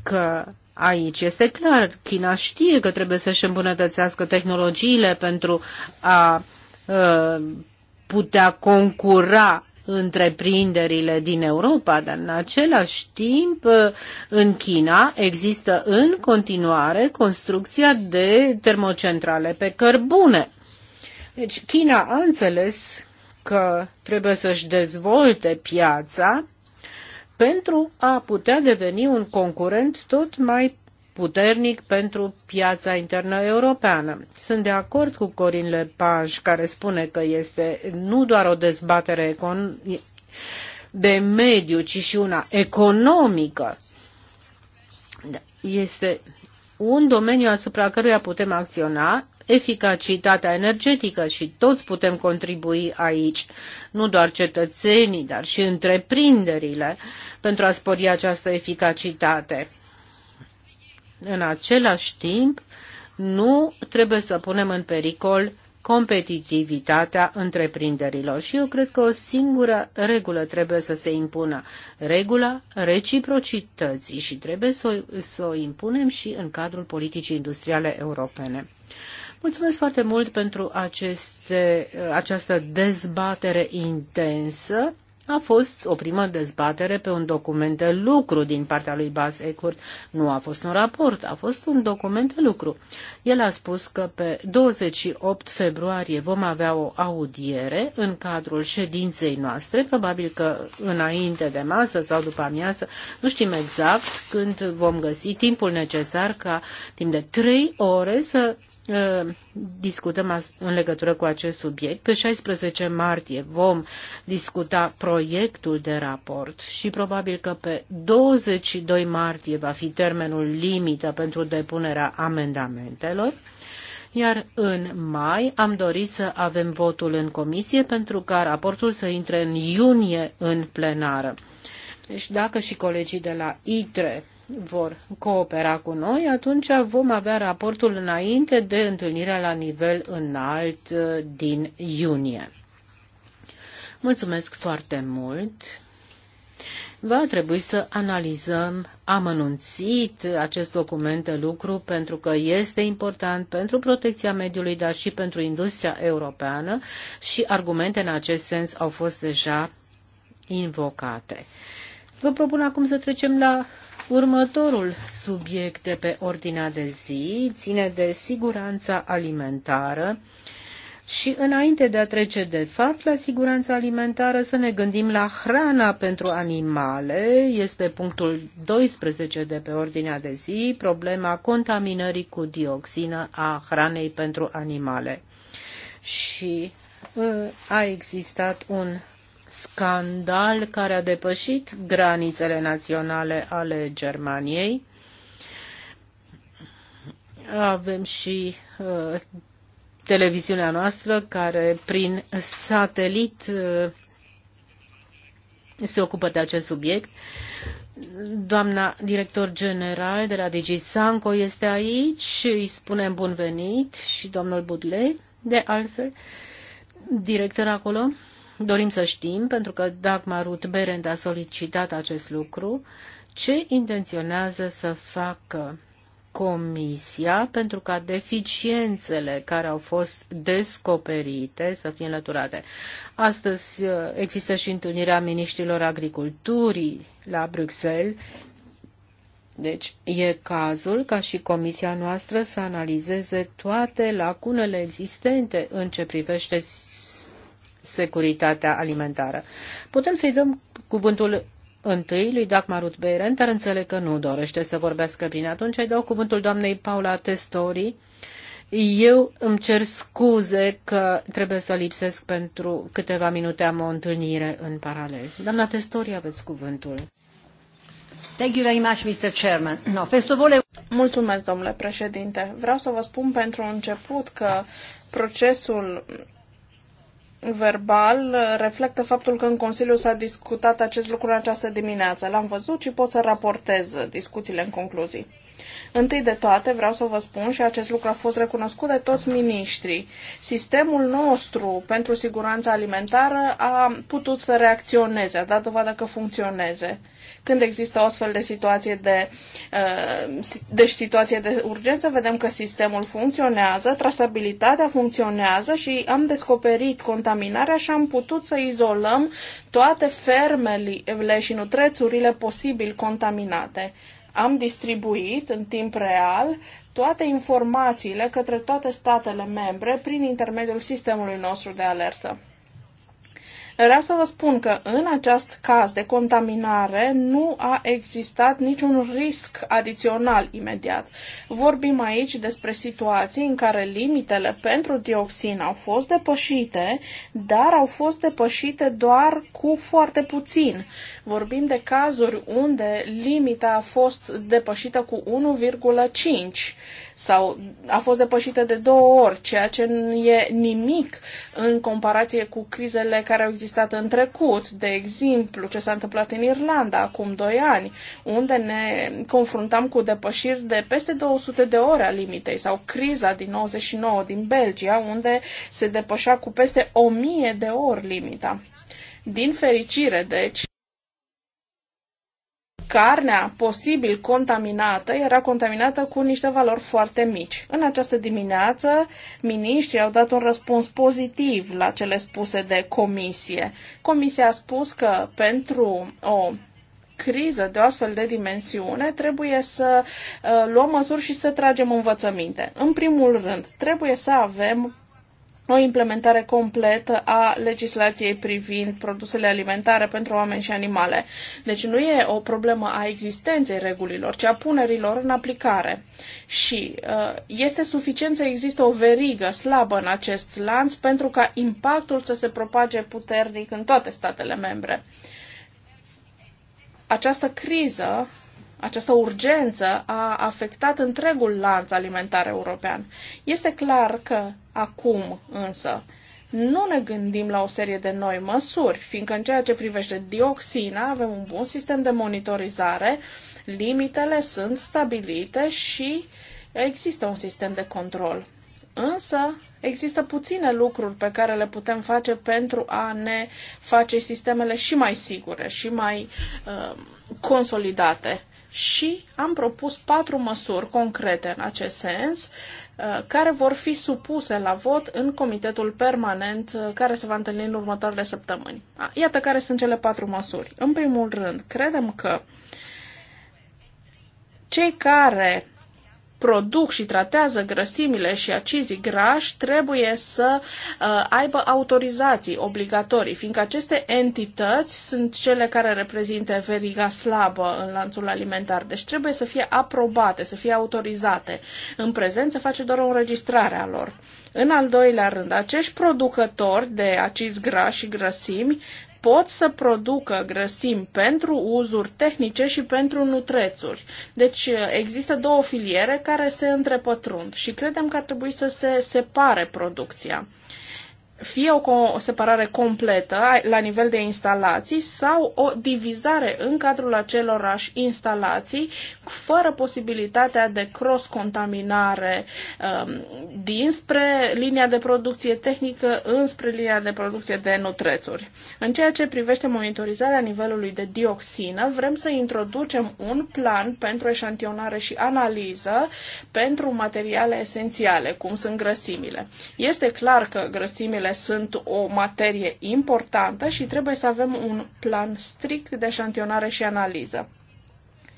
că Aici este clar, China știe că trebuie să-și îmbunătățească tehnologiile pentru a uh, putea concura întreprinderile din Europa, dar în același timp ă, în China există în continuare construcția de termocentrale pe cărbune. Deci China a înțeles că trebuie să-și dezvolte piața pentru a putea deveni un concurent tot mai puternic pentru piața internă europeană. Sunt de acord cu Corin Lepaj, care spune că este nu doar o dezbatere econ- de mediu, ci și una economică. Este un domeniu asupra căruia putem acționa eficacitatea energetică și toți putem contribui aici, nu doar cetățenii, dar și întreprinderile, pentru a spori această eficacitate. În același timp, nu trebuie să punem în pericol competitivitatea întreprinderilor. Și eu cred că o singură regulă trebuie să se impună. Regula reciprocității și trebuie să o, să o impunem și în cadrul politicii industriale europene. Mulțumesc foarte mult pentru aceste, această dezbatere intensă. A fost o primă dezbatere pe un document de lucru din partea lui Bas Eckhurt. Nu a fost un raport, a fost un document de lucru. El a spus că pe 28 februarie vom avea o audiere în cadrul ședinței noastre, probabil că înainte de masă sau după amiază, nu știm exact când vom găsi timpul necesar ca timp de trei ore să discutăm în legătură cu acest subiect. Pe 16 martie vom discuta proiectul de raport și probabil că pe 22 martie va fi termenul limită pentru depunerea amendamentelor iar în mai am dorit să avem votul în comisie pentru ca raportul să intre în iunie în plenară. Deci dacă și colegii de la ITRE vor coopera cu noi, atunci vom avea raportul înainte de întâlnirea la nivel înalt uh, din iunie. Mulțumesc foarte mult! Va trebui să analizăm amănunțit acest document de lucru pentru că este important pentru protecția mediului, dar și pentru industria europeană și argumente în acest sens au fost deja invocate. Vă propun acum să trecem la Următorul subiect de pe ordinea de zi ține de siguranța alimentară și înainte de a trece de fapt la siguranța alimentară să ne gândim la hrana pentru animale. Este punctul 12 de pe ordinea de zi, problema contaminării cu dioxină a hranei pentru animale. Și uh, a existat un scandal care a depășit granițele naționale ale Germaniei. Avem și uh, televiziunea noastră care prin satelit uh, se ocupă de acest subiect. Doamna director general de la DG Sanco este aici, îi spunem bun venit și domnul Budley, de altfel, director acolo. Dorim să știm, pentru că Dagmar Ruth Berend a solicitat acest lucru, ce intenționează să facă Comisia pentru ca deficiențele care au fost descoperite să fie înlăturate. Astăzi uh, există și întâlnirea miniștrilor agriculturii la Bruxelles. Deci e cazul ca și comisia noastră să analizeze toate lacunele existente în ce privește securitatea alimentară. Putem să-i dăm cuvântul întâi lui Dagmarut Beiren, dar înțeleg că nu dorește să vorbească bine. atunci. Îi dau cuvântul doamnei Paula Testori. Eu îmi cer scuze că trebuie să lipsesc pentru câteva minute am o întâlnire în paralel. Doamna Testori, aveți cuvântul. Thank you very much, Mr. Chairman. No, first of all... Mulțumesc, domnule președinte. Vreau să vă spun pentru început că procesul verbal reflectă faptul că în Consiliu s-a discutat acest lucru în această dimineață. L-am văzut și pot să raportez discuțiile în concluzii. Întâi de toate, vreau să vă spun, și acest lucru a fost recunoscut de toți miniștrii, sistemul nostru pentru siguranța alimentară a putut să reacționeze, a dat dovadă că funcționeze. Când există o astfel de situație de, deci situație de urgență, vedem că sistemul funcționează, trasabilitatea funcționează și am descoperit contaminarea și am putut să izolăm toate fermele și nutrețurile posibil contaminate am distribuit în timp real toate informațiile către toate statele membre prin intermediul sistemului nostru de alertă. Vreau să vă spun că în acest caz de contaminare nu a existat niciun risc adițional imediat. Vorbim aici despre situații în care limitele pentru dioxin au fost depășite, dar au fost depășite doar cu foarte puțin. Vorbim de cazuri unde limita a fost depășită cu 1,5 sau a fost depășită de două ori, ceea ce nu e nimic în comparație cu crizele care au existat existat în trecut, de exemplu ce s-a întâmplat în Irlanda acum 2 ani, unde ne confruntam cu depășiri de peste 200 de ore a limitei, sau criza din 99 din Belgia, unde se depășea cu peste 1000 de ori limita. Din fericire, deci, carnea posibil contaminată era contaminată cu niște valori foarte mici. În această dimineață, miniștrii au dat un răspuns pozitiv la cele spuse de comisie. Comisia a spus că pentru o criză de o astfel de dimensiune, trebuie să uh, luăm măsuri și să tragem învățăminte. În primul rând, trebuie să avem o implementare completă a legislației privind produsele alimentare pentru oameni și animale. Deci nu e o problemă a existenței regulilor, ci a punerilor în aplicare. Și uh, este suficient să există o verigă slabă în acest lanț pentru ca impactul să se propage puternic în toate statele membre. Această criză această urgență a afectat întregul lanț alimentar european. Este clar că acum însă nu ne gândim la o serie de noi măsuri, fiindcă în ceea ce privește dioxina avem un bun sistem de monitorizare, limitele sunt stabilite și există un sistem de control. Însă există puține lucruri pe care le putem face pentru a ne face sistemele și mai sigure și mai uh, consolidate și am propus patru măsuri concrete în acest sens, uh, care vor fi supuse la vot în comitetul permanent uh, care se va întâlni în următoarele săptămâni. Iată care sunt cele patru măsuri. În primul rând, credem că cei care produc și tratează grăsimile și acizii grași trebuie să uh, aibă autorizații obligatorii, fiindcă aceste entități sunt cele care reprezintă veriga slabă în lanțul alimentar, deci trebuie să fie aprobate, să fie autorizate. În prezent se face doar o înregistrare a lor. În al doilea rând, acești producători de acizi grași și grăsimi pot să producă grăsimi pentru uzuri tehnice și pentru nutrețuri. Deci uh, există două filiere care se întrepătrund și credem că ar trebui să se separe producția fie o separare completă la nivel de instalații sau o divizare în cadrul acelorași instalații fără posibilitatea de cross-contaminare um, dinspre linia de producție tehnică înspre linia de producție de nutrețuri. În ceea ce privește monitorizarea nivelului de dioxină, vrem să introducem un plan pentru eșantionare și analiză pentru materiale esențiale, cum sunt grăsimile. Este clar că grăsimile ele sunt o materie importantă și trebuie să avem un plan strict de șantionare și analiză.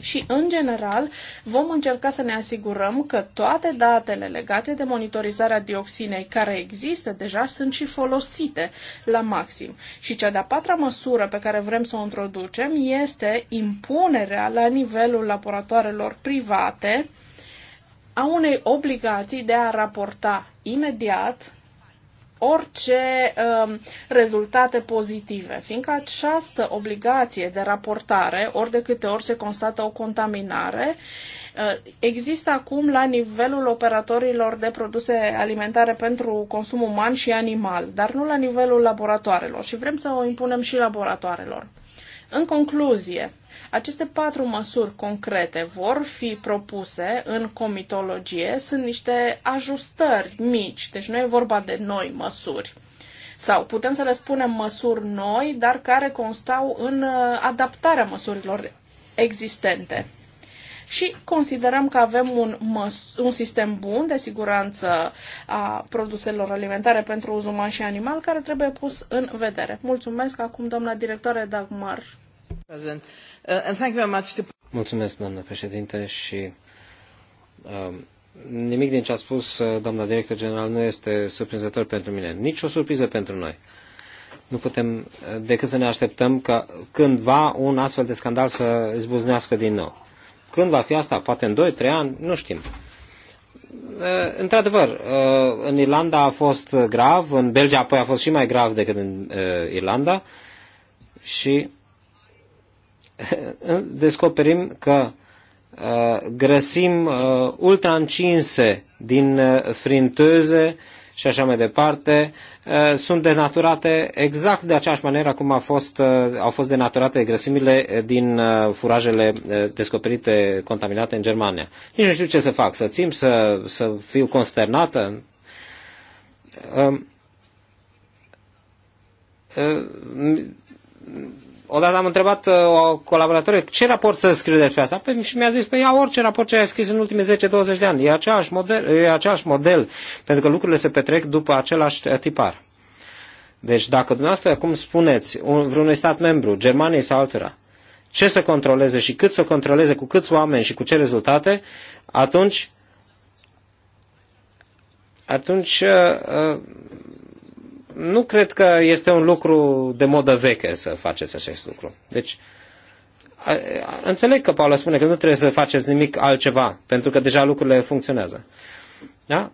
Și, în general, vom încerca să ne asigurăm că toate datele legate de monitorizarea dioxinei care există deja sunt și folosite la maxim. Și cea de-a patra măsură pe care vrem să o introducem este impunerea la nivelul laboratoarelor private a unei obligații de a raporta imediat orice um, rezultate pozitive, fiindcă această obligație de raportare, ori de câte ori se constată o contaminare, uh, există acum la nivelul operatorilor de produse alimentare pentru consum uman și animal, dar nu la nivelul laboratoarelor și vrem să o impunem și laboratoarelor. În concluzie, aceste patru măsuri concrete vor fi propuse în comitologie, sunt niște ajustări mici, deci nu e vorba de noi măsuri. Sau putem să le spunem măsuri noi, dar care constau în uh, adaptarea măsurilor existente și considerăm că avem un, un sistem bun de siguranță a produselor alimentare pentru uz uman și animal care trebuie pus în vedere. Mulțumesc acum doamna directoare Dagmar. Uh, Mulțumesc, doamnă președinte, și um, nimic din ce a spus uh, doamna director general nu este surprinzător pentru mine. Nici o surpriză pentru noi. Nu putem uh, decât să ne așteptăm ca cândva un astfel de scandal să izbuznească din nou. Când va fi asta? Poate în 2-3 ani? Nu știm. Într-adevăr, în Irlanda a fost grav, în Belgia apoi a fost și mai grav decât în Irlanda și descoperim că grăsim ultra încinse din frinteze și așa mai departe, uh, sunt denaturate exact de aceeași manieră cum a fost, uh, au fost denaturate grăsimile din uh, furajele descoperite contaminate în Germania. Nici nu știu ce să fac, să țin, să, să fiu consternată odată am întrebat uh, o colaboratoră ce raport să scriu despre asta păi, și mi-a zis, păi ia orice raport ce ai scris în ultimii 10-20 de ani, e același, model, e același model, pentru că lucrurile se petrec după același tipar. Deci dacă dumneavoastră, cum spuneți, un, vreunui stat membru, Germaniei sau altora, ce să controleze și cât să controleze, cu câți oameni și cu ce rezultate, atunci atunci uh, uh, nu cred că este un lucru de modă veche să faceți acest lucru. Deci, înțeleg că Paula spune că nu trebuie să faceți nimic altceva, pentru că deja lucrurile funcționează. Da?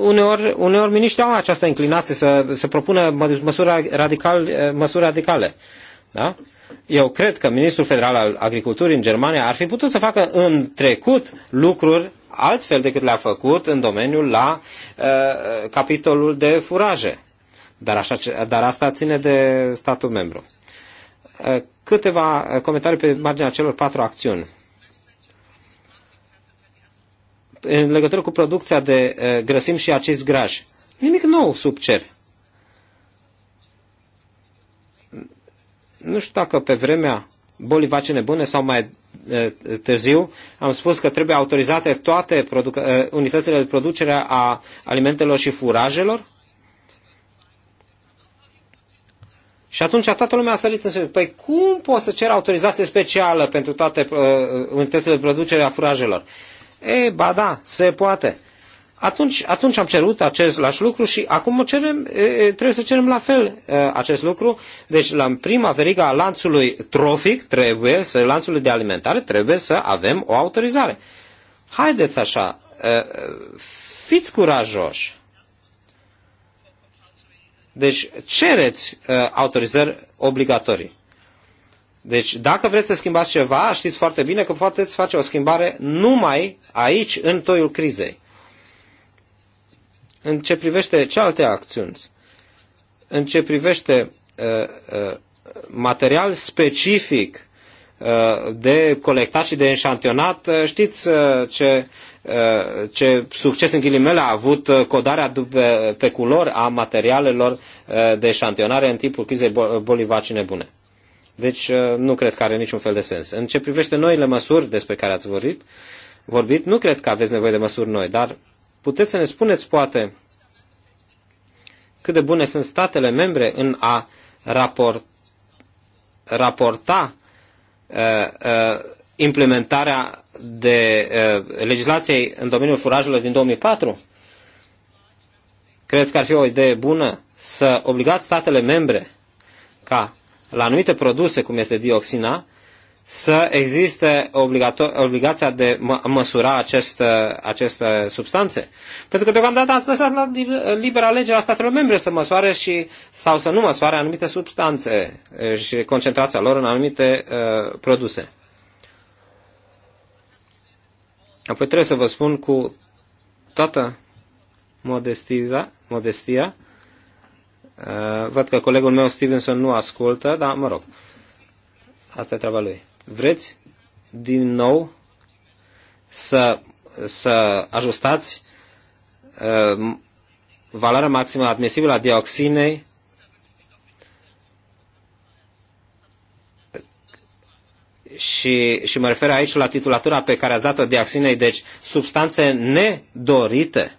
Uneori, uneori miniștrii au această inclinație să, să propună măsuri, radical, măsuri radicale. Da? Eu cred că ministrul federal al agriculturii în Germania ar fi putut să facă în trecut lucruri altfel decât le-a făcut în domeniul la uh, capitolul de furaje. Dar, așa, dar asta ține de statul membru. Uh, câteva uh, comentarii pe marginea celor patru acțiuni. În legătură cu producția de grăsim uh, grăsimi și acest graj. Nimic nou sub cer. Nu știu dacă pe vremea bolii vaccine bune sau mai târziu, am spus că trebuie autorizate toate unitățile de producere a alimentelor și furajelor. Și atunci toată lumea a sărit în Păi cum poți să cer autorizație specială pentru toate unitățile de producere a furajelor? E, ba da, se poate. Atunci, atunci am cerut același lucru și acum cerem, trebuie să cerem la fel acest lucru. Deci, la prima veriga a lanțului trofic, trebuie să, lanțului de alimentare, trebuie să avem o autorizare. Haideți așa, fiți curajoși. Deci, cereți autorizări obligatorii. Deci, dacă vreți să schimbați ceva, știți foarte bine că puteți face o schimbare numai aici, în toiul crizei. În ce privește alte acțiuni, în ce privește uh, uh, material specific uh, de colectat și de înșantionat, uh, știți uh, ce, uh, ce succes în ghilimele a avut codarea pe culori a materialelor de înșantionare în timpul crizei Bolivaci nebune. bune. Deci nu cred că are niciun fel de sens. În ce privește noile măsuri despre care ați vorbit, vorbit, nu cred că aveți nevoie de măsuri noi, dar Puteți să ne spuneți, poate, cât de bune sunt statele membre în a raport, raporta uh, uh, implementarea de uh, legislației în domeniul furajelor din 2004? Credeți că ar fi o idee bună să obligați statele membre ca la anumite produse, cum este dioxina, să existe obligația de a măsura aceste, aceste substanțe. Pentru că deocamdată ați lăsat la liberă alegerea statelor membre să măsoare și, sau să nu măsoare anumite substanțe și concentrația lor în anumite uh, produse. Apoi trebuie să vă spun cu toată modestia, modestia uh, văd că colegul meu Stevenson nu ascultă, dar mă rog, asta e treaba lui vreți din nou să, să ajustați uh, valoarea maximă admisibilă a dioxinei și, și mă refer aici la titulatura pe care ați dat-o dioxinei, deci substanțe nedorite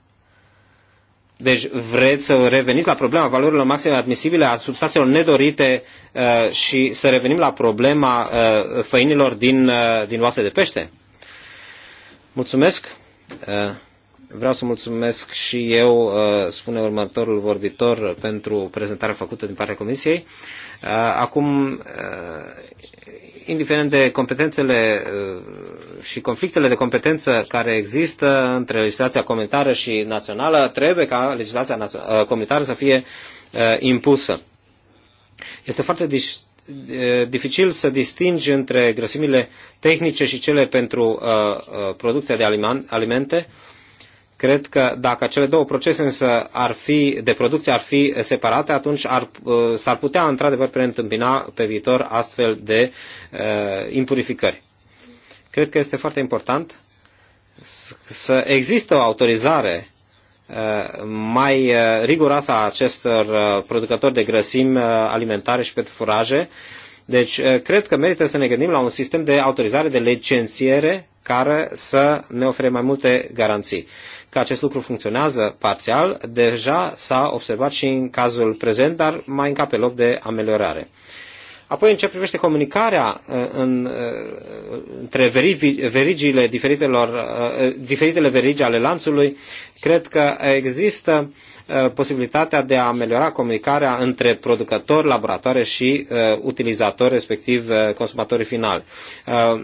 deci vreți să reveniți la problema valorilor maxime admisibile a substanțelor nedorite uh, și să revenim la problema uh, făinilor din, uh, din oase de pește? Mulțumesc! Uh, vreau să mulțumesc și eu, uh, spune următorul vorbitor, pentru prezentarea făcută din partea Comisiei. Uh, acum, uh, indiferent de competențele uh, și conflictele de competență care există între legislația comunitară și națională, trebuie ca legislația uh, comunitară să fie uh, impusă. Este foarte dificil să distingi între grăsimile tehnice și cele pentru producția de alimente, Cred că dacă cele două procese însă ar fi, de producție ar fi separate, atunci ar, uh, s-ar putea într-adevăr preîntâmpina pe viitor astfel de uh, impurificări. Cred că este foarte important să există o autorizare uh, mai uh, riguroasă a acestor producători de grăsimi alimentare și pentru furaje. Deci, cred că merită să ne gândim la un sistem de autorizare, de licențiere, care să ne ofere mai multe garanții că acest lucru funcționează parțial, deja s-a observat și în cazul prezent, dar mai încă pe loc de ameliorare. Apoi, în ce privește comunicarea uh, în, uh, între verigile diferitelor, uh, diferitele verigi ale lanțului, cred că există posibilitatea de a ameliora comunicarea între producători, laboratoare și utilizatori, respectiv consumatorii finali.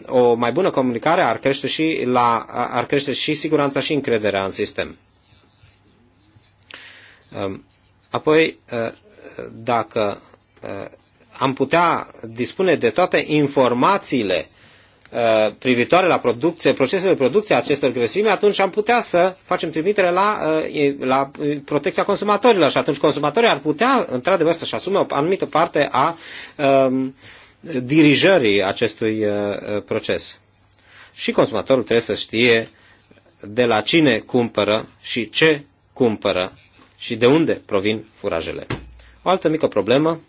O mai bună comunicare ar crește și, la, ar crește și siguranța și încrederea în sistem. Um, apoi, dacă am putea dispune de toate informațiile uh, privitoare la producție, procesele de producție a acestor grăsimi, atunci am putea să facem trimitere la, uh, la uh, protecția consumatorilor și atunci consumatorii ar putea, într-adevăr, să-și asume o anumită parte a um, dirijării acestui proces. Și consumatorul trebuie să știe de la cine cumpără și ce cumpără și de unde provin furajele. O altă mică problemă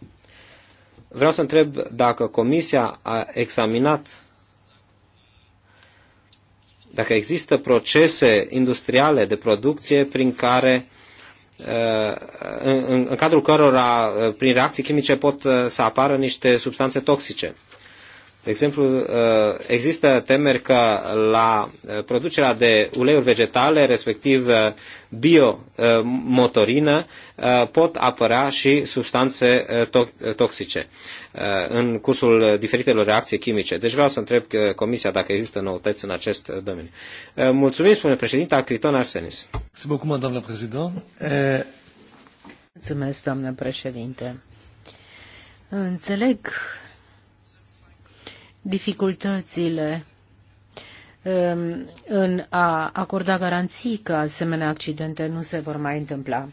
Vreau să întreb dacă Comisia a examinat dacă există procese industriale de producție prin care uh, în, în cadrul cărora, uh, prin reacții chimice, pot uh, să apară niște substanțe toxice. De exemplu, uh, există temeri că la uh, producerea de uleiuri vegetale, respectiv uh, biomotorină, pot apărea și substanțe toxice în cursul diferitelor reacții chimice. Deci vreau să întreb Comisia dacă există noutăți în acest domeniu. Mulțumim, spune președinte. Criton Arsenis. Mulțumesc, doamnă președinte. Înțeleg dificultățile um, în a acorda garanții că asemenea accidente nu se vor mai întâmpla.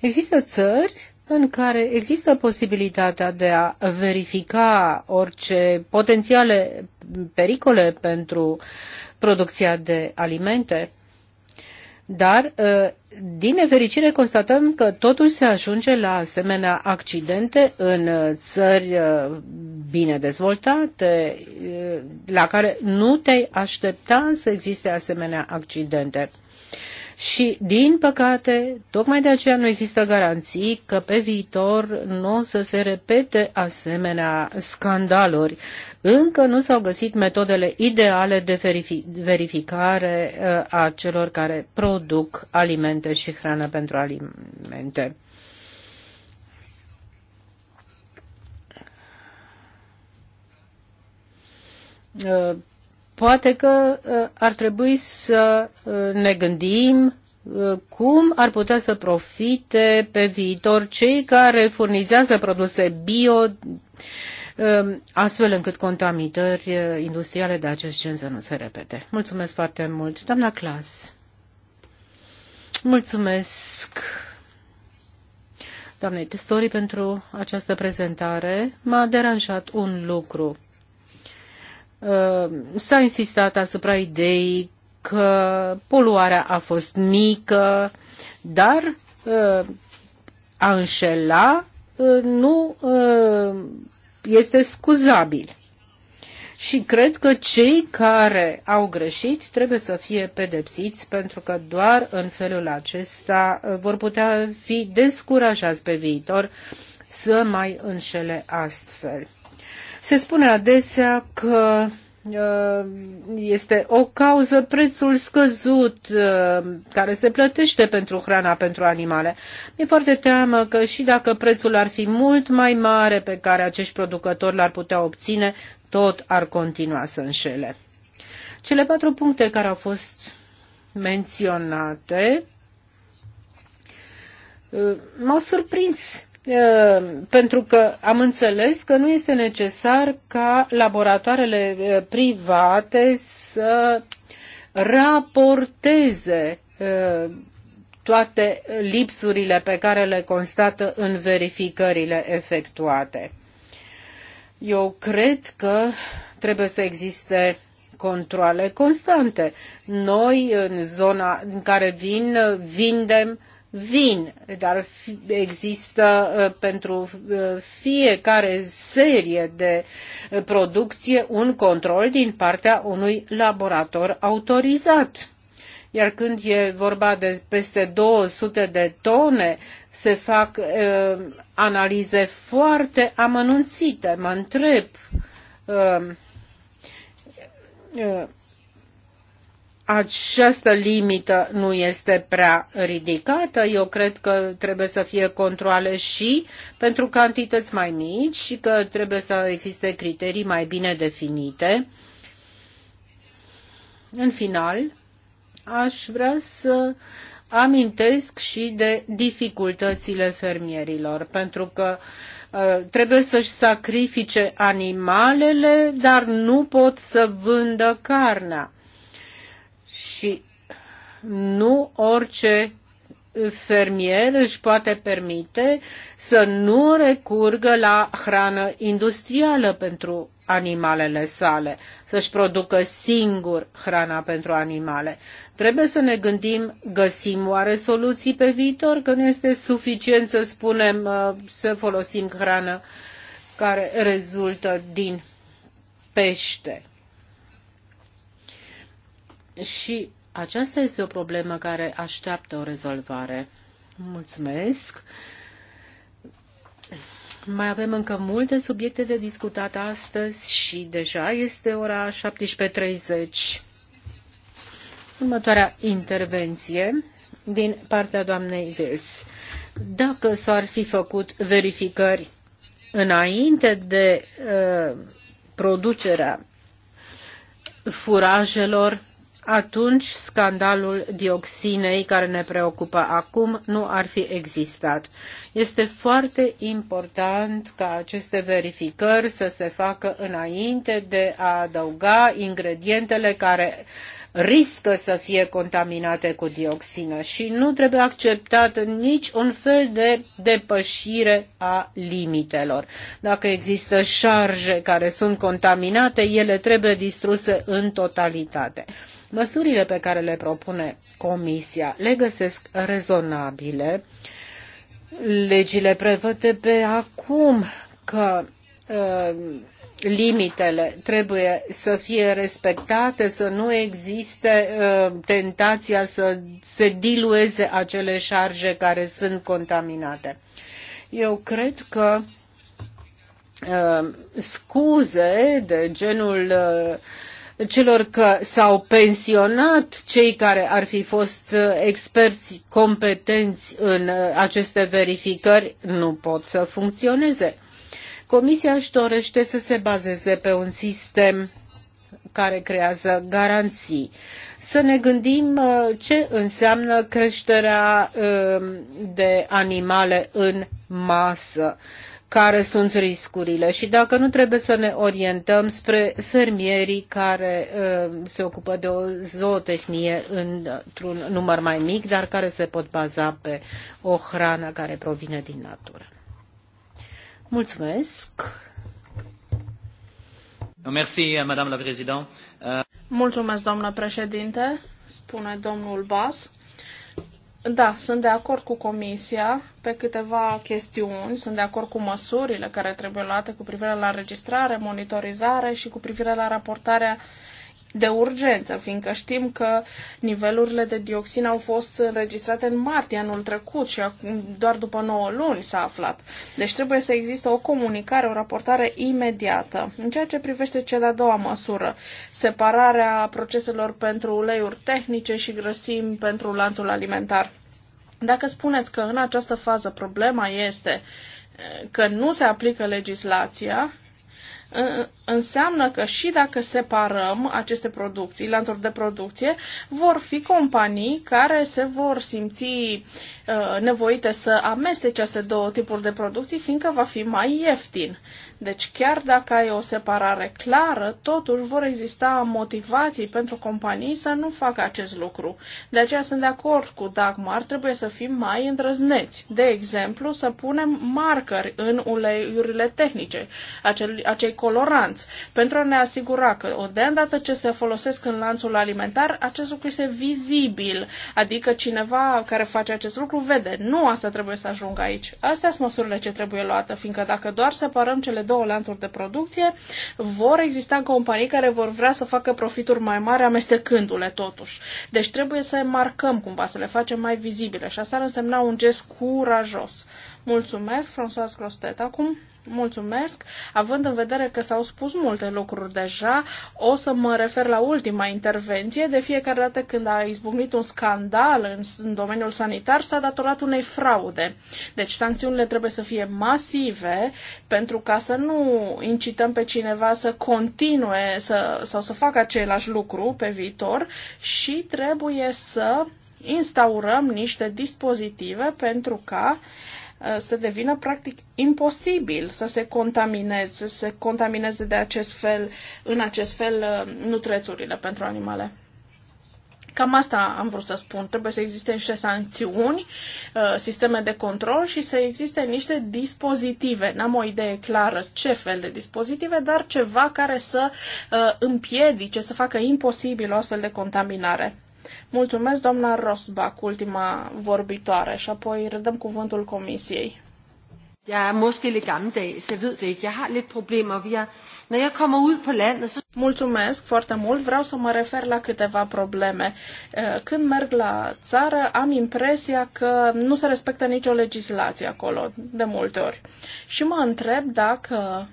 Există țări în care există posibilitatea de a verifica orice potențiale pericole pentru producția de alimente, dar uh, din nefericire constatăm că totuși se ajunge la asemenea accidente în uh, țări uh, bine dezvoltate, uh, la care nu te-ai aștepta să existe asemenea accidente. Și, din păcate, tocmai de aceea nu există garanții că pe viitor nu o să se repete asemenea scandaluri încă nu s-au găsit metodele ideale de verificare uh, a celor care produc alimente și hrană pentru alimente. Uh, poate că uh, ar trebui să ne gândim cum ar putea să profite pe viitor cei care furnizează produse bio Ehm, astfel încât contaminări eh, industriale de acest gen să nu se repete. Mulțumesc foarte mult. Doamna Clas. Mulțumesc doamnei Testori pentru această prezentare. M-a deranjat un lucru. Ehm, s-a insistat asupra ideii că poluarea a fost mică, dar ehm, a înșela nu este scuzabil. Și cred că cei care au greșit trebuie să fie pedepsiți, pentru că doar în felul acesta uh, vor putea fi descurajați pe viitor să mai înșele astfel. Se spune adesea că Uh, este o cauză prețul scăzut uh, care se plătește pentru hrana pentru animale. Mi-e foarte teamă că și dacă prețul ar fi mult mai mare pe care acești producători l-ar putea obține, tot ar continua să înșele. Cele patru puncte care au fost menționate uh, m-au surprins Uh, pentru că am înțeles că nu este necesar ca laboratoarele uh, private să raporteze uh, toate lipsurile pe care le constată în verificările efectuate. Eu cred că trebuie să existe controle constante. Noi, în zona în care vin, vindem uh, vin, dar există uh, pentru uh, fiecare serie de uh, producție un control din partea unui laborator autorizat iar când e vorba de peste 200 de tone, se fac uh, analize foarte amănunțite. Mă întreb uh, uh, această limită nu este prea ridicată. Eu cred că trebuie să fie controle și pentru cantități mai mici și că trebuie să existe criterii mai bine definite. În final, aș vrea să amintesc și de dificultățile fermierilor, pentru că ă, trebuie să-și sacrifice animalele, dar nu pot să vândă carnea și nu orice fermier își poate permite să nu recurgă la hrană industrială pentru animalele sale, să-și producă singur hrana pentru animale. Trebuie să ne gândim, găsim oare soluții pe viitor, că nu este suficient să spunem uh, să folosim hrană care rezultă din pește. Și aceasta este o problemă care așteaptă o rezolvare. Mulțumesc! Mai avem încă multe subiecte de discutat astăzi și deja este ora 17.30. Următoarea intervenție din partea doamnei Vils. Dacă s-ar fi făcut verificări înainte de uh, producerea furajelor, atunci scandalul dioxinei care ne preocupă acum nu ar fi existat. Este foarte important ca aceste verificări să se facă înainte de a adăuga ingredientele care riscă să fie contaminate cu dioxină și nu trebuie acceptat nici un fel de depășire a limitelor. Dacă există șarje care sunt contaminate, ele trebuie distruse în totalitate. Măsurile pe care le propune Comisia le găsesc rezonabile. Legile prevăd pe acum că uh, limitele trebuie să fie respectate, să nu existe uh, tentația să se dilueze acele șarje care sunt contaminate. Eu cred că uh, scuze de genul uh, celor că s-au pensionat cei care ar fi fost uh, experți competenți în uh, aceste verificări nu pot să funcționeze. Comisia își dorește să se bazeze pe un sistem care creează garanții. Să ne gândim uh, ce înseamnă creșterea de animale în masă care sunt riscurile și dacă nu trebuie să ne orientăm spre fermierii care uh, se ocupă de o zootehnie într-un număr mai mic, dar care se pot baza pe o hrană care provine din natură. Mulțumesc! Merci, Madame la uh... Mulțumesc, doamnă președinte, spune domnul Bas. Da, sunt de acord cu Comisia pe câteva chestiuni, sunt de acord cu măsurile care trebuie luate cu privire la registrare, monitorizare și cu privire la raportarea de urgență, fiindcă știm că nivelurile de dioxin au fost înregistrate în martie anul trecut și doar după 9 luni s-a aflat. Deci trebuie să existe o comunicare, o raportare imediată. În ceea ce privește cea de-a doua măsură, separarea proceselor pentru uleiuri tehnice și grăsimi pentru lanțul alimentar. Dacă spuneți că în această fază problema este eh, că nu se aplică legislația, înseamnă că și dacă separăm aceste producții, lanțuri de producție, vor fi companii care se vor simți uh, nevoite să amestece aceste două tipuri de producții, fiindcă va fi mai ieftin. Deci chiar dacă ai o separare clară, totuși vor exista motivații pentru companii să nu facă acest lucru. De aceea sunt de acord cu Dagmar, trebuie să fim mai îndrăzneți. De exemplu, să punem marcări în uleiurile tehnice. acei coloranți, pentru a ne asigura că de îndată ce se folosesc în lanțul alimentar, acest lucru este vizibil, adică cineva care face acest lucru vede. Nu asta trebuie să ajungă aici. Astea sunt măsurile ce trebuie luată, fiindcă dacă doar separăm cele două lanțuri de producție, vor exista companii care vor vrea să facă profituri mai mari amestecându-le totuși. Deci trebuie să marcăm cumva, să le facem mai vizibile și asta ar însemna un gest curajos. Mulțumesc, François Grostet. Acum Mulțumesc. Având în vedere că s-au spus multe lucruri deja, o să mă refer la ultima intervenție. De fiecare dată când a izbucnit un scandal în, în domeniul sanitar, s-a datorat unei fraude. Deci sancțiunile trebuie să fie masive pentru ca să nu incităm pe cineva să continue să, sau să facă același lucru pe viitor și trebuie să instaurăm niște dispozitive pentru ca uh, Uh, să devină practic imposibil să se contamineze, să se contamineze de acest fel, în acest fel uh, nutrețurile pentru animale. Cam asta am vrut să spun. Trebuie să existe niște sancțiuni, uh, sisteme de control și să existe niște dispozitive. N-am o idee clară ce fel de dispozitive, dar ceva care să împiedice, să facă imposibil o astfel de contaminare. Mulțumesc, doamna Rosbach, ultima vorbitoare, și apoi redăm cuvântul comisiei. Jeg er måske lidt gammeldags, jeg ved det ikke. Jeg har lidt problemer. Vi er, når jeg kommer ud på landet, så... Mulțumesc foarte mult. Vreau să mă refer la câteva probleme. Eh, când merg la țară, am impresia că nu se respectă nicio legislație acolo, de multe ori. Și mă întreb dacă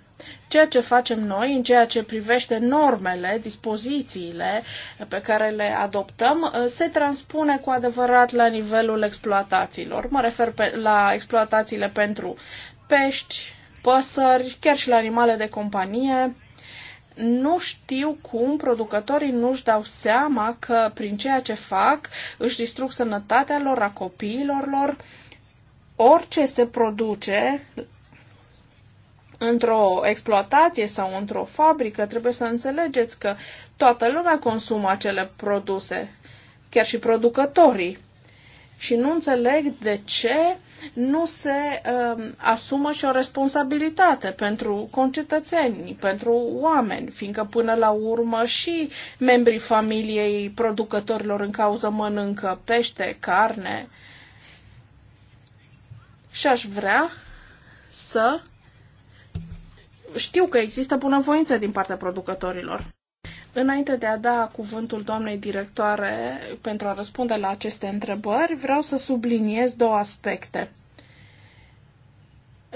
Ceea ce facem noi în ceea ce privește normele, dispozițiile pe care le adoptăm, uh, se transpune cu adevărat la nivelul exploatațiilor. Mă refer pe, la exploatațiile pentru pești, păsări, chiar și la animale de companie, nu știu cum producătorii nu-și dau seama că prin ceea ce fac își distrug sănătatea lor, a copiilor lor. Orice se produce într-o exploatație sau într-o fabrică, trebuie să înțelegeți că toată lumea consumă acele produse, chiar și producătorii. Și nu înțeleg de ce nu se uh, asumă și o responsabilitate pentru concetățenii, pentru oameni, fiindcă până la urmă și membrii familiei producătorilor în cauză mănâncă pește, carne. Și aș vrea să știu că există bunăvoință din partea producătorilor. Înainte de a da cuvântul doamnei directoare pentru a răspunde la aceste întrebări, vreau să subliniez două aspecte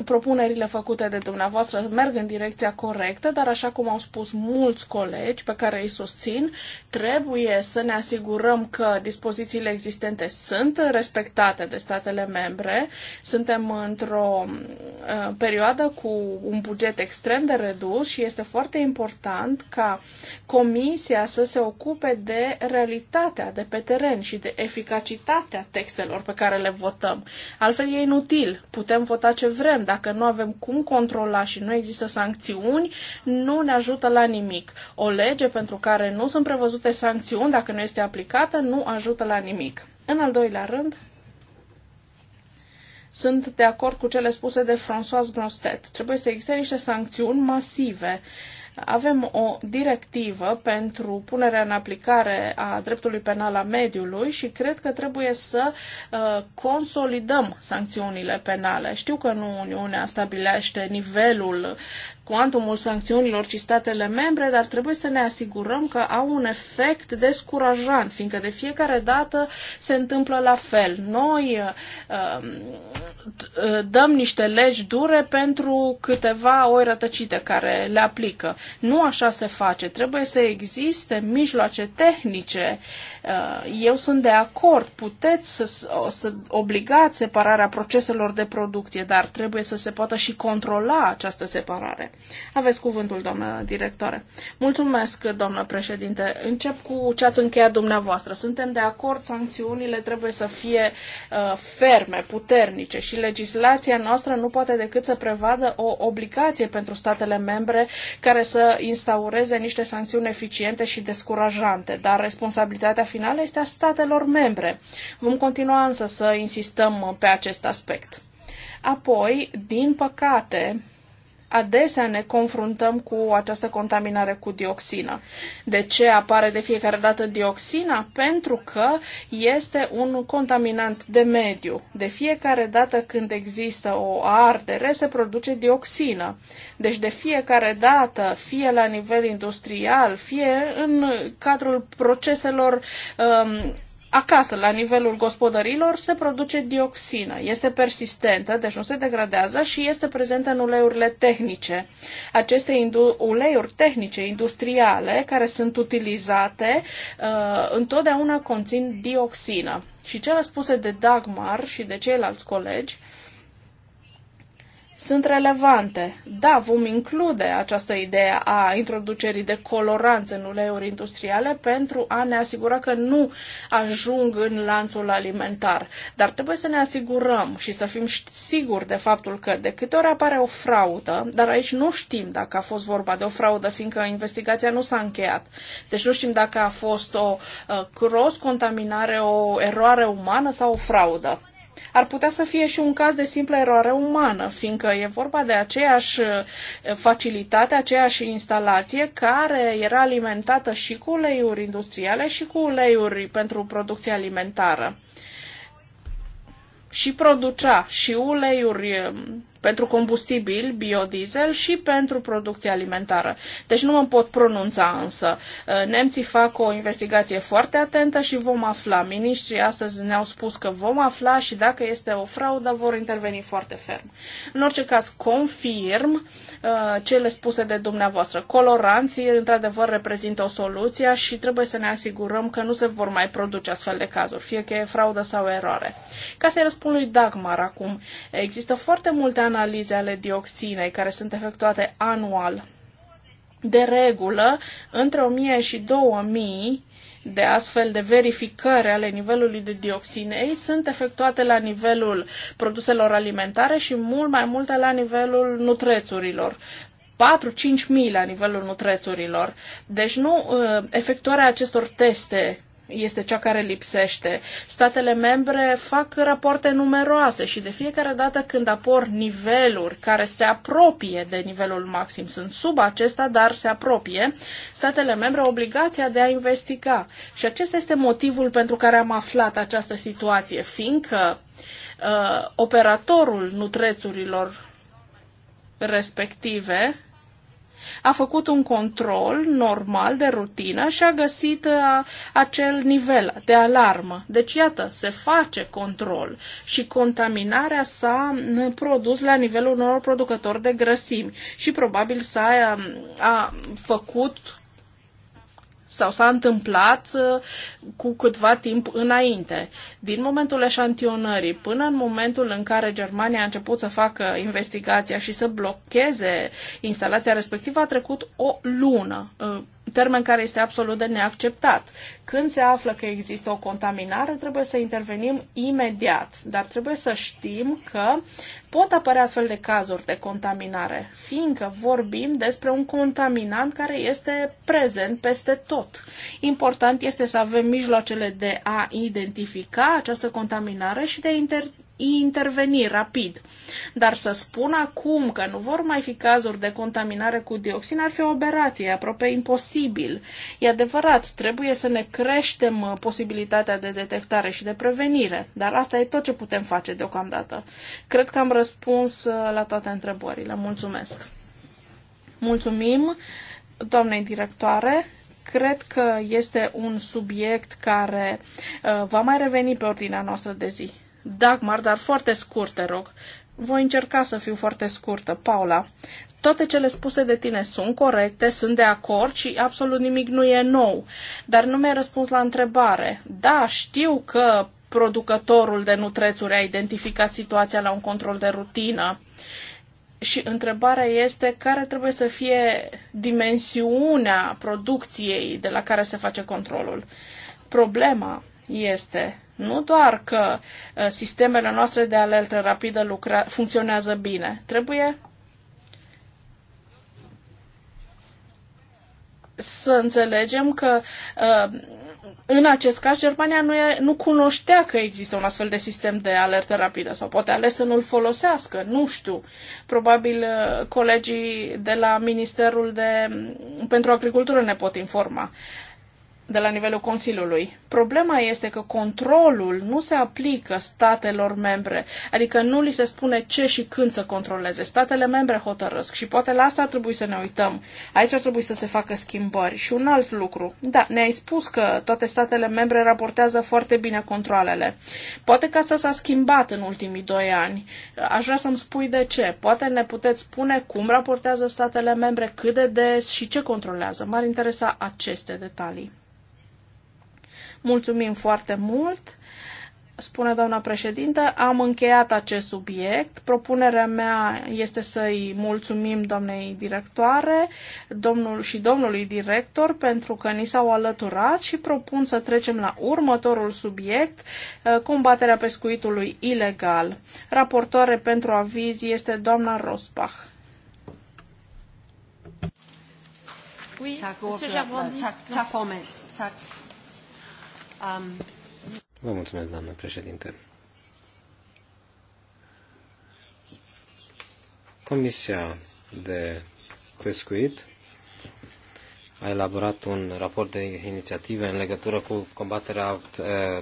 propunerile făcute de dumneavoastră merg în direcția corectă, dar așa cum au spus mulți colegi pe care îi susțin, trebuie să ne asigurăm că dispozițiile existente sunt respectate de statele membre. Suntem într-o uh, perioadă cu un buget extrem de redus și este foarte important ca Comisia să se ocupe de realitatea de pe teren și de eficacitatea textelor pe care le votăm. Altfel e inutil. Putem vota ce vrem, dacă nu avem cum controla și nu există sancțiuni, nu ne ajută la nimic. O lege pentru care nu sunt prevăzute sancțiuni, dacă nu este aplicată, nu ajută la nimic. În al doilea rând, sunt de acord cu cele spuse de François Grostet. Trebuie să existe niște sancțiuni masive. Uh, avem o directivă pentru punerea în aplicare a dreptului penal a mediului și cred că trebuie să uh, consolidăm sancțiunile penale. Știu că nu Uniunea stabilește nivelul cuantumul sancțiunilor ci statele membre, dar trebuie să ne asigurăm că au un efect descurajant, fiindcă de fiecare dată se întâmplă la fel. Noi um, dăm niște legi dure pentru câteva oi rătăcite care le aplică. Nu așa se face. Trebuie să existe mijloace tehnice. Uh, eu sunt de acord. Puteți să, să obligați separarea proceselor de producție, dar trebuie să se poată și controla această separare. Aveți cuvântul, doamnă directoare. Mulțumesc, doamnă președinte. Încep cu ce ați încheiat dumneavoastră. Suntem de acord, sancțiunile trebuie să fie uh, ferme, puternice și legislația noastră nu poate decât să prevadă o obligație pentru statele membre care să instaureze niște sancțiuni eficiente și descurajante, dar responsabilitatea finală este a statelor membre. Vom continua însă să insistăm pe acest aspect. Apoi, din păcate, adesea ne confruntăm cu această contaminare cu dioxină. De ce apare de fiecare dată dioxina? Pentru că este un contaminant de mediu. De fiecare dată când există o ardere, se produce dioxină. Deci de fiecare dată, fie la nivel industrial, fie în cadrul proceselor um, acasă, la nivelul gospodărilor, se produce dioxină. Este persistentă, deci nu se degradează și este prezentă în uleiurile tehnice. Aceste uleiuri tehnice, industriale, care sunt utilizate, uh, întotdeauna conțin dioxină. Și cele spuse de Dagmar și de ceilalți colegi sunt relevante. Da, vom include această idee a introducerii de coloranți în uleiuri industriale pentru a ne asigura că nu ajung în lanțul alimentar. Dar trebuie să ne asigurăm și să fim siguri de faptul că de câte ori apare o fraudă, dar aici nu știm dacă a fost vorba de o fraudă, fiindcă investigația nu s-a încheiat. Deci nu știm dacă a fost o cross-contaminare, uh, o eroare umană sau o fraudă ar putea să fie și un caz de simplă eroare umană, fiindcă e vorba de aceeași uh, facilitate, aceeași instalație care era alimentată și cu uleiuri industriale și cu uleiuri pentru producție alimentară. Și producea și uleiuri um, pentru combustibil, biodiesel și pentru producție alimentară. Deci nu mă pot pronunța însă. Uh, nemții fac o investigație foarte atentă și vom afla. Ministrii astăzi ne-au spus că vom afla și dacă este o fraudă vor interveni foarte ferm. În orice caz, confirm uh, cele spuse de dumneavoastră. Coloranții, într-adevăr, reprezintă o soluție și trebuie să ne asigurăm că nu se vor mai produce astfel de cazuri, fie că e fraudă sau eroare. Ca să-i răspund lui Dagmar acum, există foarte multe analize ale dioxinei care sunt efectuate anual. De regulă, între 1000 și 2000 de astfel de verificări ale nivelului de dioxinei sunt efectuate la nivelul produselor alimentare și mult mai multe la nivelul nutrețurilor. 4-5 mii la nivelul nutrețurilor. Deci nu, ă, efectuarea acestor teste este cea care lipsește. Statele membre fac rapoarte numeroase și de fiecare dată când apor niveluri care se apropie de nivelul maxim, sunt sub acesta, dar se apropie, statele membre au obligația de a investiga. Și acesta este motivul pentru care am aflat această situație, fiindcă uh, operatorul nutrețurilor respective a făcut un control normal de rutină și a găsit a, uh, acel nivel de alarmă. Deci, iată, se face control și contaminarea s-a mm, produs la nivelul unor producători de grăsimi și probabil s-a a, mm, a făcut sau s-a întâmplat uh, cu câtva timp înainte. Din momentul eșantionării până în momentul în care Germania a început să facă investigația și să blocheze instalația respectivă a trecut o lună. Uh, termen care este absolut de neacceptat. Când se află că există o contaminare, trebuie să intervenim imediat, dar trebuie să știm că pot apărea astfel de cazuri de contaminare, fiindcă vorbim despre un contaminant care este prezent peste tot. Important este să avem mijloacele de a identifica această contaminare și de a inter- interveni rapid. Dar să spun acum că nu vor mai fi cazuri de contaminare cu dioxin ar fi o operație aproape imposibil. E adevărat, trebuie să ne creștem uh, posibilitatea de detectare și de prevenire, dar asta e tot ce putem face deocamdată. Cred că am răspuns uh, la toate întrebările. Mulțumesc! Mulțumim doamnei directoare cred că este un subiect care uh, va mai reveni pe ordinea noastră de zi. Dagmar, dar foarte scurt, te rog. Voi încerca să fiu foarte scurtă, Paula. Toate cele spuse de tine sunt corecte, sunt de acord și absolut nimic nu e nou. Dar nu mi-ai răspuns la întrebare. Da, știu că producătorul de nutrețuri a identificat situația la un control de rutină. Și întrebarea este care trebuie să fie dimensiunea producției de la care se face controlul. Problema este nu doar că uh, sistemele noastre de alertă rapidă lucra- funcționează bine, trebuie să înțelegem că uh, în acest caz Germania nu, e, nu cunoștea că există un astfel de sistem de alertă rapidă sau poate ales să nu-l folosească, nu știu. Probabil uh, colegii de la Ministerul de, mm, pentru Agricultură ne pot informa de la nivelul Consiliului. Problema este că controlul nu se aplică statelor membre, adică nu li se spune ce și când să controleze. Statele membre hotărăsc și poate la asta trebuie să ne uităm. Aici ar trebui să se facă schimbări. Și un alt lucru. Da, ne-ai spus că toate statele membre raportează foarte bine controlele. Poate că asta s-a schimbat în ultimii doi ani. Aș vrea să-mi spui de ce. Poate ne puteți spune cum raportează statele membre, cât de des și ce controlează. M-ar interesa aceste detalii. Mulțumim foarte mult! spune doamna președintă, am încheiat acest subiect. Propunerea mea este să-i mulțumim doamnei directoare domnul și domnului director pentru că ni s-au alăturat și propun să trecem la următorul subiect, uh, combaterea pescuitului ilegal. Raportoare pentru aviz este doamna Rosbach. Oui, monsieur Gerbrandi. Tac, tac, tac, Um, Vă mulțumesc, doamnă președinte. Comisia de pescuit a elaborat un raport de inițiative în legătură cu combaterea uh,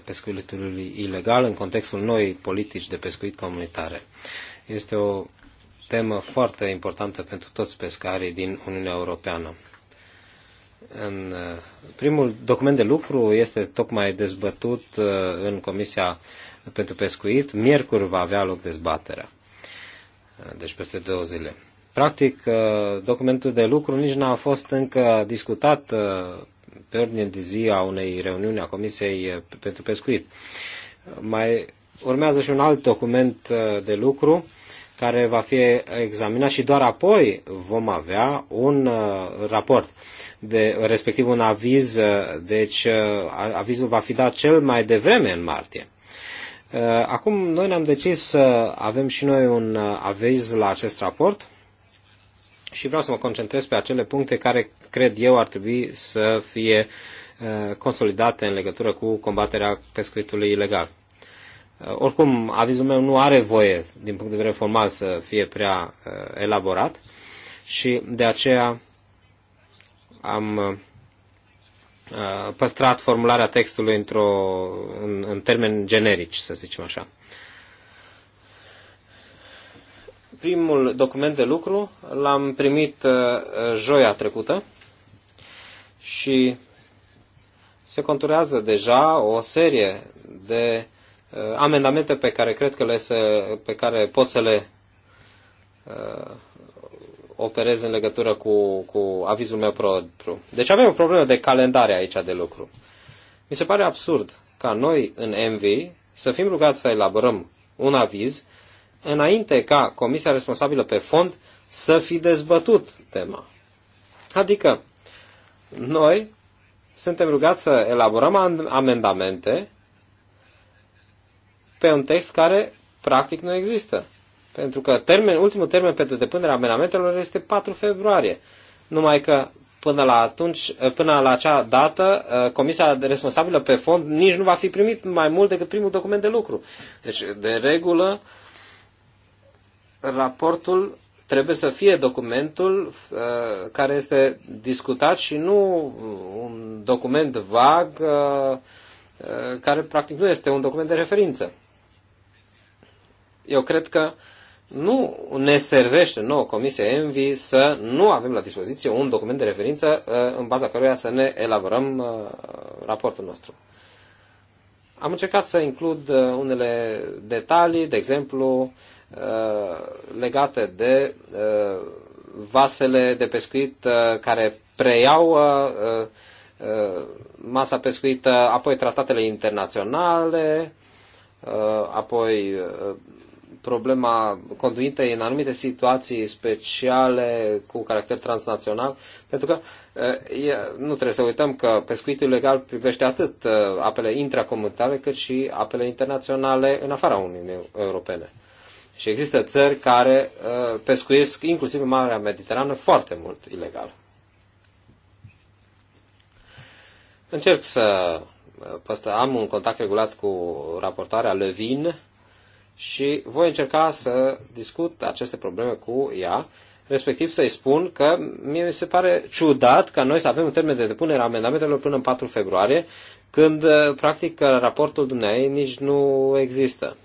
pescuitului ilegal în contextul noii politici de pescuit comunitare. Este o temă foarte importantă pentru toți pescarii din Uniunea Europeană în uh, primul document de lucru este tocmai dezbătut uh, în Comisia pentru Pescuit. Miercuri va avea loc dezbaterea. Uh, deci peste două zile. Practic, documentul de lucru nici n-a fost încă discutat pe ordine de zi a unei reuniuni a Comisiei pentru Pescuit. Mai urmează și un alt document de lucru care va fi examinat și doar apoi vom avea un uh, raport, de, respectiv un aviz, uh, deci uh, avizul va fi dat cel mai devreme în martie. Acum noi ne-am decis să avem și noi un aviz la acest raport și vreau să mă concentrez pe acele puncte care cred eu ar trebui să fie consolidate în legătură cu combaterea pescuitului ilegal. Uh, oricum, avizul meu nu are voie, din punct de vedere formal, să fie prea uh, elaborat și de aceea am uh, păstrat formularea textului într-o, în, în termeni generici, să zicem așa. Primul document de lucru l-am primit joia trecută și se conturează deja o serie de Uh, amendamente pe care cred că le se, pe care pot să le uh, operez în legătură cu, cu avizul meu propriu. Deci avem o problemă de calendare aici de lucru. Mi se pare absurd ca noi în MV să fim rugați să elaborăm un aviz înainte ca comisia responsabilă pe fond să fi dezbătut tema. Adică, noi suntem rugați să elaborăm amendamente pe un text care practic nu există. Pentru că termen, ultimul termen pentru depunerea amenamentelor este 4 februarie. Numai că până la atunci, până la acea dată, comisia responsabilă pe fond nici nu va fi primit mai mult decât primul document de lucru. Deci, de regulă, raportul trebuie să fie documentul uh, care este discutat și nu un document vag uh, uh, care practic nu este un document de referință eu cred că nu ne servește nouă Comisia Envi să nu avem la dispoziție un document de referință uh, în baza căruia să ne elaborăm uh, raportul nostru. Am încercat să includ uh, unele detalii, de exemplu, legate de vasele de pescuit care preiau masa pescuită, apoi tratatele internaționale, apoi problema conduitei în anumite situații speciale cu caracter transnațional, pentru că nu trebuie să uităm că pescuitul ilegal privește atât apele intracomunitare cât și apele internaționale în afara Uniunii Europene. Și există țări care pescuiesc inclusiv în Marea Mediterană foarte mult ilegal. Încerc să păstă, am un contact regulat cu raportarea Levin și voi încerca să discut aceste probleme cu ea, respectiv să-i spun că mie se pare ciudat ca noi să avem un termen de depunere a amendamentelor până în 4 februarie, când uh, practic raportul dumneai nici nu există.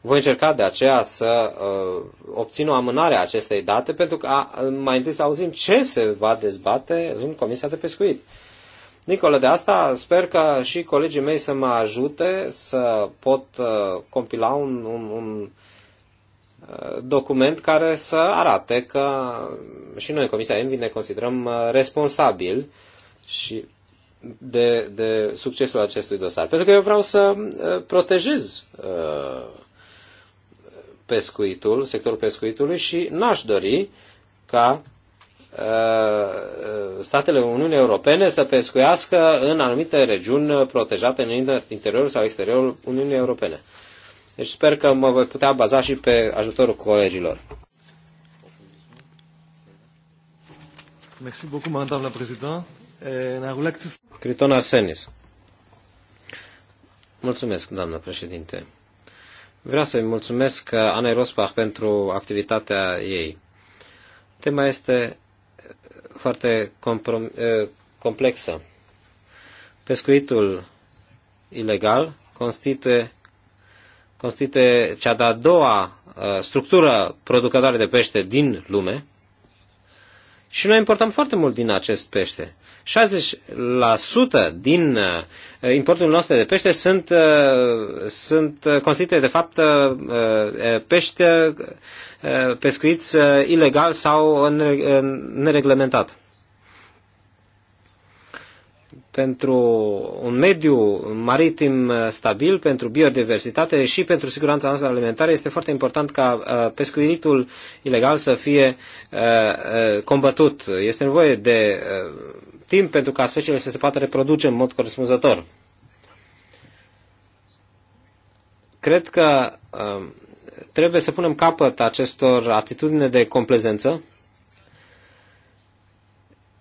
Voi încerca de aceea să uh, obțin o amânare a acestei date pentru că a, mai întâi să auzim ce se va dezbate în Comisia de Pescuit. Nicolo, de asta sper că și colegii mei să mă ajute să pot uh, compila un, un, un uh, document care să arate că și noi, Comisia Envi, ne considerăm uh, responsabili și de, de succesul acestui dosar. Pentru că eu vreau să uh, protejez pescuitul, sectorul pescuitului și n-aș dori ca Uh, uh, statele Uniunii Europene să pescuiască în anumite regiuni protejate în interiorul sau exteriorul Uniunii Europene. Deci sper că mă voi putea baza și pe ajutorul colegilor. Merci beaucoup, madame la présidente. Criton Arsenis. Mulțumesc, doamnă președinte. Vreau să-i mulțumesc uh, Anei Rosbach pentru activitatea ei. Tema este foarte complexă. Pescuitul ilegal constituie, constituie cea de-a doua structură producătoare de pește din lume și noi importăm foarte mult din acest pește. 60% din uh, importul nostru de pește sunt, uh, sunt constituite de fapt uh, pește pescuiți ilegal sau nereglementat pentru un mediu maritim uh, stabil, pentru biodiversitate și pentru siguranța noastră alimentară, este foarte important ca uh, pescuitul ilegal să fie uh, combătut. Este nevoie de timp pentru ca speciile să se poată reproduce în mod corespunzător. Cred că trebuie să punem capăt acestor atitudine de complezență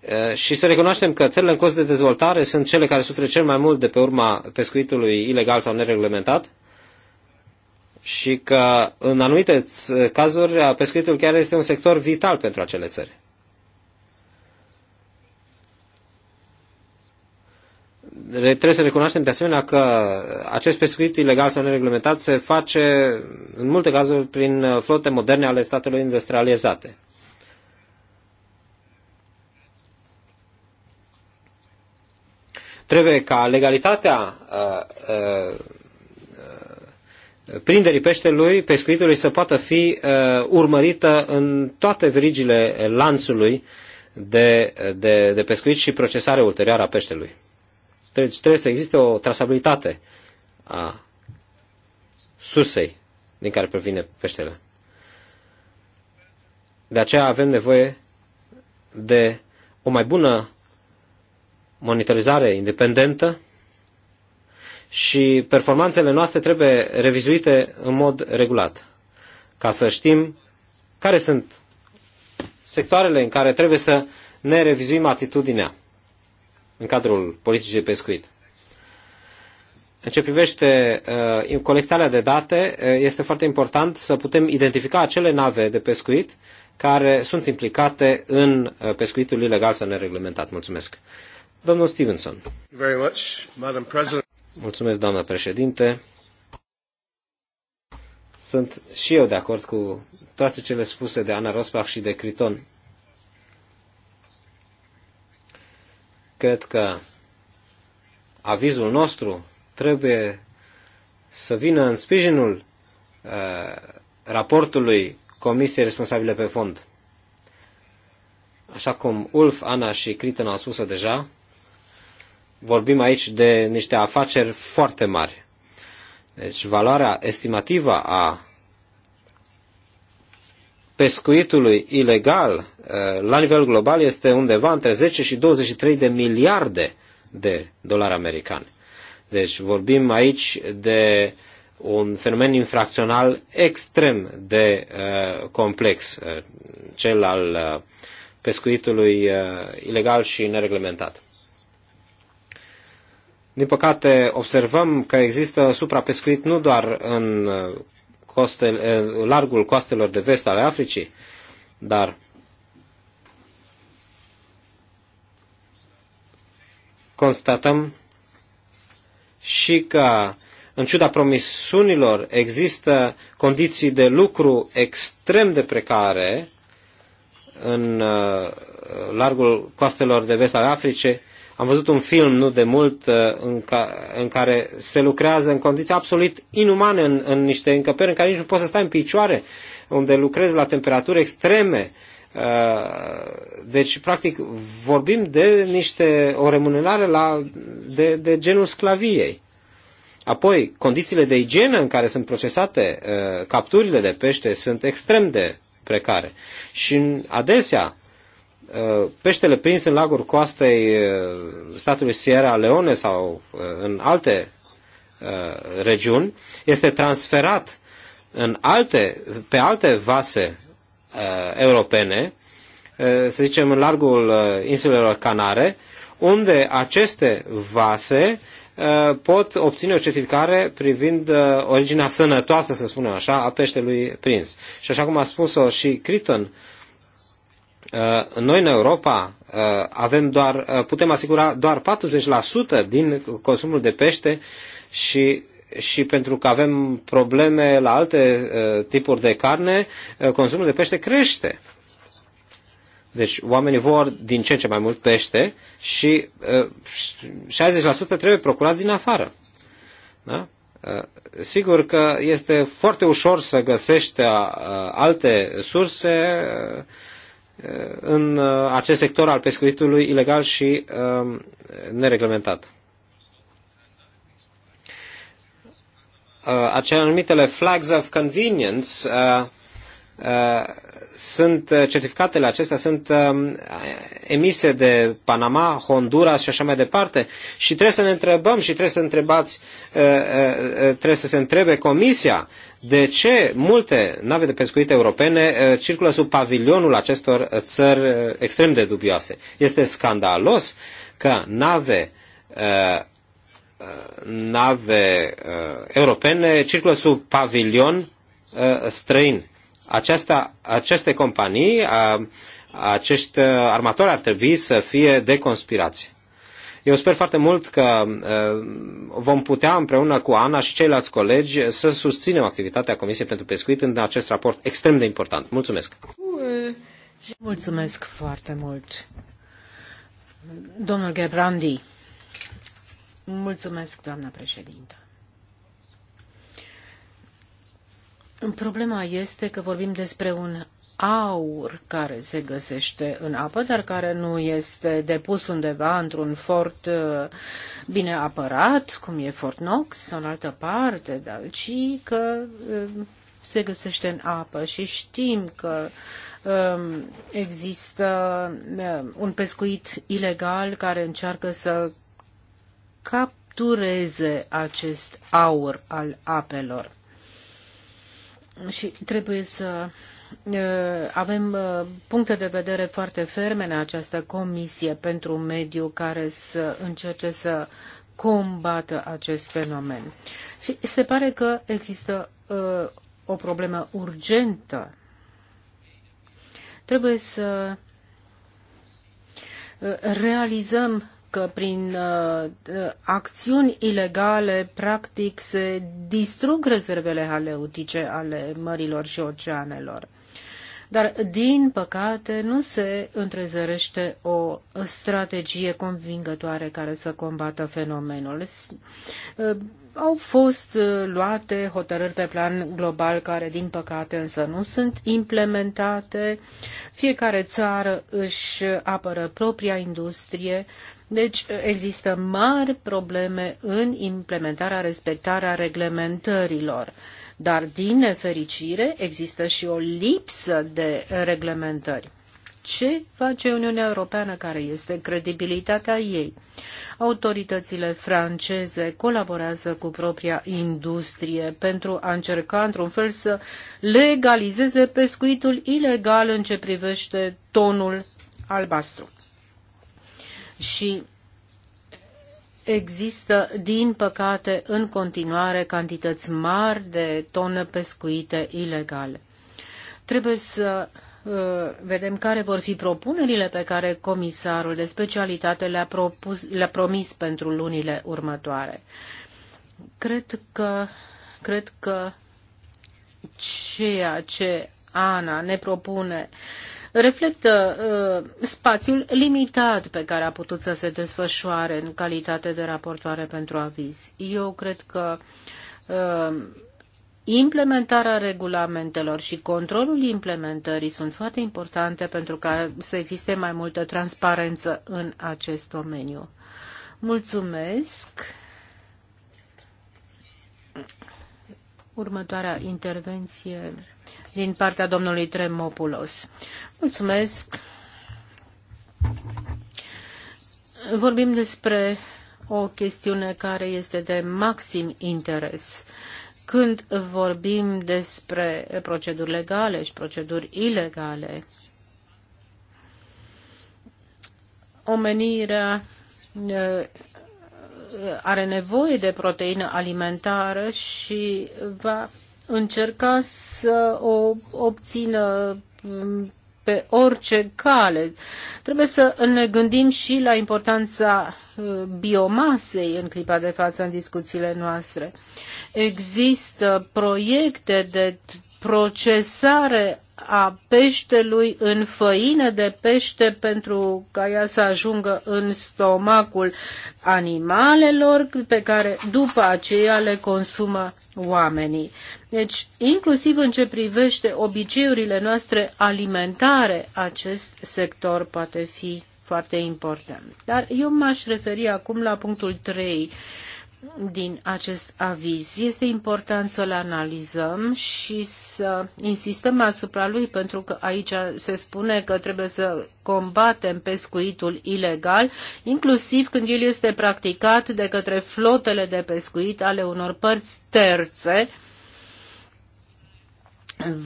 Eh, și să recunoaștem că țările în curs de dezvoltare sunt cele care suferă cel mai mult de pe urma pescuitului ilegal sau nereglementat și că în anumite cazuri pescuitul chiar este un sector vital pentru acele țări. Trebuie să recunoaștem de asemenea că acest pescuit ilegal sau nereglementat se face în multe cazuri prin uh, flote moderne ale statelor industrializate. Trebuie ca legalitatea uh, uh, uh, prinderii peștelui, pescuitului, să poată fi urmărită în toate verigile lanțului de, de, de pescuit și procesare ulterioară a peștelui. Deci trebuie să existe o trasabilitate a sursei din care provine peștele. De aceea avem nevoie de o mai bună monitorizare independentă și performanțele noastre trebuie revizuite în mod regulat, ca să știm care sunt sectoarele în care trebuie să ne revizuim atitudinea în cadrul politicii de pescuit. În ce privește uh, colectarea de date, uh, este foarte important să putem identifica acele nave de pescuit care sunt implicate în uh, pescuitul ilegal sau nereglementat. Mulțumesc! Domnul Stevenson. Mulțumesc, doamnă președinte. Sunt și eu de acord cu toate cele spuse de Ana Rosbach și de Criton. Cred că avizul nostru trebuie să vină în sprijinul uh, raportului Comisiei responsabile pe fond. Așa cum Ulf, Ana și Criton au spus-o deja, vorbim aici de niște afaceri foarte mari. Deci valoarea estimativă a pescuitului ilegal eh, la nivel global este undeva între 10 și 23 de miliarde de dolari americani. Deci vorbim aici de un fenomen infracțional extrem de uh, complex, uh, cel al uh, pescuitului uh, ilegal și nereglementat. Din păcate, observăm că există suprapescuit nu doar în în uh, uh, largul coastelor de vest ale Africii, dar constatăm și că, în ciuda promisiunilor, există condiții de lucru extrem de precare în uh, largul coastelor de vest al Africii. Am văzut un film nu de mult uh, în, ca, în care se lucrează în condiții absolut inumane, în, în niște încăperi în care nici nu poți să stai în picioare, unde lucrezi la temperaturi extreme. Uh, deci, practic, vorbim de niște, o remunerare la, de, de genul sclaviei. Apoi, condițiile de igienă în care sunt procesate capturile de pește sunt extrem de precare. Și adesea, uh, peștele prins în laguri coastei uh, statului Sierra Leone sau uh, în alte regiuni este transferat în alte, pe alte vase europene, să zicem în largul insulelor Canare, unde aceste vase Uh, pot obține o certificare privind uh, originea sănătoasă, să spunem așa, a peștelui prins. Și așa cum a spus-o și Criton, uh, noi în Europa avem doar, putem asigura doar 40% din consumul de pește și și pentru că avem probleme la alte tipuri de carne, consumul de pește crește. Deci oamenii vor din ce în ce mai mult pește și uh, 60% trebuie procurați din afară. Da? Uh, sigur că este foarte ușor să găsești uh, alte surse uh, în uh, acest sector al pescuitului ilegal și uh, nereglementat. Uh, acele anumitele flags of convenience sunt, uh, certificatele acestea sunt um, emise de Panama, Honduras și așa mai departe și trebuie să ne întrebăm și trebuie să întrebați, uh, uh, trebuie să se întrebe Comisia de ce multe nave de pescuit europene circulă sub pavilionul acestor țări extrem de dubioase. Este scandalos că nave nave europene circulă sub pavilion străin aceasta, aceste companii, a, acești armatori ar trebui să fie de conspirație. Eu sper foarte mult că vom putea împreună cu Ana și ceilalți colegi să susținem activitatea Comisiei pentru Pescuit în acest raport extrem de important. Mulțumesc! Mulțumesc foarte mult! Domnul Gebrandi, mulțumesc, doamna președintă. Problema este că vorbim despre un aur care se găsește în apă, dar care nu este depus undeva într-un fort uh, bine apărat, cum e Fort Knox sau în altă parte, dar ci că uh, se găsește în apă și știm că um, există uh, un pescuit ilegal care încearcă să captureze acest aur al apelor și trebuie să avem puncte de vedere foarte ferme în această comisie pentru mediu care să încerce să combată acest fenomen. Și se pare că există o problemă urgentă. Trebuie să realizăm că prin uh, uh, acțiuni ilegale, practic, se distrug rezervele haleutice ale mărilor și oceanelor. Dar, din păcate, nu se întrezărește o strategie convingătoare care să combată fenomenul. Uh, au fost uh, luate hotărâri pe plan global care, din păcate, însă nu sunt implementate. Fiecare țară își apără propria industrie deci există mari probleme în implementarea, respectarea reglementărilor. Dar, din nefericire, există și o lipsă de reglementări. Ce face Uniunea Europeană, care este credibilitatea ei? Autoritățile franceze colaborează cu propria industrie pentru a încerca, într-un fel, să legalizeze pescuitul ilegal în ce privește tonul albastru și există, din păcate, în continuare cantități mari de tone pescuite ilegale. Trebuie să uh, vedem care vor fi propunerile pe care comisarul de specialitate le-a, propus, le-a promis pentru lunile următoare. Cred că, cred că ceea ce Ana ne propune reflectă uh, spațiul limitat pe care a putut să se desfășoare în calitate de raportoare pentru aviz. Eu cred că uh, implementarea regulamentelor și controlul implementării sunt foarte importante pentru ca să existe mai multă transparență în acest domeniu. Mulțumesc. Următoarea intervenție din partea domnului Tremopoulos. Mulțumesc. Vorbim despre o chestiune care este de maxim interes. Când vorbim despre proceduri legale și proceduri ilegale, omenirea uh, are nevoie de proteină alimentară și va încerca să o obțină mm, pe orice cale. Trebuie să ne gândim și la importanța mm, biomasei în clipa de față în discuțiile noastre. Există proiecte de procesare a peștelui în făină de pește pentru ca ea să ajungă în stomacul animalelor pe care după aceea le consumă oamenii. Deci, inclusiv în ce privește obiceiurile noastre alimentare, acest sector poate fi foarte important. Dar eu m-aș referi acum la punctul 3 din acest aviz. Este important să-l analizăm și să insistăm asupra lui, pentru că aici se spune că trebuie să combatem pescuitul ilegal, inclusiv când el este practicat de către flotele de pescuit ale unor părți terțe, uh,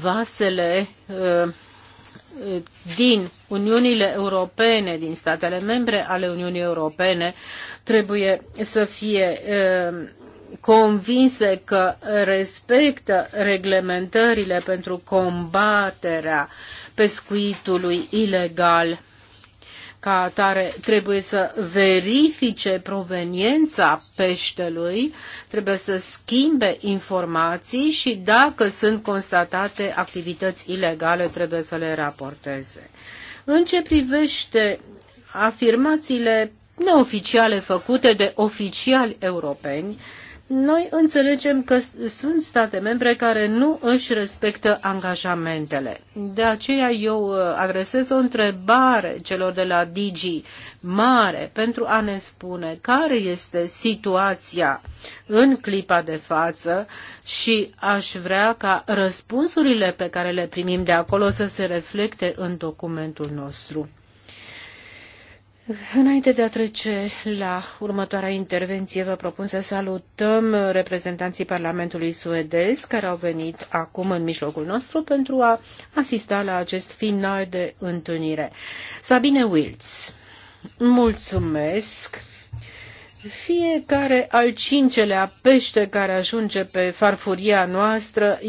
vasele uh, din Uniunile Europene, din statele membre ale Uniunii Europene, trebuie să fie uh, convinse că respectă reglementările pentru combaterea pescuitului ilegal ca atare trebuie să verifice proveniența peștelui, trebuie să schimbe informații și dacă sunt constatate activități ilegale, trebuie să le raporteze. În ce privește afirmațiile neoficiale făcute de oficiali europeni, noi înțelegem că sunt state membre care nu își respectă angajamentele. De aceea eu uh, adresez o întrebare celor de la Digi Mare pentru a ne spune care este situația în clipa de față și aș vrea ca răspunsurile pe care le primim de acolo să se reflecte în documentul nostru. Înainte de a trece la următoarea intervenție, vă propun să salutăm reprezentanții Parlamentului suedez care au venit acum în mijlocul nostru pentru a asista la acest final de întâlnire. Sabine Wils. mulțumesc! Fiecare al cincelea pește care ajunge pe farfuria noastră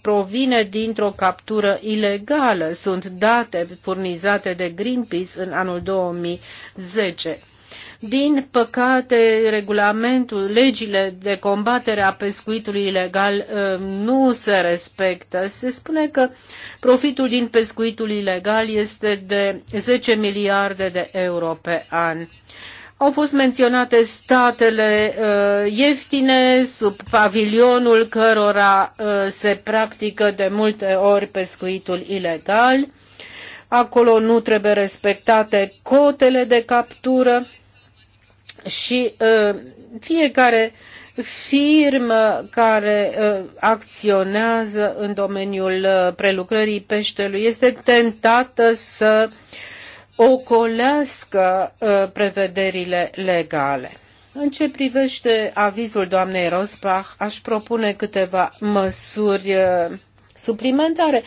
provine dintr-o captură ilegală. Sunt date furnizate de Greenpeace în anul 2010. Din păcate, regulamentul, legile de combatere a pescuitului ilegal ă, nu se respectă. Se spune că profitul din pescuitul ilegal este de 10 miliarde de euro pe an. Au fost menționate statele uh, ieftine, sub pavilionul cărora uh, se practică de multe ori pescuitul ilegal. Acolo nu trebuie respectate cotele de captură și uh, fiecare firmă care uh, acționează în domeniul uh, prelucrării peștelui este tentată să uh, ocolească uh, prevederile legale. În ce privește avizul doamnei Rosbach, aș propune câteva măsuri uh, suplimentare.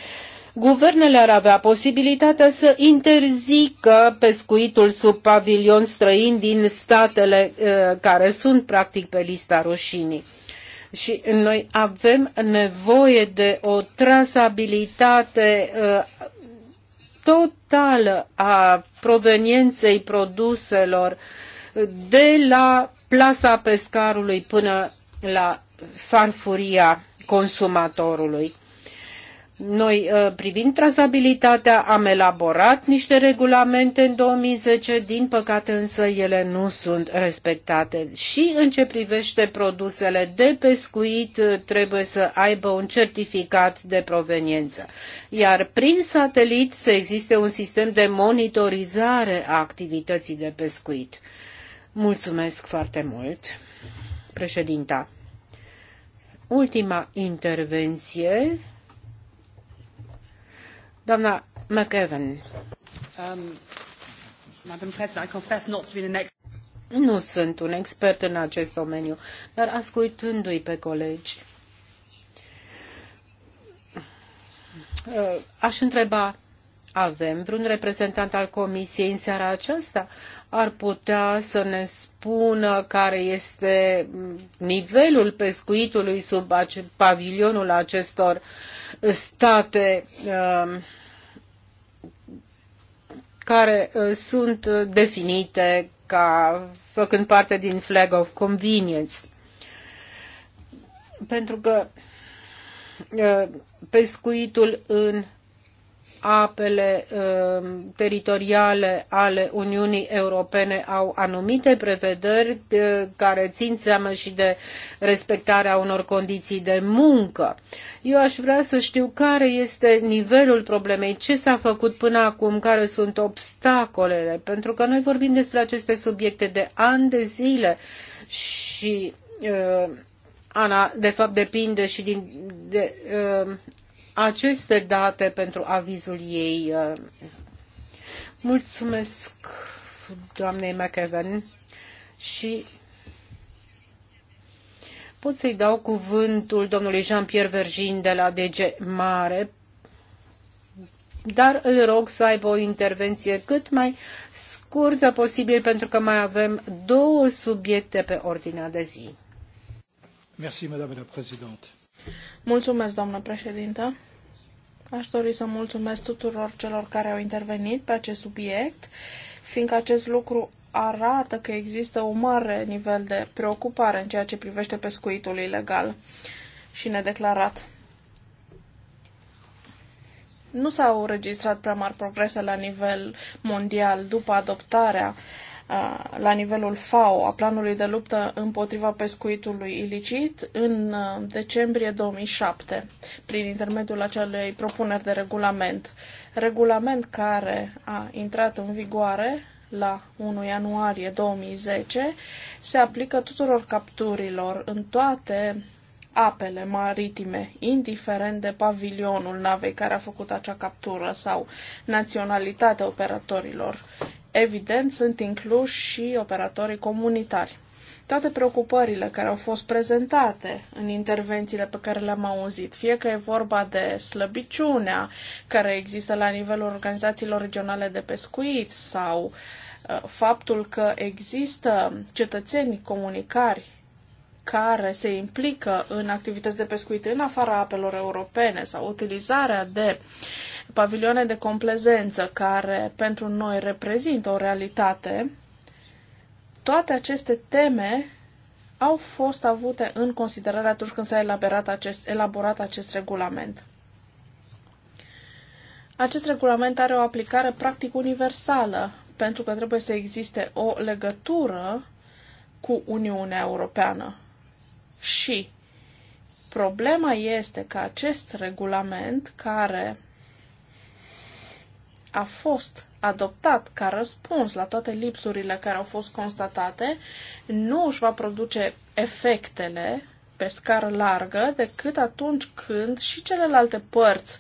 Guvernele ar avea posibilitatea să interzică pescuitul sub pavilion străin din statele uh, care sunt practic pe lista roșinii și noi avem nevoie de o trasabilitate totală a provenienței produselor de la plasa pescarului până la farfuria consumatorului. Noi, uh, privind trasabilitatea, am elaborat niște regulamente în 2010, din păcate însă ele nu sunt respectate. Și în ce privește produsele de pescuit, uh, trebuie să aibă un certificat de proveniență. Iar prin satelit să existe un sistem de monitorizare a activității de pescuit. Mulțumesc foarte mult, președinta. Ultima intervenție Doamna McEwen. Um, Madam President, I Nu sunt un expert în acest domeniu, dar ascultându-i pe colegi, uh, aș întreba, avem vreun reprezentant al Comisiei în seara aceasta? Ar putea să ne spună care este nivelul pescuitului sub pavilionul acestor state um, care uh, sunt uh, definite ca făcând parte din flag of convenience. Pentru că uh, pescuitul în apele um, teritoriale ale Uniunii Europene au anumite prevederi care țin seama și de respectarea unor condiții de muncă. Eu aș vrea să știu care este nivelul problemei, ce s-a făcut până acum, care sunt obstacolele, pentru că noi vorbim despre aceste subiecte de ani de zile și uh, Ana, de fapt, depinde și din, de, uh, aceste date pentru avizul ei. Uh, mulțumesc doamnei McEwen și pot să-i dau cuvântul domnului Jean-Pierre Vergin de la DG Mare, dar îl rog să aibă o intervenție cât mai scurtă posibil, pentru că mai avem două subiecte pe ordinea de zi. Merci, Madame la Présidente. Mulțumesc, doamnă președintă. Aș dori să mulțumesc tuturor celor care au intervenit pe acest subiect, fiindcă acest lucru arată că există un mare nivel de preocupare în ceea ce privește pescuitul ilegal și nedeclarat. Nu s-au registrat prea mari progrese la nivel mondial după adoptarea uh, la nivelul FAO a planului de luptă împotriva pescuitului ilicit în decembrie 2007, prin intermediul acelei propuneri de regulament. Regulament care a intrat în vigoare la 1 ianuarie 2010 se aplică tuturor capturilor în toate apele maritime, indiferent de pavilionul navei care a făcut acea captură sau naționalitatea operatorilor. Evident, sunt incluși și operatorii comunitari. Toate preocupările care au fost prezentate în intervențiile pe care le-am auzit, fie că e vorba de slăbiciunea care există la nivelul organizațiilor regionale de pescuit sau uh, faptul că există cetățeni comunicari care se implică în activități de pescuit în afara apelor europene sau utilizarea de pavilioane de complezență care pentru noi reprezintă o realitate, toate aceste teme au fost avute în considerare atunci când s-a elaborat acest, elaborat acest regulament. Acest regulament are o aplicare practic universală, pentru că trebuie să existe o legătură cu Uniunea Europeană. Și problema este că acest regulament care a fost adoptat ca răspuns la toate lipsurile care au fost constatate, nu își va produce efectele pe scară largă decât atunci când și celelalte părți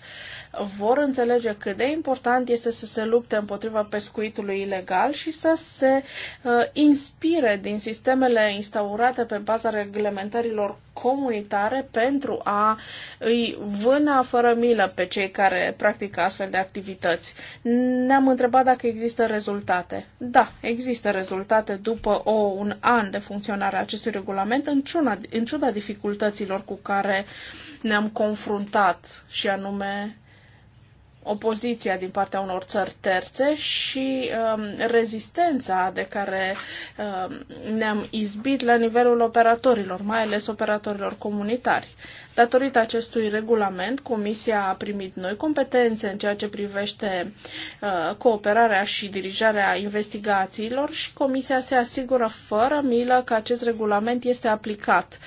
vor înțelege cât de important este să se lupte împotriva pescuitului ilegal și să se uh, inspire din sistemele instaurate pe baza reglementărilor comunitare pentru a îi vâna fără milă pe cei care practică astfel de activități. Ne-am întrebat dacă există rezultate. Da, există rezultate după o, un an de funcționare a acestui regulament, în ciuda, în ciuda dificultăților cu care ne-am confruntat, și anume opoziția din partea unor țări terțe și um, rezistența de care um, ne-am izbit la nivelul operatorilor, mai ales operatorilor comunitari. Datorită acestui regulament, Comisia a primit noi competențe în ceea ce privește uh, cooperarea și dirijarea investigațiilor și Comisia se asigură fără milă că acest regulament este aplicat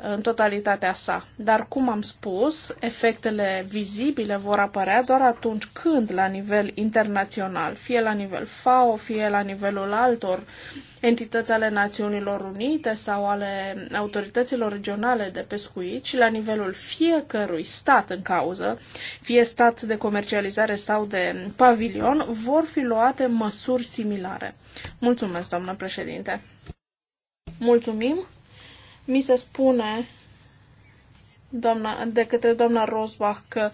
în totalitatea sa. Dar, cum am spus, efectele vizibile vor apărea doar atunci când, la nivel internațional, fie la nivel FAO, fie la nivelul altor entități ale Națiunilor Unite sau ale autorităților regionale de pescuit și la nivelul fiecărui stat în cauză, fie stat de comercializare sau de pavilion, vor fi luate măsuri similare. Mulțumesc, doamnă președinte! Mulțumim! Mi se spune doamna, de către doamna Rosbach că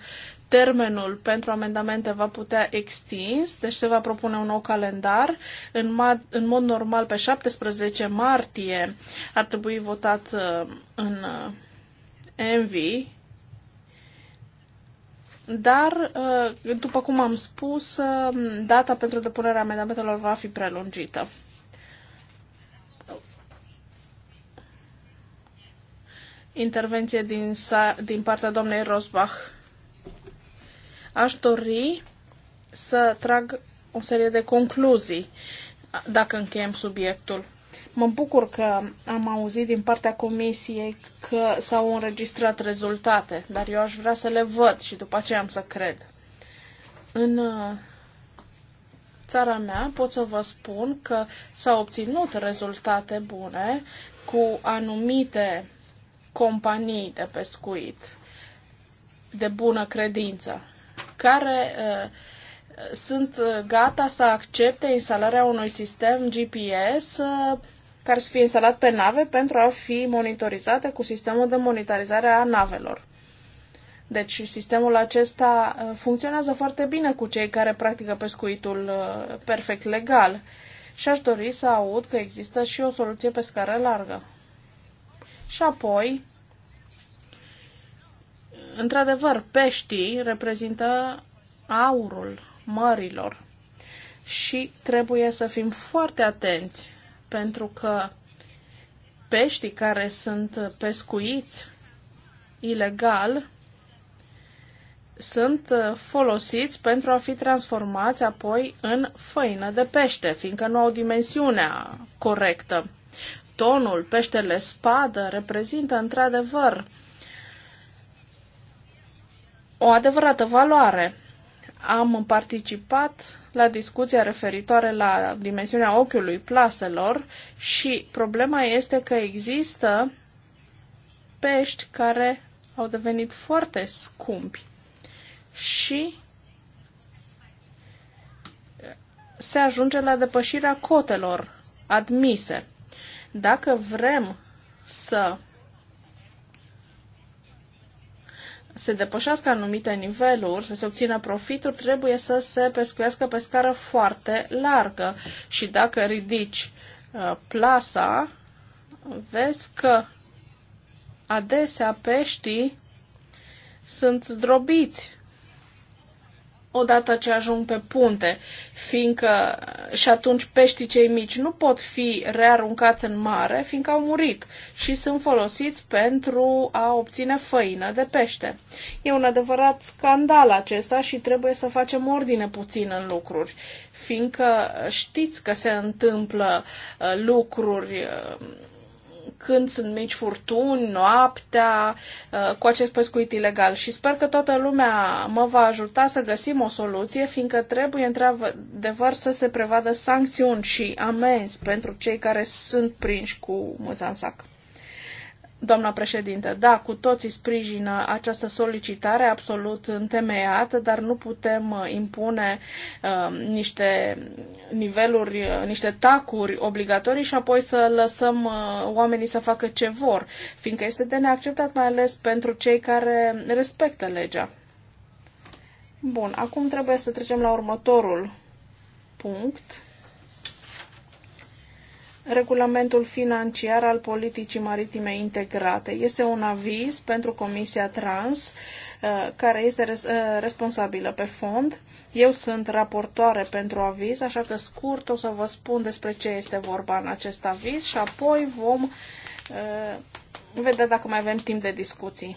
termenul pentru amendamente va putea extins, deci se va propune un nou calendar. În, ma- în mod normal, pe 17 martie ar trebui votat uh, în uh, Envy, dar, uh, după cum am spus, uh, data pentru depunerea amendamentelor va fi prelungită. intervenție din, din partea doamnei Rosbach. Aș dori să trag o serie de concluzii dacă încheiem subiectul. Mă bucur că am auzit din partea comisiei că s-au înregistrat rezultate, dar eu aș vrea să le văd și după aceea am să cred. În uh, țara mea pot să vă spun că s-au obținut rezultate bune cu anumite companii de pescuit de bună credință care uh, sunt uh, gata să accepte instalarea unui sistem GPS uh, care să fie instalat pe nave pentru a fi monitorizate cu sistemul de monitorizare a navelor. Deci sistemul acesta uh, funcționează foarte bine cu cei care practică pescuitul uh, perfect legal și aș dori să aud că există și o soluție pe scară largă. Și apoi, într-adevăr, peștii reprezintă aurul mărilor și trebuie să fim foarte atenți pentru că peștii care sunt pescuiți ilegal sunt uh, folosiți pentru a fi transformați apoi în făină de pește, fiindcă nu au dimensiunea corectă tonul, peștele spadă reprezintă într-adevăr o adevărată valoare. Am participat la discuția referitoare la dimensiunea ochiului plaselor și problema este că există pești care au devenit foarte scumpi și se ajunge la depășirea cotelor admise. Dacă vrem să se depășească anumite niveluri, să se obțină profituri, trebuie să se pescuiască pe scară foarte largă. Și dacă ridici uh, plasa, vezi că adesea peștii sunt zdrobiți odată ce ajung pe punte, fiindcă și atunci peștii cei mici nu pot fi rearuncați în mare, fiindcă au murit și sunt folosiți pentru a obține făină de pește. E un adevărat scandal acesta și trebuie să facem ordine puțin în lucruri, fiindcă știți că se întâmplă uh, lucruri uh, când sunt mici furtuni, noaptea, uh, cu acest pescuit ilegal. Și sper că toată lumea mă va ajuta să găsim o soluție, fiindcă trebuie într-adevăr să se prevadă sancțiuni și amenzi pentru cei care sunt prinși cu mâța în sac. Doamna președinte, da, cu toții sprijină această solicitare absolut întemeiată, dar nu putem uh, impune uh, niște niveluri, uh, niște tacuri obligatorii și apoi să lăsăm uh, oamenii să facă ce vor, fiindcă este de neacceptat mai ales pentru cei care respectă legea. Bun, acum trebuie să trecem la următorul punct regulamentul financiar al politicii maritime integrate. Este un aviz pentru Comisia Trans, uh, care este uh, responsabilă pe fond. Eu sunt raportoare pentru aviz, așa că scurt o să vă spun despre ce este vorba în acest aviz și apoi vom uh, vedea dacă mai avem timp de discuții.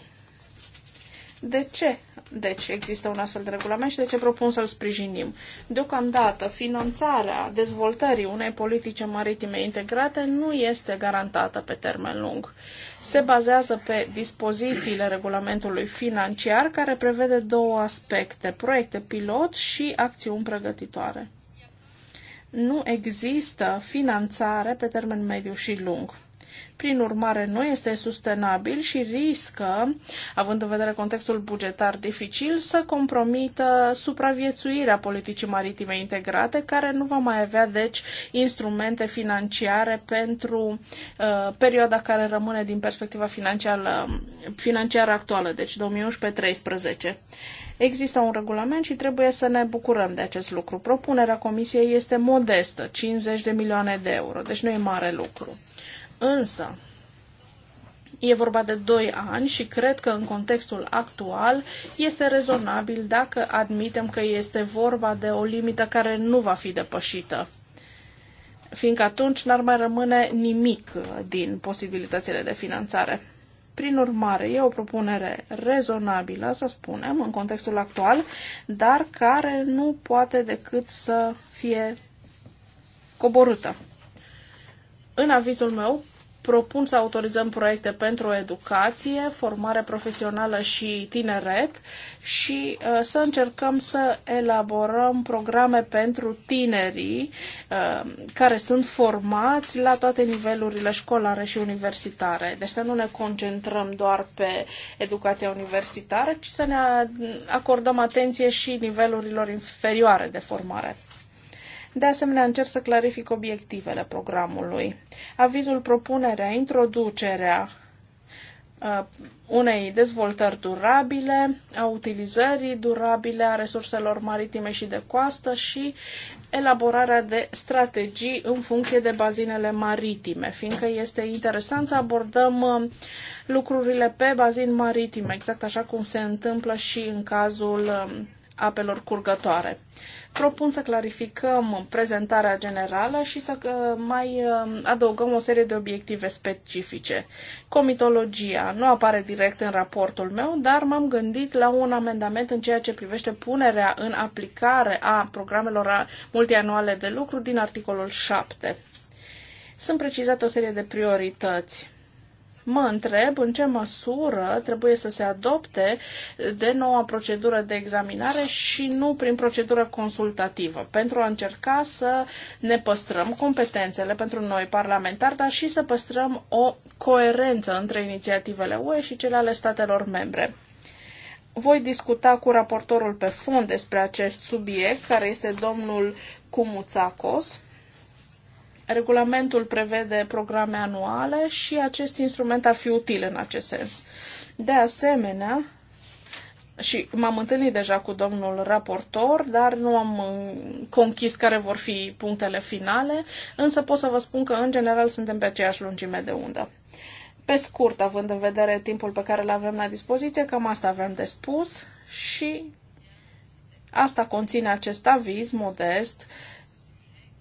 De ce deci există un astfel de regulament și de ce propun să-l sprijinim. Deocamdată, finanțarea dezvoltării unei politice maritime integrate nu este garantată pe termen lung. Se bazează pe dispozițiile regulamentului financiar care prevede două aspecte, proiecte pilot și acțiuni pregătitoare. Nu există finanțare pe termen mediu și lung prin urmare nu este sustenabil și riscă, având în vedere contextul bugetar dificil, să compromită supraviețuirea politicii maritime integrate, care nu va mai avea, deci, instrumente financiare pentru uh, perioada care rămâne din perspectiva financiară, financiară actuală, deci 2011-2013. Există un regulament și trebuie să ne bucurăm de acest lucru. Propunerea Comisiei este modestă, 50 de milioane de euro, deci nu e mare lucru. Însă, E vorba de 2 ani și cred că în contextul actual este rezonabil dacă admitem că este vorba de o limită care nu va fi depășită. Fiindcă atunci n-ar mai rămâne nimic din posibilitățile de finanțare. Prin urmare, e o propunere rezonabilă, să spunem, în contextul actual, dar care nu poate decât să fie coborâtă. În avizul meu propun să autorizăm proiecte pentru educație, formare profesională și tineret și uh, să încercăm să elaborăm programe pentru tinerii uh, care sunt formați la toate nivelurile școlare și universitare. Deci să nu ne concentrăm doar pe educația universitară, ci să ne acordăm atenție și nivelurilor inferioare de formare. De asemenea, încerc să clarific obiectivele programului. Avizul propunerea introducerea uh, unei dezvoltări durabile, a utilizării durabile a resurselor maritime și de coastă și elaborarea de strategii în funcție de bazinele maritime, fiindcă este interesant să abordăm uh, lucrurile pe bazin maritim, exact așa cum se întâmplă și în cazul um, apelor curgătoare. Propun să clarificăm prezentarea generală și să uh, mai uh, adăugăm o serie de obiective specifice. Comitologia nu apare direct în raportul meu, dar m-am gândit la un amendament în ceea ce privește punerea în aplicare a programelor multianuale de lucru din articolul 7. Sunt precizate o serie de priorități Mă întreb în ce măsură trebuie să se adopte de noua procedură de examinare și nu prin procedură consultativă, pentru a încerca să ne păstrăm competențele pentru noi parlamentari, dar și să păstrăm o coerență între inițiativele UE și cele ale statelor membre voi discuta cu raportorul pe fond despre acest subiect, care este domnul Cumuțacos. Regulamentul prevede programe anuale și acest instrument ar fi util în acest sens. De asemenea, și m-am întâlnit deja cu domnul raportor, dar nu am mm, conchis care vor fi punctele finale, însă pot să vă spun că, în general, suntem pe aceeași lungime de undă. Pe scurt, având în vedere timpul pe care îl avem la dispoziție, cam asta avem de spus și asta conține acest aviz modest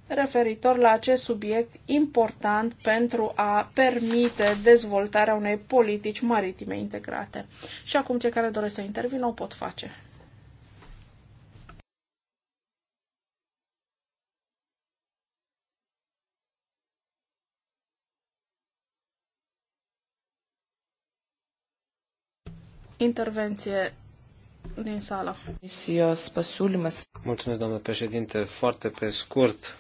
referitor la acest subiect important pentru a permite dezvoltarea unei politici maritime integrate. Și acum cei care doresc să intervină o pot face. Intervenție din sală. Mulțumesc, doamnă președinte. Foarte pe scurt,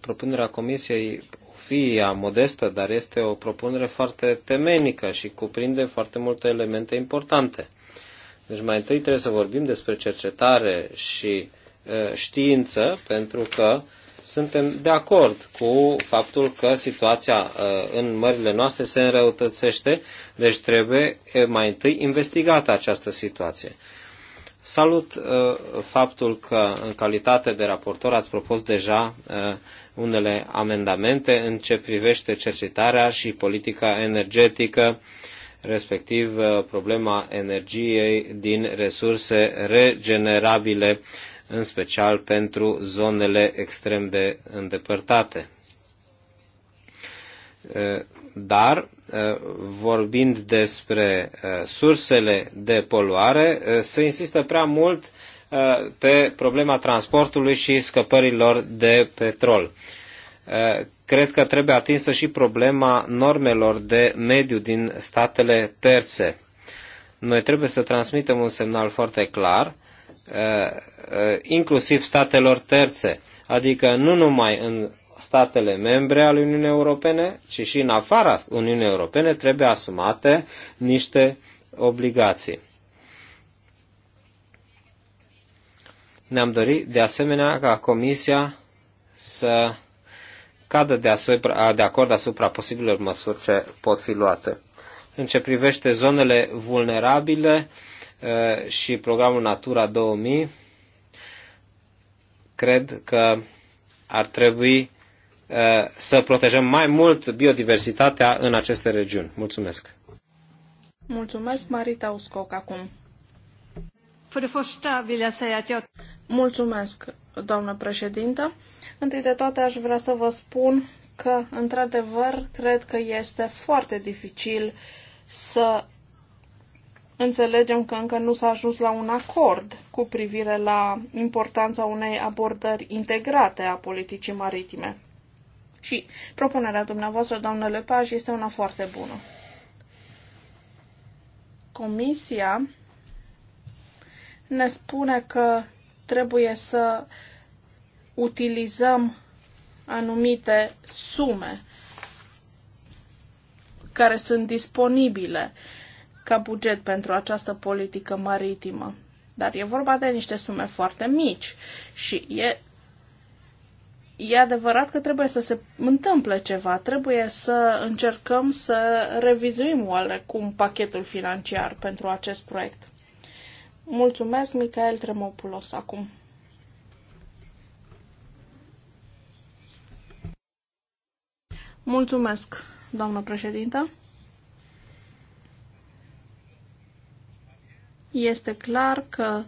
propunerea Comisiei fi ea modestă, dar este o propunere foarte temenică și cuprinde foarte multe elemente importante. Deci mai întâi trebuie să vorbim despre cercetare și știință, pentru că suntem de acord cu faptul că situația în mările noastre se înrăutățește, deci trebuie mai întâi investigată această situație. Salut uh, faptul că, în calitate de raportor, ați propus deja uh, unele amendamente în ce privește cercetarea și politica energetică, respectiv uh, problema energiei din resurse regenerabile, în special pentru zonele extrem de îndepărtate dar uh, vorbind despre uh, sursele de poluare, uh, se insistă prea mult pe problema transportului și scăpărilor de petrol. Cred că trebuie atinsă și problema normelor de mediu din statele terțe. Noi trebuie să transmitem un semnal foarte clar, inclusiv statelor terțe, adică nu numai în statele membre ale Uniunii Europene, ci și în afara Uniunii Europene trebuie asumate niște obligații. Ne-am dorit de asemenea ca Comisia să cadă de, asupra, de acord asupra posibilor măsuri ce pot fi luate. În ce privește zonele vulnerabile eh, și programul Natura 2000, cred că ar trebui Uh, să protejăm mai mult biodiversitatea în aceste regiuni. Mulțumesc! Mulțumesc, Marita Uscoc, acum. Mulțumesc, doamnă președintă. Întâi de toate aș vrea să vă spun că, într-adevăr, cred că este foarte dificil să înțelegem că încă nu s-a ajuns la un acord cu privire la importanța unei abordări integrate a politicii maritime. Și propunerea dumneavoastră, doamnă Lepaj, este una foarte bună. Comisia ne spune că trebuie să utilizăm anumite sume care sunt disponibile ca buget pentru această politică maritimă. Dar e vorba de niște sume foarte mici și e e adevărat că trebuie să se întâmple ceva, trebuie să încercăm să revizuim oarecum pachetul financiar pentru acest proiect. Mulțumesc, Michael Tremopulos, acum. Mulțumesc, doamnă președintă. Este clar că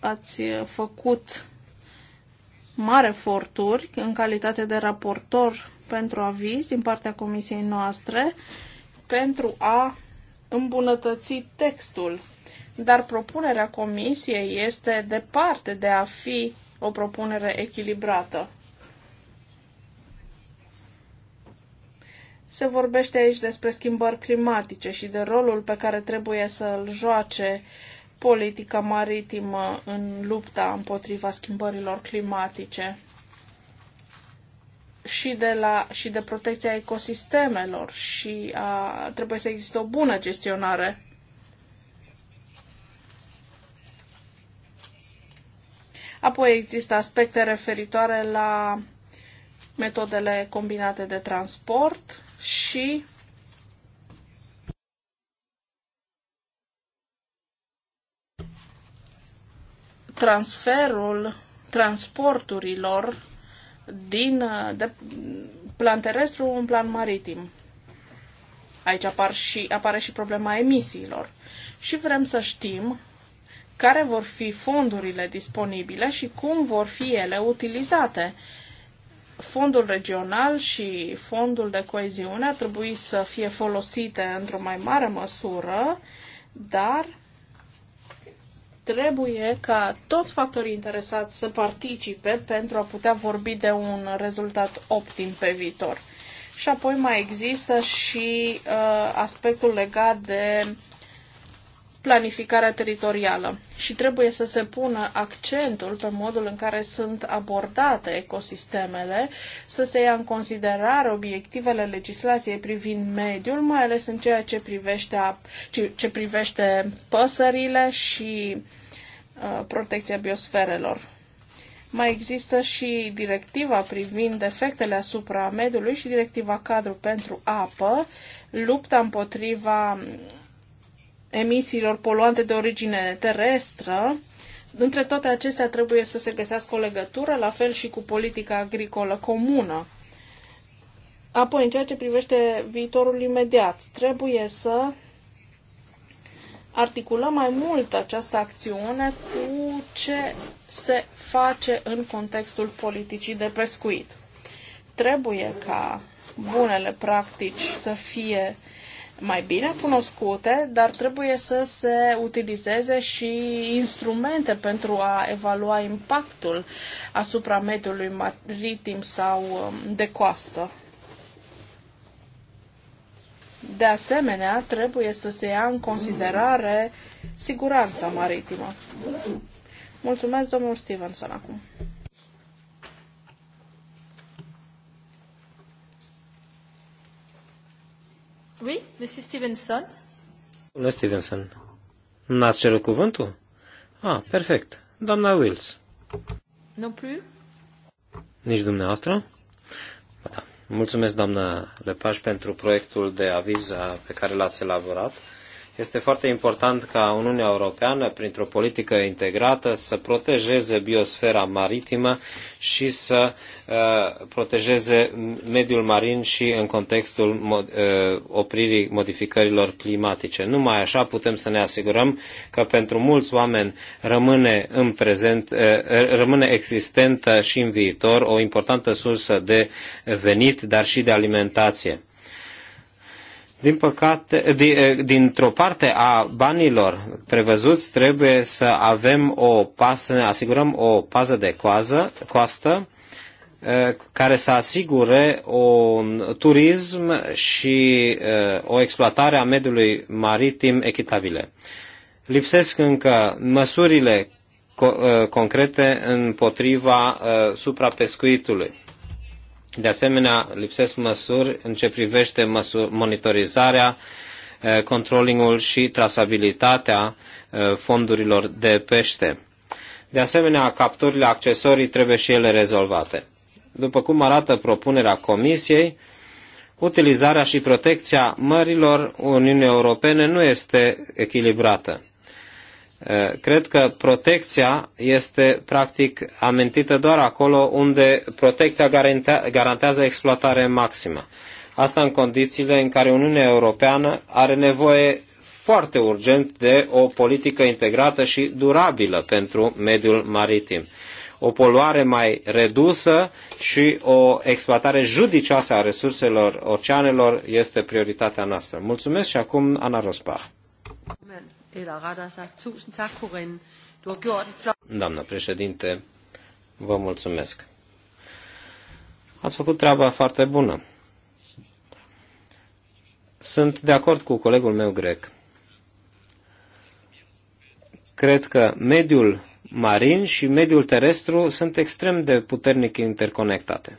ați făcut mari eforturi în calitate de raportor pentru aviz din partea comisiei noastre pentru a îmbunătăți textul. Dar propunerea comisiei este departe de a fi o propunere echilibrată. Se vorbește aici despre schimbări climatice și de rolul pe care trebuie să îl joace uh, politica maritimă în lupta împotriva schimbărilor climatice și de, la, și de protecția ecosistemelor și a, trebuie să existe o bună gestionare. Apoi există aspecte referitoare la metodele combinate de transport și transferul transporturilor din uh, de plan terestru în plan maritim. Aici apar și, apare și problema emisiilor. Și vrem să știm care vor fi fondurile disponibile și cum vor fi ele utilizate. Fondul regional și fondul de coeziune ar trebui să fie folosite într-o mai mare măsură, dar trebuie ca toți factorii interesați să participe pentru a putea vorbi de un rezultat optim pe viitor. Și apoi mai există și uh, aspectul legat de planificarea teritorială și trebuie să se pună accentul pe modul în care sunt abordate ecosistemele, să se ia în considerare obiectivele legislației privind mediul, mai ales în ceea ce privește, ce, ce privește păsările și Uh, protecția biosferelor. Mai există și directiva privind efectele asupra mediului și directiva cadru pentru apă, lupta împotriva emisiilor poluante de origine terestră. Între toate acestea trebuie să se găsească o legătură, la fel și cu politica agricolă comună. Apoi, în ceea ce privește viitorul imediat, trebuie să articula mai mult această acțiune cu ce se face în contextul politicii de pescuit. Trebuie ca bunele practici să fie mai bine cunoscute, dar trebuie să se utilizeze și instrumente pentru a evalua impactul asupra mediului maritim sau um, de coastă. De asemenea, trebuie să se ia în considerare siguranța maritimă. Mulțumesc, domnul Stevenson, acum. Oui, monsieur Stevenson. Domnul Stevenson, n-ați cerut cuvântul? Ah, perfect. Doamna Wills. Nu plus? Nici dumneavoastră? Mulțumesc, doamnă Lepaș, pentru proiectul de aviz pe care l-ați elaborat. Este foarte important ca Uniunea Europeană, printr-o politică integrată, să protejeze biosfera maritimă și să uh, protejeze mediul marin și în contextul uh, opririi modificărilor climatice. Numai așa putem să ne asigurăm că pentru mulți oameni rămâne, în prezent, uh, rămâne existentă și în viitor o importantă sursă de venit, dar și de alimentație. Din păcate, dintr-o parte a banilor prevăzuți trebuie să avem o pasă, ne asigurăm o pază de coază, coastă care să asigure un turism și o exploatare a mediului maritim echitabile. Lipsesc încă măsurile concrete împotriva suprapescuitului. De asemenea, lipsesc măsuri în ce privește măsur, monitorizarea, eh, controllingul și trasabilitatea eh, fondurilor de pește. De asemenea, capturile accesorii trebuie și ele rezolvate. După cum arată propunerea Comisiei, utilizarea și protecția mărilor Uniunii Europene nu este echilibrată. Eh, cred că protecția este practic amintită doar acolo unde protecția garantează exploatare maximă. Asta în condițiile în care Uniunea Europeană are nevoie foarte urgent de o politică integrată și durabilă pentru mediul maritim. O poluare mai redusă și o exploatare judicioasă a resurselor oceanelor este prioritatea noastră. Mulțumesc și acum Ana Rospa. Amen eller Doamna președinte, vă mulțumesc. Ați făcut treaba foarte bună. Sunt de acord cu colegul meu grec. Cred că mediul marin și mediul terestru sunt extrem de puternic interconectate.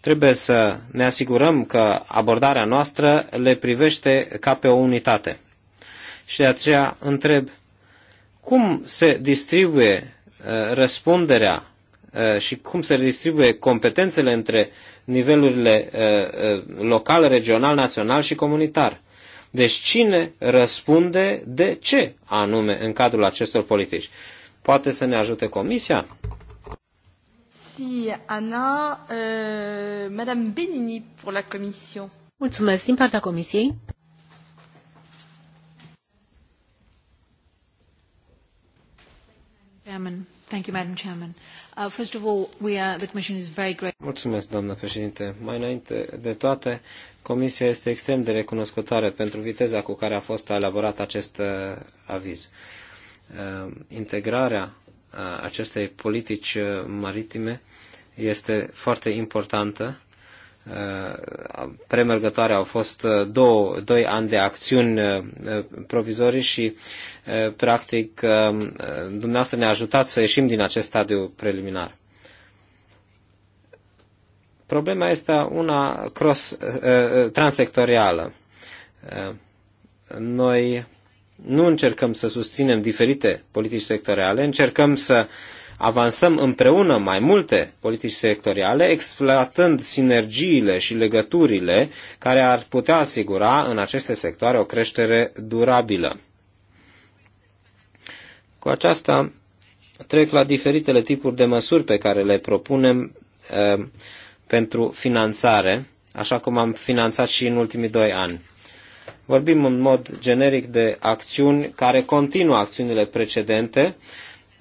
Trebuie să ne asigurăm că abordarea noastră le privește ca pe o unitate și de aceea întreb cum se distribuie uh, răspunderea uh, și cum se distribuie competențele între nivelurile uh, local, regional, național și comunitar. Deci cine răspunde de ce anume în cadrul acestor politici? Poate să ne ajute Comisia? Si, Ana. uh, Madame Benini pour la Mulțumesc din partea Comisiei. Mulțumesc, doamnă președinte. Mai înainte de toate, Comisia este extrem de recunoscătoare pentru viteza cu care a fost elaborat acest uh, aviz. Uh, integrarea uh, acestei politici maritime este foarte importantă Uh, premergătoare au fost uh, două, doi ani de acțiuni uh, provizorii și practic dumneavoastră ne-a ajutat să ieșim din acest stadiu preliminar. Problema este una cross, transectorială. Noi nu încercăm să susținem diferite politici sectoriale, încercăm să uh, avansăm împreună mai multe politici sectoriale, exploatând sinergiile și legăturile care ar putea asigura în aceste sectoare o creștere durabilă. Cu aceasta trec la diferitele tipuri de măsuri pe care le propunem uh, pentru finanțare, așa cum am finanțat și în ultimii doi ani. Vorbim în mod generic de acțiuni care continuă acțiunile precedente, uh,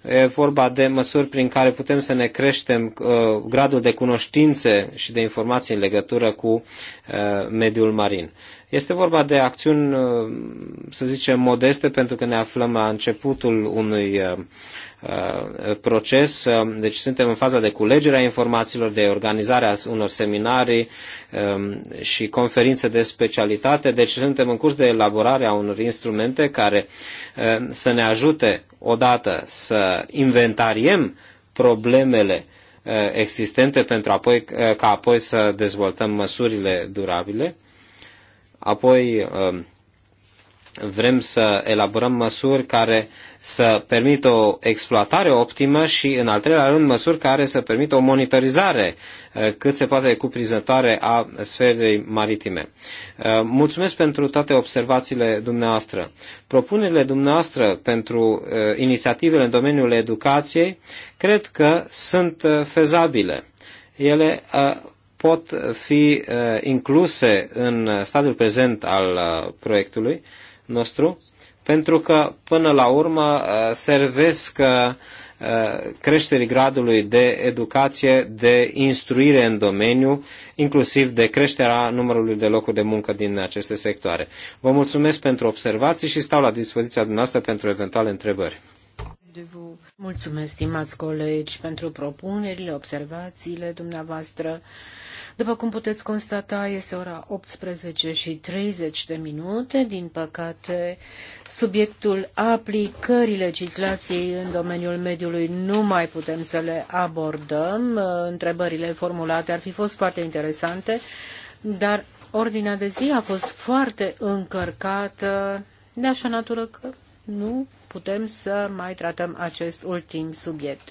E vorba de măsuri prin care putem să ne creștem uh, gradul de cunoștințe și de informații în legătură cu uh, mediul marin. Este vorba de acțiuni, uh, să zicem, modeste, pentru că ne aflăm la începutul unui uh, Uh, proces. Um, deci suntem în faza de culegere a informațiilor, de organizarea unor seminarii um, și conferințe de specialitate. Deci suntem în curs de elaborare a unor instrumente care uh, să ne ajute odată să inventariem problemele uh, existente pentru apoi, ca apoi să dezvoltăm măsurile durabile. Apoi, um, Vrem să elaborăm măsuri care să permită o exploatare optimă și, în al treilea rând, măsuri care să permită o monitorizare uh, cât se poate cuprinzătoare a sferei maritime. Uh, mulțumesc pentru toate observațiile dumneavoastră. Propunerile dumneavoastră pentru uh, inițiativele în domeniul educației cred că sunt fezabile. Ele pot fi incluse în stadiul prezent al proiectului nostru, pentru că până la urmă uh, servesc uh, creșterii gradului de educație, de instruire în domeniu, inclusiv de creșterea numărului de locuri de muncă din aceste sectoare. Vă mulțumesc pentru observații și stau la dispoziția dumneavoastră pentru eventuale întrebări. Mulțumesc, stimați colegi, pentru propunerile, observațiile dumneavoastră. După cum puteți constata, este ora 18 și 30 de minute. Din păcate, subiectul aplicării legislației în domeniul mediului nu mai putem să le abordăm. Întrebările formulate ar fi fost foarte interesante, dar ordinea de zi a fost foarte încărcată de așa natură că nu putem să mai tratăm acest ultim subiect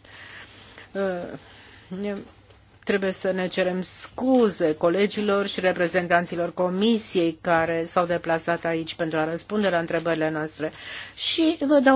trebuie să ne cerem scuze colegilor și reprezentanților comisiei care s-au deplasat aici pentru a răspunde la întrebările noastre. Și vă dau